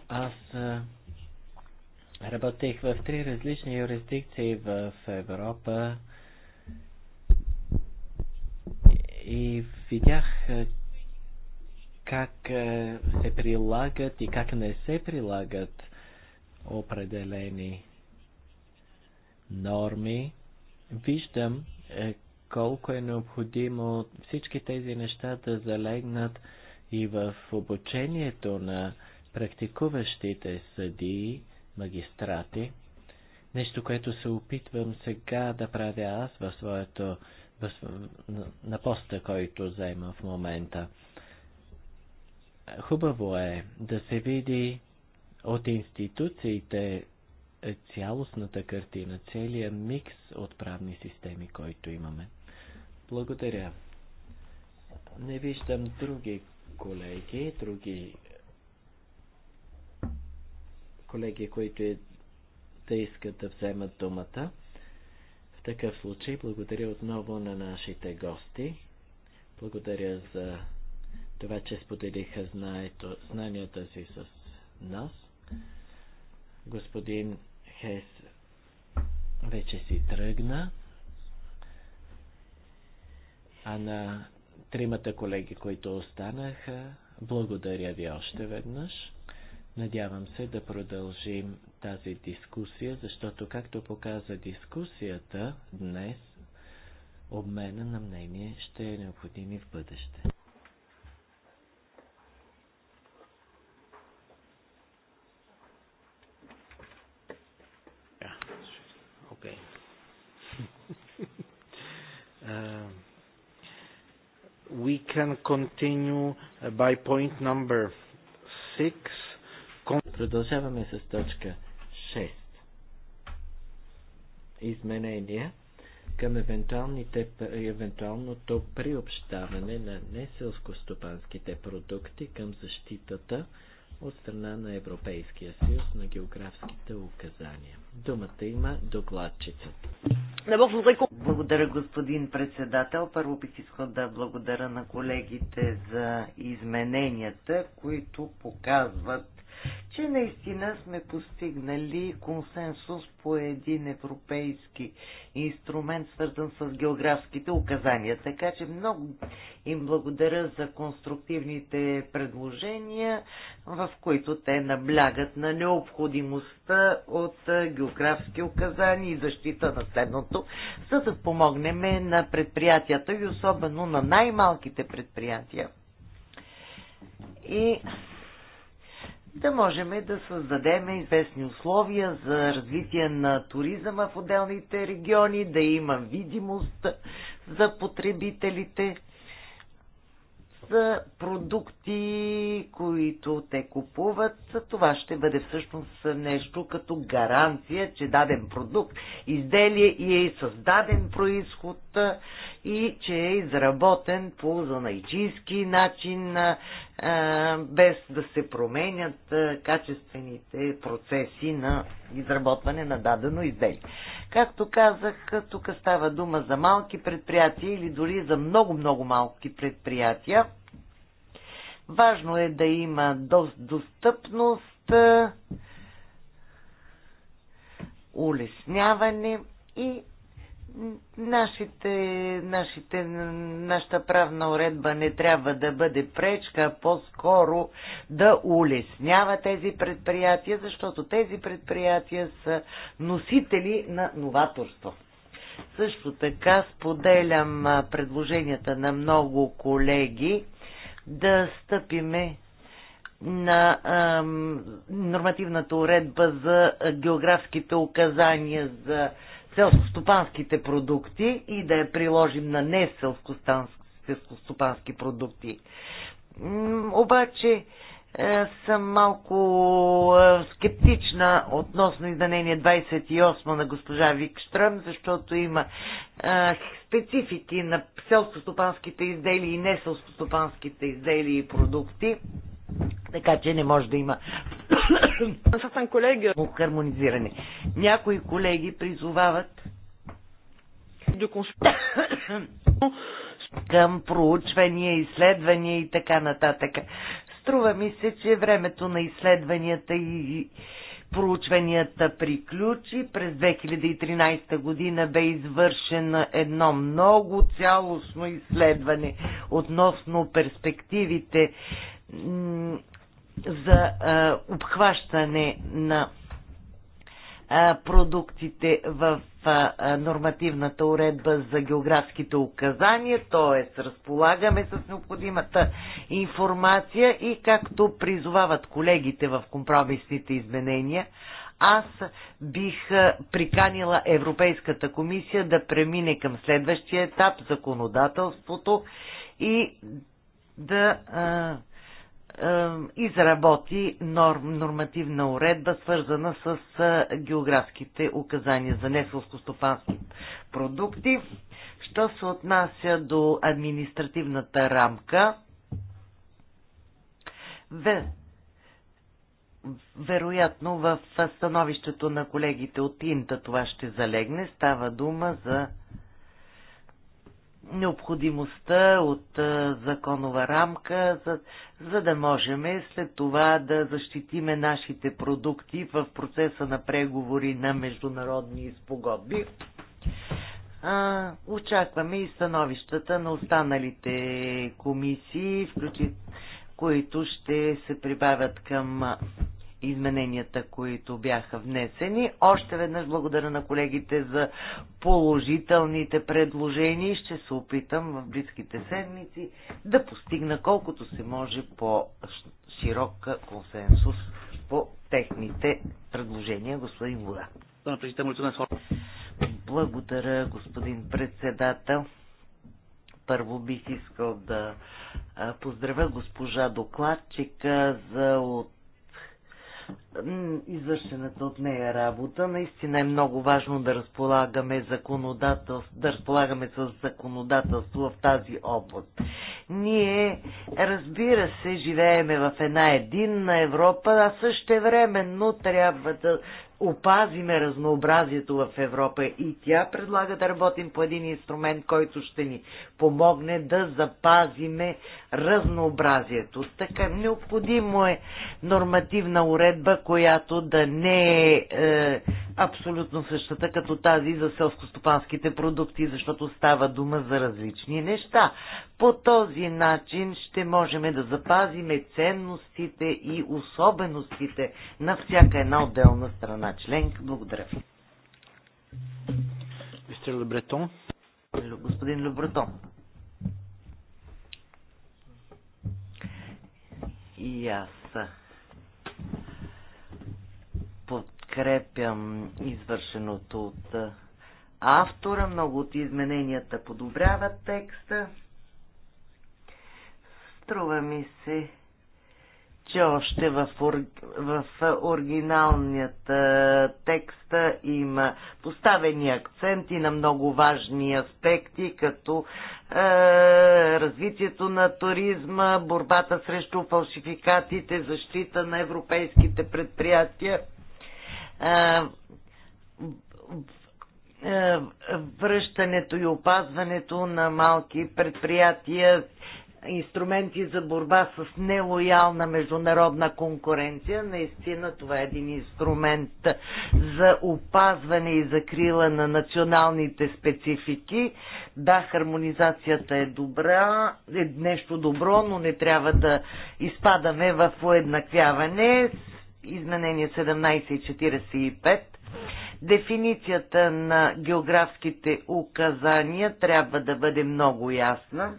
Аз работех в три различни юрисдикции в Европа и видях как се прилагат и как не се прилагат определени норми. Виждам е, колко е необходимо всички тези неща да залегнат и в обучението на практикуващите съдии, магистрати. Нещо, което се опитвам сега да правя аз в своето, в, на поста, който заема в момента. Хубаво е да се види от институциите цялостната картина, целият микс от правни системи, който имаме. Благодаря. Не виждам други колеги, други колеги, които е да искат да вземат думата. В такъв случай благодаря отново на нашите гости. Благодаря за това, че споделиха знанието, знанията си с нас. Господин Хес вече си тръгна. А на тримата колеги, които останаха, благодаря ви още веднъж. Надявам се да продължим тази дискусия, защото, както показа дискусията днес, обмена на мнение ще е необходим и в бъдеще. continue uh, by point number 6. Продължаваме с точка 6. Изменения към евентуалното приобщаване на неселскостопанските продукти към защитата от страна на Европейския съюз на географските указания. Думата има докладчица. Благодаря, господин председател. Първо бих искал да благодаря на колегите за измененията, които показват че наистина сме постигнали консенсус по един европейски инструмент, свързан с географските указания. Така че много им благодаря за конструктивните предложения, в които те наблягат на необходимостта от географски указания и защита на следното, за да помогнем на предприятията и особено на най-малките предприятия. И да можем да създадем известни условия за развитие на туризъма в отделните региони, да има видимост за потребителите, за продукти, които те купуват. Това ще бъде всъщност нещо като гаранция, че даден продукт, изделие и е създаден происход и че е изработен по занайчийски начин, без да се променят качествените процеси на изработване на дадено изделие. Както казах, тук става дума за малки предприятия или дори за много-много малки предприятия. Важно е да има достъпност, улесняване и Нашите, нашите, нашата правна уредба не трябва да бъде пречка, по-скоро да улеснява тези предприятия, защото тези предприятия са носители на новаторство. Също така споделям предложенията на много колеги да стъпиме на ам, нормативната уредба за географските указания за селскостопанските продукти и да я приложим на не селскостопански продукти. Обаче е, съм малко е, скептична относно изданение 28 на госпожа Викштръм, защото има е, специфики на селскостопанските изделия и не селскостопанските изделия и продукти. Така че не може да има хармонизиране. Някои колеги призовават към проучвания, изследвания и така нататък. Струва ми се, че времето на изследванията и проучванията приключи. През 2013 година бе извършено едно много цялостно изследване относно перспективите за а, обхващане на а, продуктите в а, нормативната уредба за географските указания, т.е. разполагаме с необходимата информация и както призовават колегите в компромисните изменения, аз бих приканила Европейската комисия да премине към следващия етап законодателството и да а, е, изработи норм, нормативна уредба, свързана с е, географските указания за неселско-стопански продукти. Що се отнася до административната рамка, вероятно в становището на колегите от Инта това ще залегне. Става дума за необходимостта от законова рамка, за, за да можем след това да защитиме нашите продукти в процеса на преговори на международни спогодби. А, очакваме и становищата на останалите комисии, включи, които ще се прибавят към измененията, които бяха внесени. Още веднъж благодаря на колегите за положителните предложения и ще се опитам в близките седмици да постигна колкото се може по-широк консенсус по техните предложения, господин Вода. Благодаря, господин председател. Първо бих искал да поздравя госпожа докладчика за от извършената от нея работа. Наистина е много важно да разполагаме, законодателство, да разполагаме с законодателство в тази област. Ние, разбира се, живееме в една единна Европа, а също времено трябва да опазиме разнообразието в Европа и тя предлага да работим по един инструмент, който ще ни помогне да запазиме разнообразието. Така необходимо е нормативна уредба, която да не е, е абсолютно същата като тази за селскостопанските продукти, защото става дума за различни неща. По този начин ще можем да запазиме ценностите и особеностите на всяка една отделна страна членка. Благодаря ви. Мистер Лебретон. Господин Лебретон. И аз подкрепям извършеното от автора. Много от измененията подобряват текста. Струва ми се, че още в, в оригиналният текст има поставени акценти на много важни аспекти, като е, развитието на туризма, борбата срещу фалшификатите, защита на европейските предприятия, е, връщането и опазването на малки предприятия, инструменти за борба с нелоялна международна конкуренция. Наистина това е един инструмент за опазване и закрила на националните специфики. Да, хармонизацията е добра, е нещо добро, но не трябва да изпадаме в уеднаквяване. Изменение 1745 Дефиницията на географските указания трябва да бъде много ясна.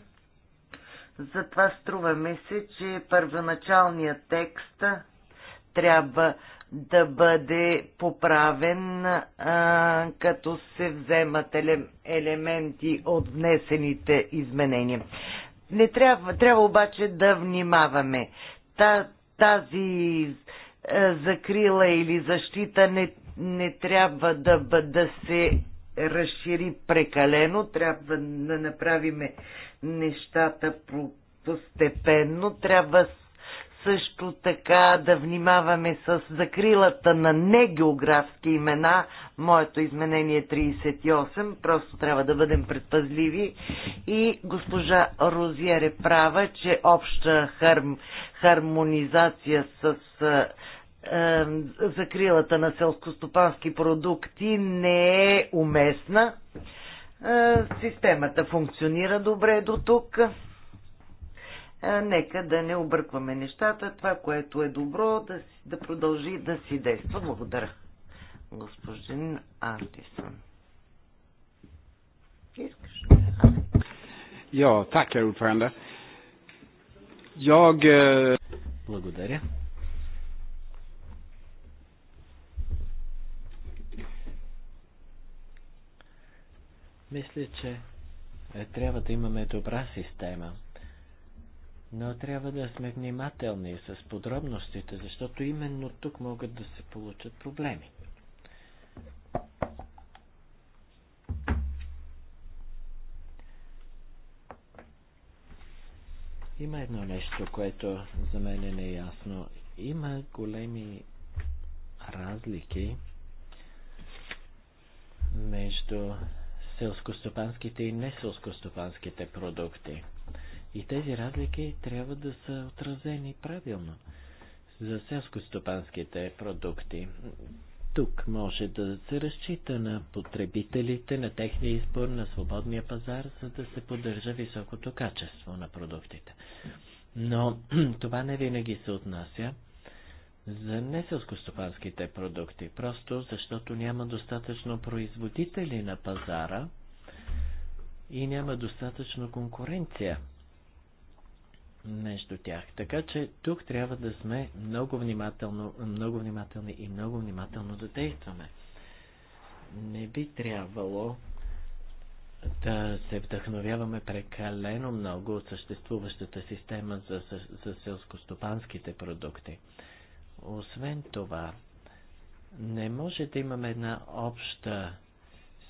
Затова струва ми се, че първоначалният текст трябва да бъде поправен, а, като се вземат елементи от внесените изменения. Не трябва, трябва обаче да внимаваме. Та, тази а, закрила или защита не, не трябва да, да се разшири прекалено, трябва да направиме нещата постепенно. Трябва също така да внимаваме с закрилата на негеографски имена. Моето изменение е 38. Просто трябва да бъдем предпазливи. И госпожа Розиер е права, че обща харм, хармонизация с е, закрилата на селскостопански продукти не е уместна. Е, системата функционира добре до тук. Е, нека да не объркваме нещата. Това, което е добро, да, си, да продължи да си действа. Благодаря, господин Артисън. Искаш? Ja, tack herr ordförande. Eh, Благодаря. Мисля, че е, трябва да имаме добра система, но трябва да сме внимателни с подробностите, защото именно тук могат да се получат проблеми. Има едно нещо, което за мен е неясно. Има големи разлики между селскостопанските и неселскостопанските продукти. И тези разлики трябва да са отразени правилно. За селскостопанските продукти тук може да се разчита на потребителите, на техния избор, на свободния пазар, за да се поддържа високото качество на продуктите. Но това не винаги се отнася за неселскостопанските продукти, просто защото няма достатъчно производители на пазара и няма достатъчно конкуренция между тях. Така че тук трябва да сме много, внимателно, много внимателни и много внимателно да действаме. Не би трябвало да се вдъхновяваме прекалено много от съществуващата система за, за селскостопанските продукти. Освен това, не може да имаме една обща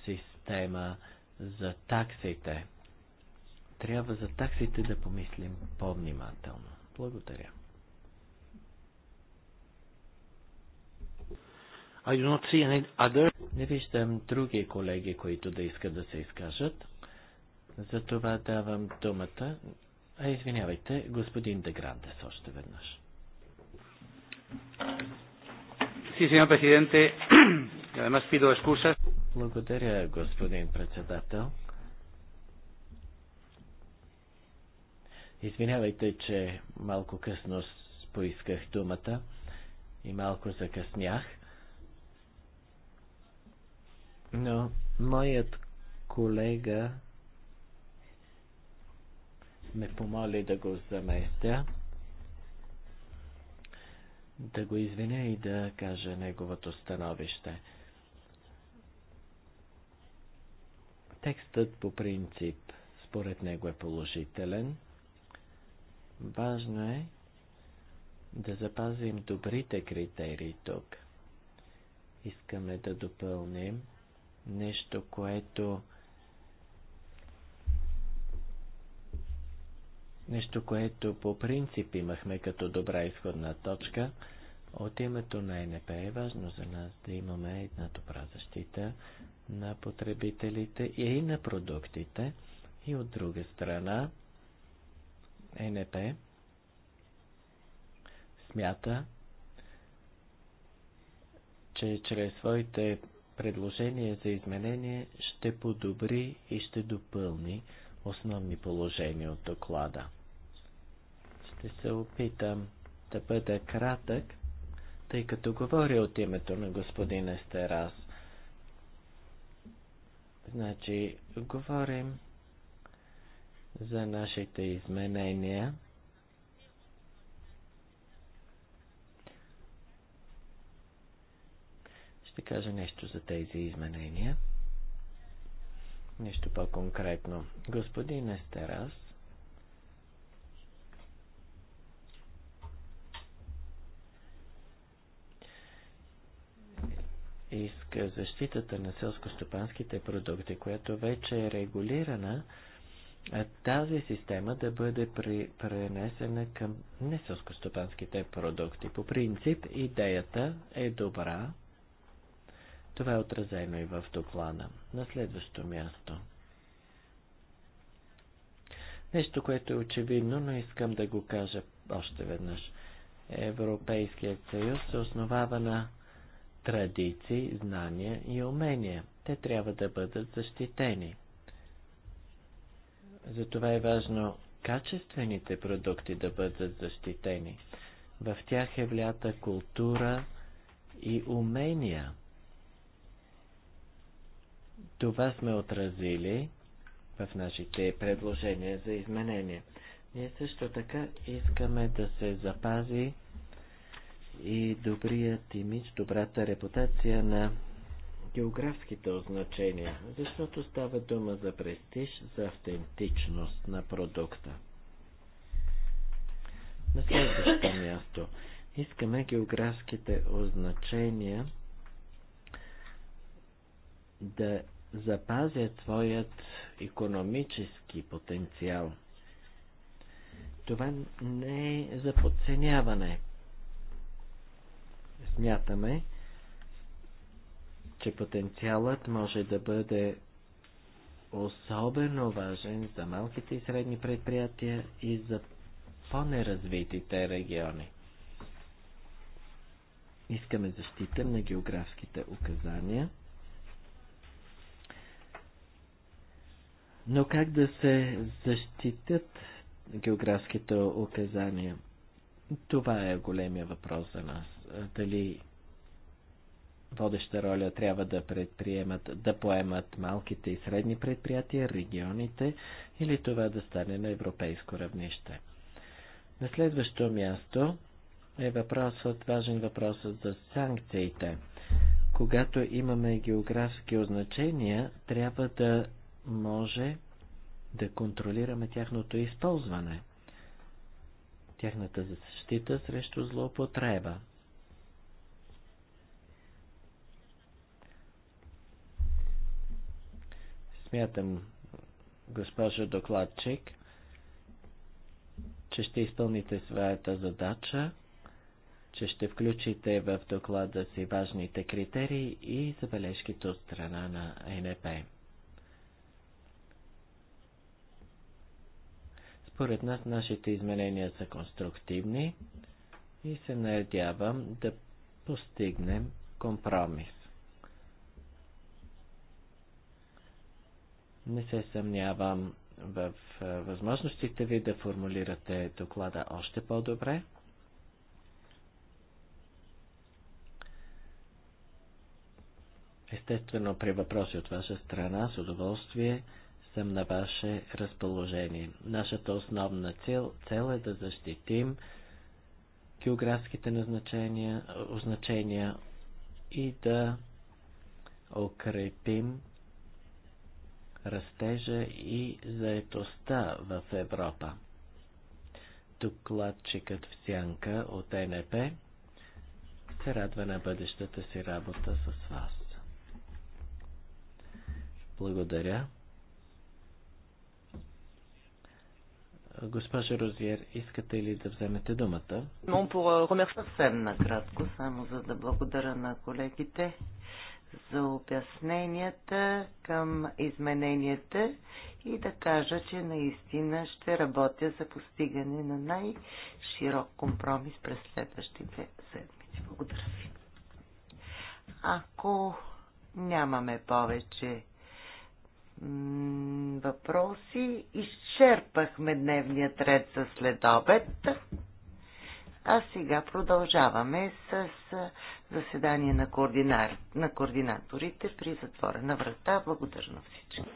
система за таксите. Трябва за таксите да помислим по-внимателно. Благодаря. I do not see any other. Не виждам други колеги, които да искат да се изкажат. Затова давам думата. А извинявайте, господин Деграндес още веднъж. Sí, señor presidente. Además pido excusas. Благодаря, господин председател. Извинявайте, че малко късно поисках думата и малко закъснях. Но моят колега ме помоли да го заместя да го извиня и да кажа неговото становище. Текстът по принцип според него е положителен. Важно е да запазим добрите критерии тук. Искаме да допълним нещо, което Нещо, което по принцип имахме като добра изходна точка. От името на НП е важно за нас да имаме една добра защита на потребителите и на продуктите. И от друга страна, НП смята, че чрез своите предложения за изменение ще подобри и ще допълни основни положения от доклада. Ще се опитам да бъда кратък, тъй като говоря от името на господин Естерас. Значи, говорим за нашите изменения. Ще кажа нещо за тези изменения. Нещо по-конкретно. Господин Естерас иска защитата на селскостопанските продукти, която вече е регулирана, тази система да бъде при, пренесена към неселскостопанските продукти. По принцип, идеята е добра. Това е отразено и в доклада. На следващо място. Нещо, което е очевидно, но искам да го кажа още веднъж. Европейският съюз се основава на традиции, знания и умения. Те трябва да бъдат защитени. Затова е важно качествените продукти да бъдат защитени. В тях е влята култура и умения. Това сме отразили в нашите предложения за изменение. Ние също така искаме да се запази и добрият имидж, добрата репутация на географските означения, защото става дума за престиж, за автентичност на продукта. На следващото място искаме географските означения да запазят своят економически потенциал. Това не е за подценяване. Смятаме, че потенциалът може да бъде особено важен за малките и средни предприятия и за по-неразвитите региони. Искаме защита на географските указания. Но как да се защитят географските указания? Това е големия въпрос за нас дали водеща роля трябва да предприемат, да поемат малките и средни предприятия, регионите или това да стане на европейско равнище. На следващо място е въпросът, важен въпросът за санкциите. Когато имаме географски означения, трябва да може да контролираме тяхното използване, тяхната защита срещу злоупотреба. смятам, госпожо докладчик, че ще изпълните своята задача, че ще включите в доклада си важните критерии и забележките от страна на НП. Според нас нашите изменения са конструктивни и се надявам да постигнем компромис. Не се съмнявам в възможностите ви да формулирате доклада още по-добре. Естествено, при въпроси от ваша страна с удоволствие съм на ваше разположение. Нашата основна цел, цел е да защитим географските назначения, означения и да укрепим растежа и заетостта в Европа. Докладчикът в сянка от НП се радва на бъдещата си работа с вас. Благодаря. Госпожа Розиер, искате ли да вземете думата? Съвсем накратко, само за да благодаря на колегите за обясненията към измененията и да кажа, че наистина ще работя за постигане на най-широк компромис през следващите седмици. Благодаря ви. Ако нямаме повече въпроси, изчерпахме дневният ред за следобед. А сега продължаваме с заседание на, координар на координаторите при затворена врата. Благодаря на всички.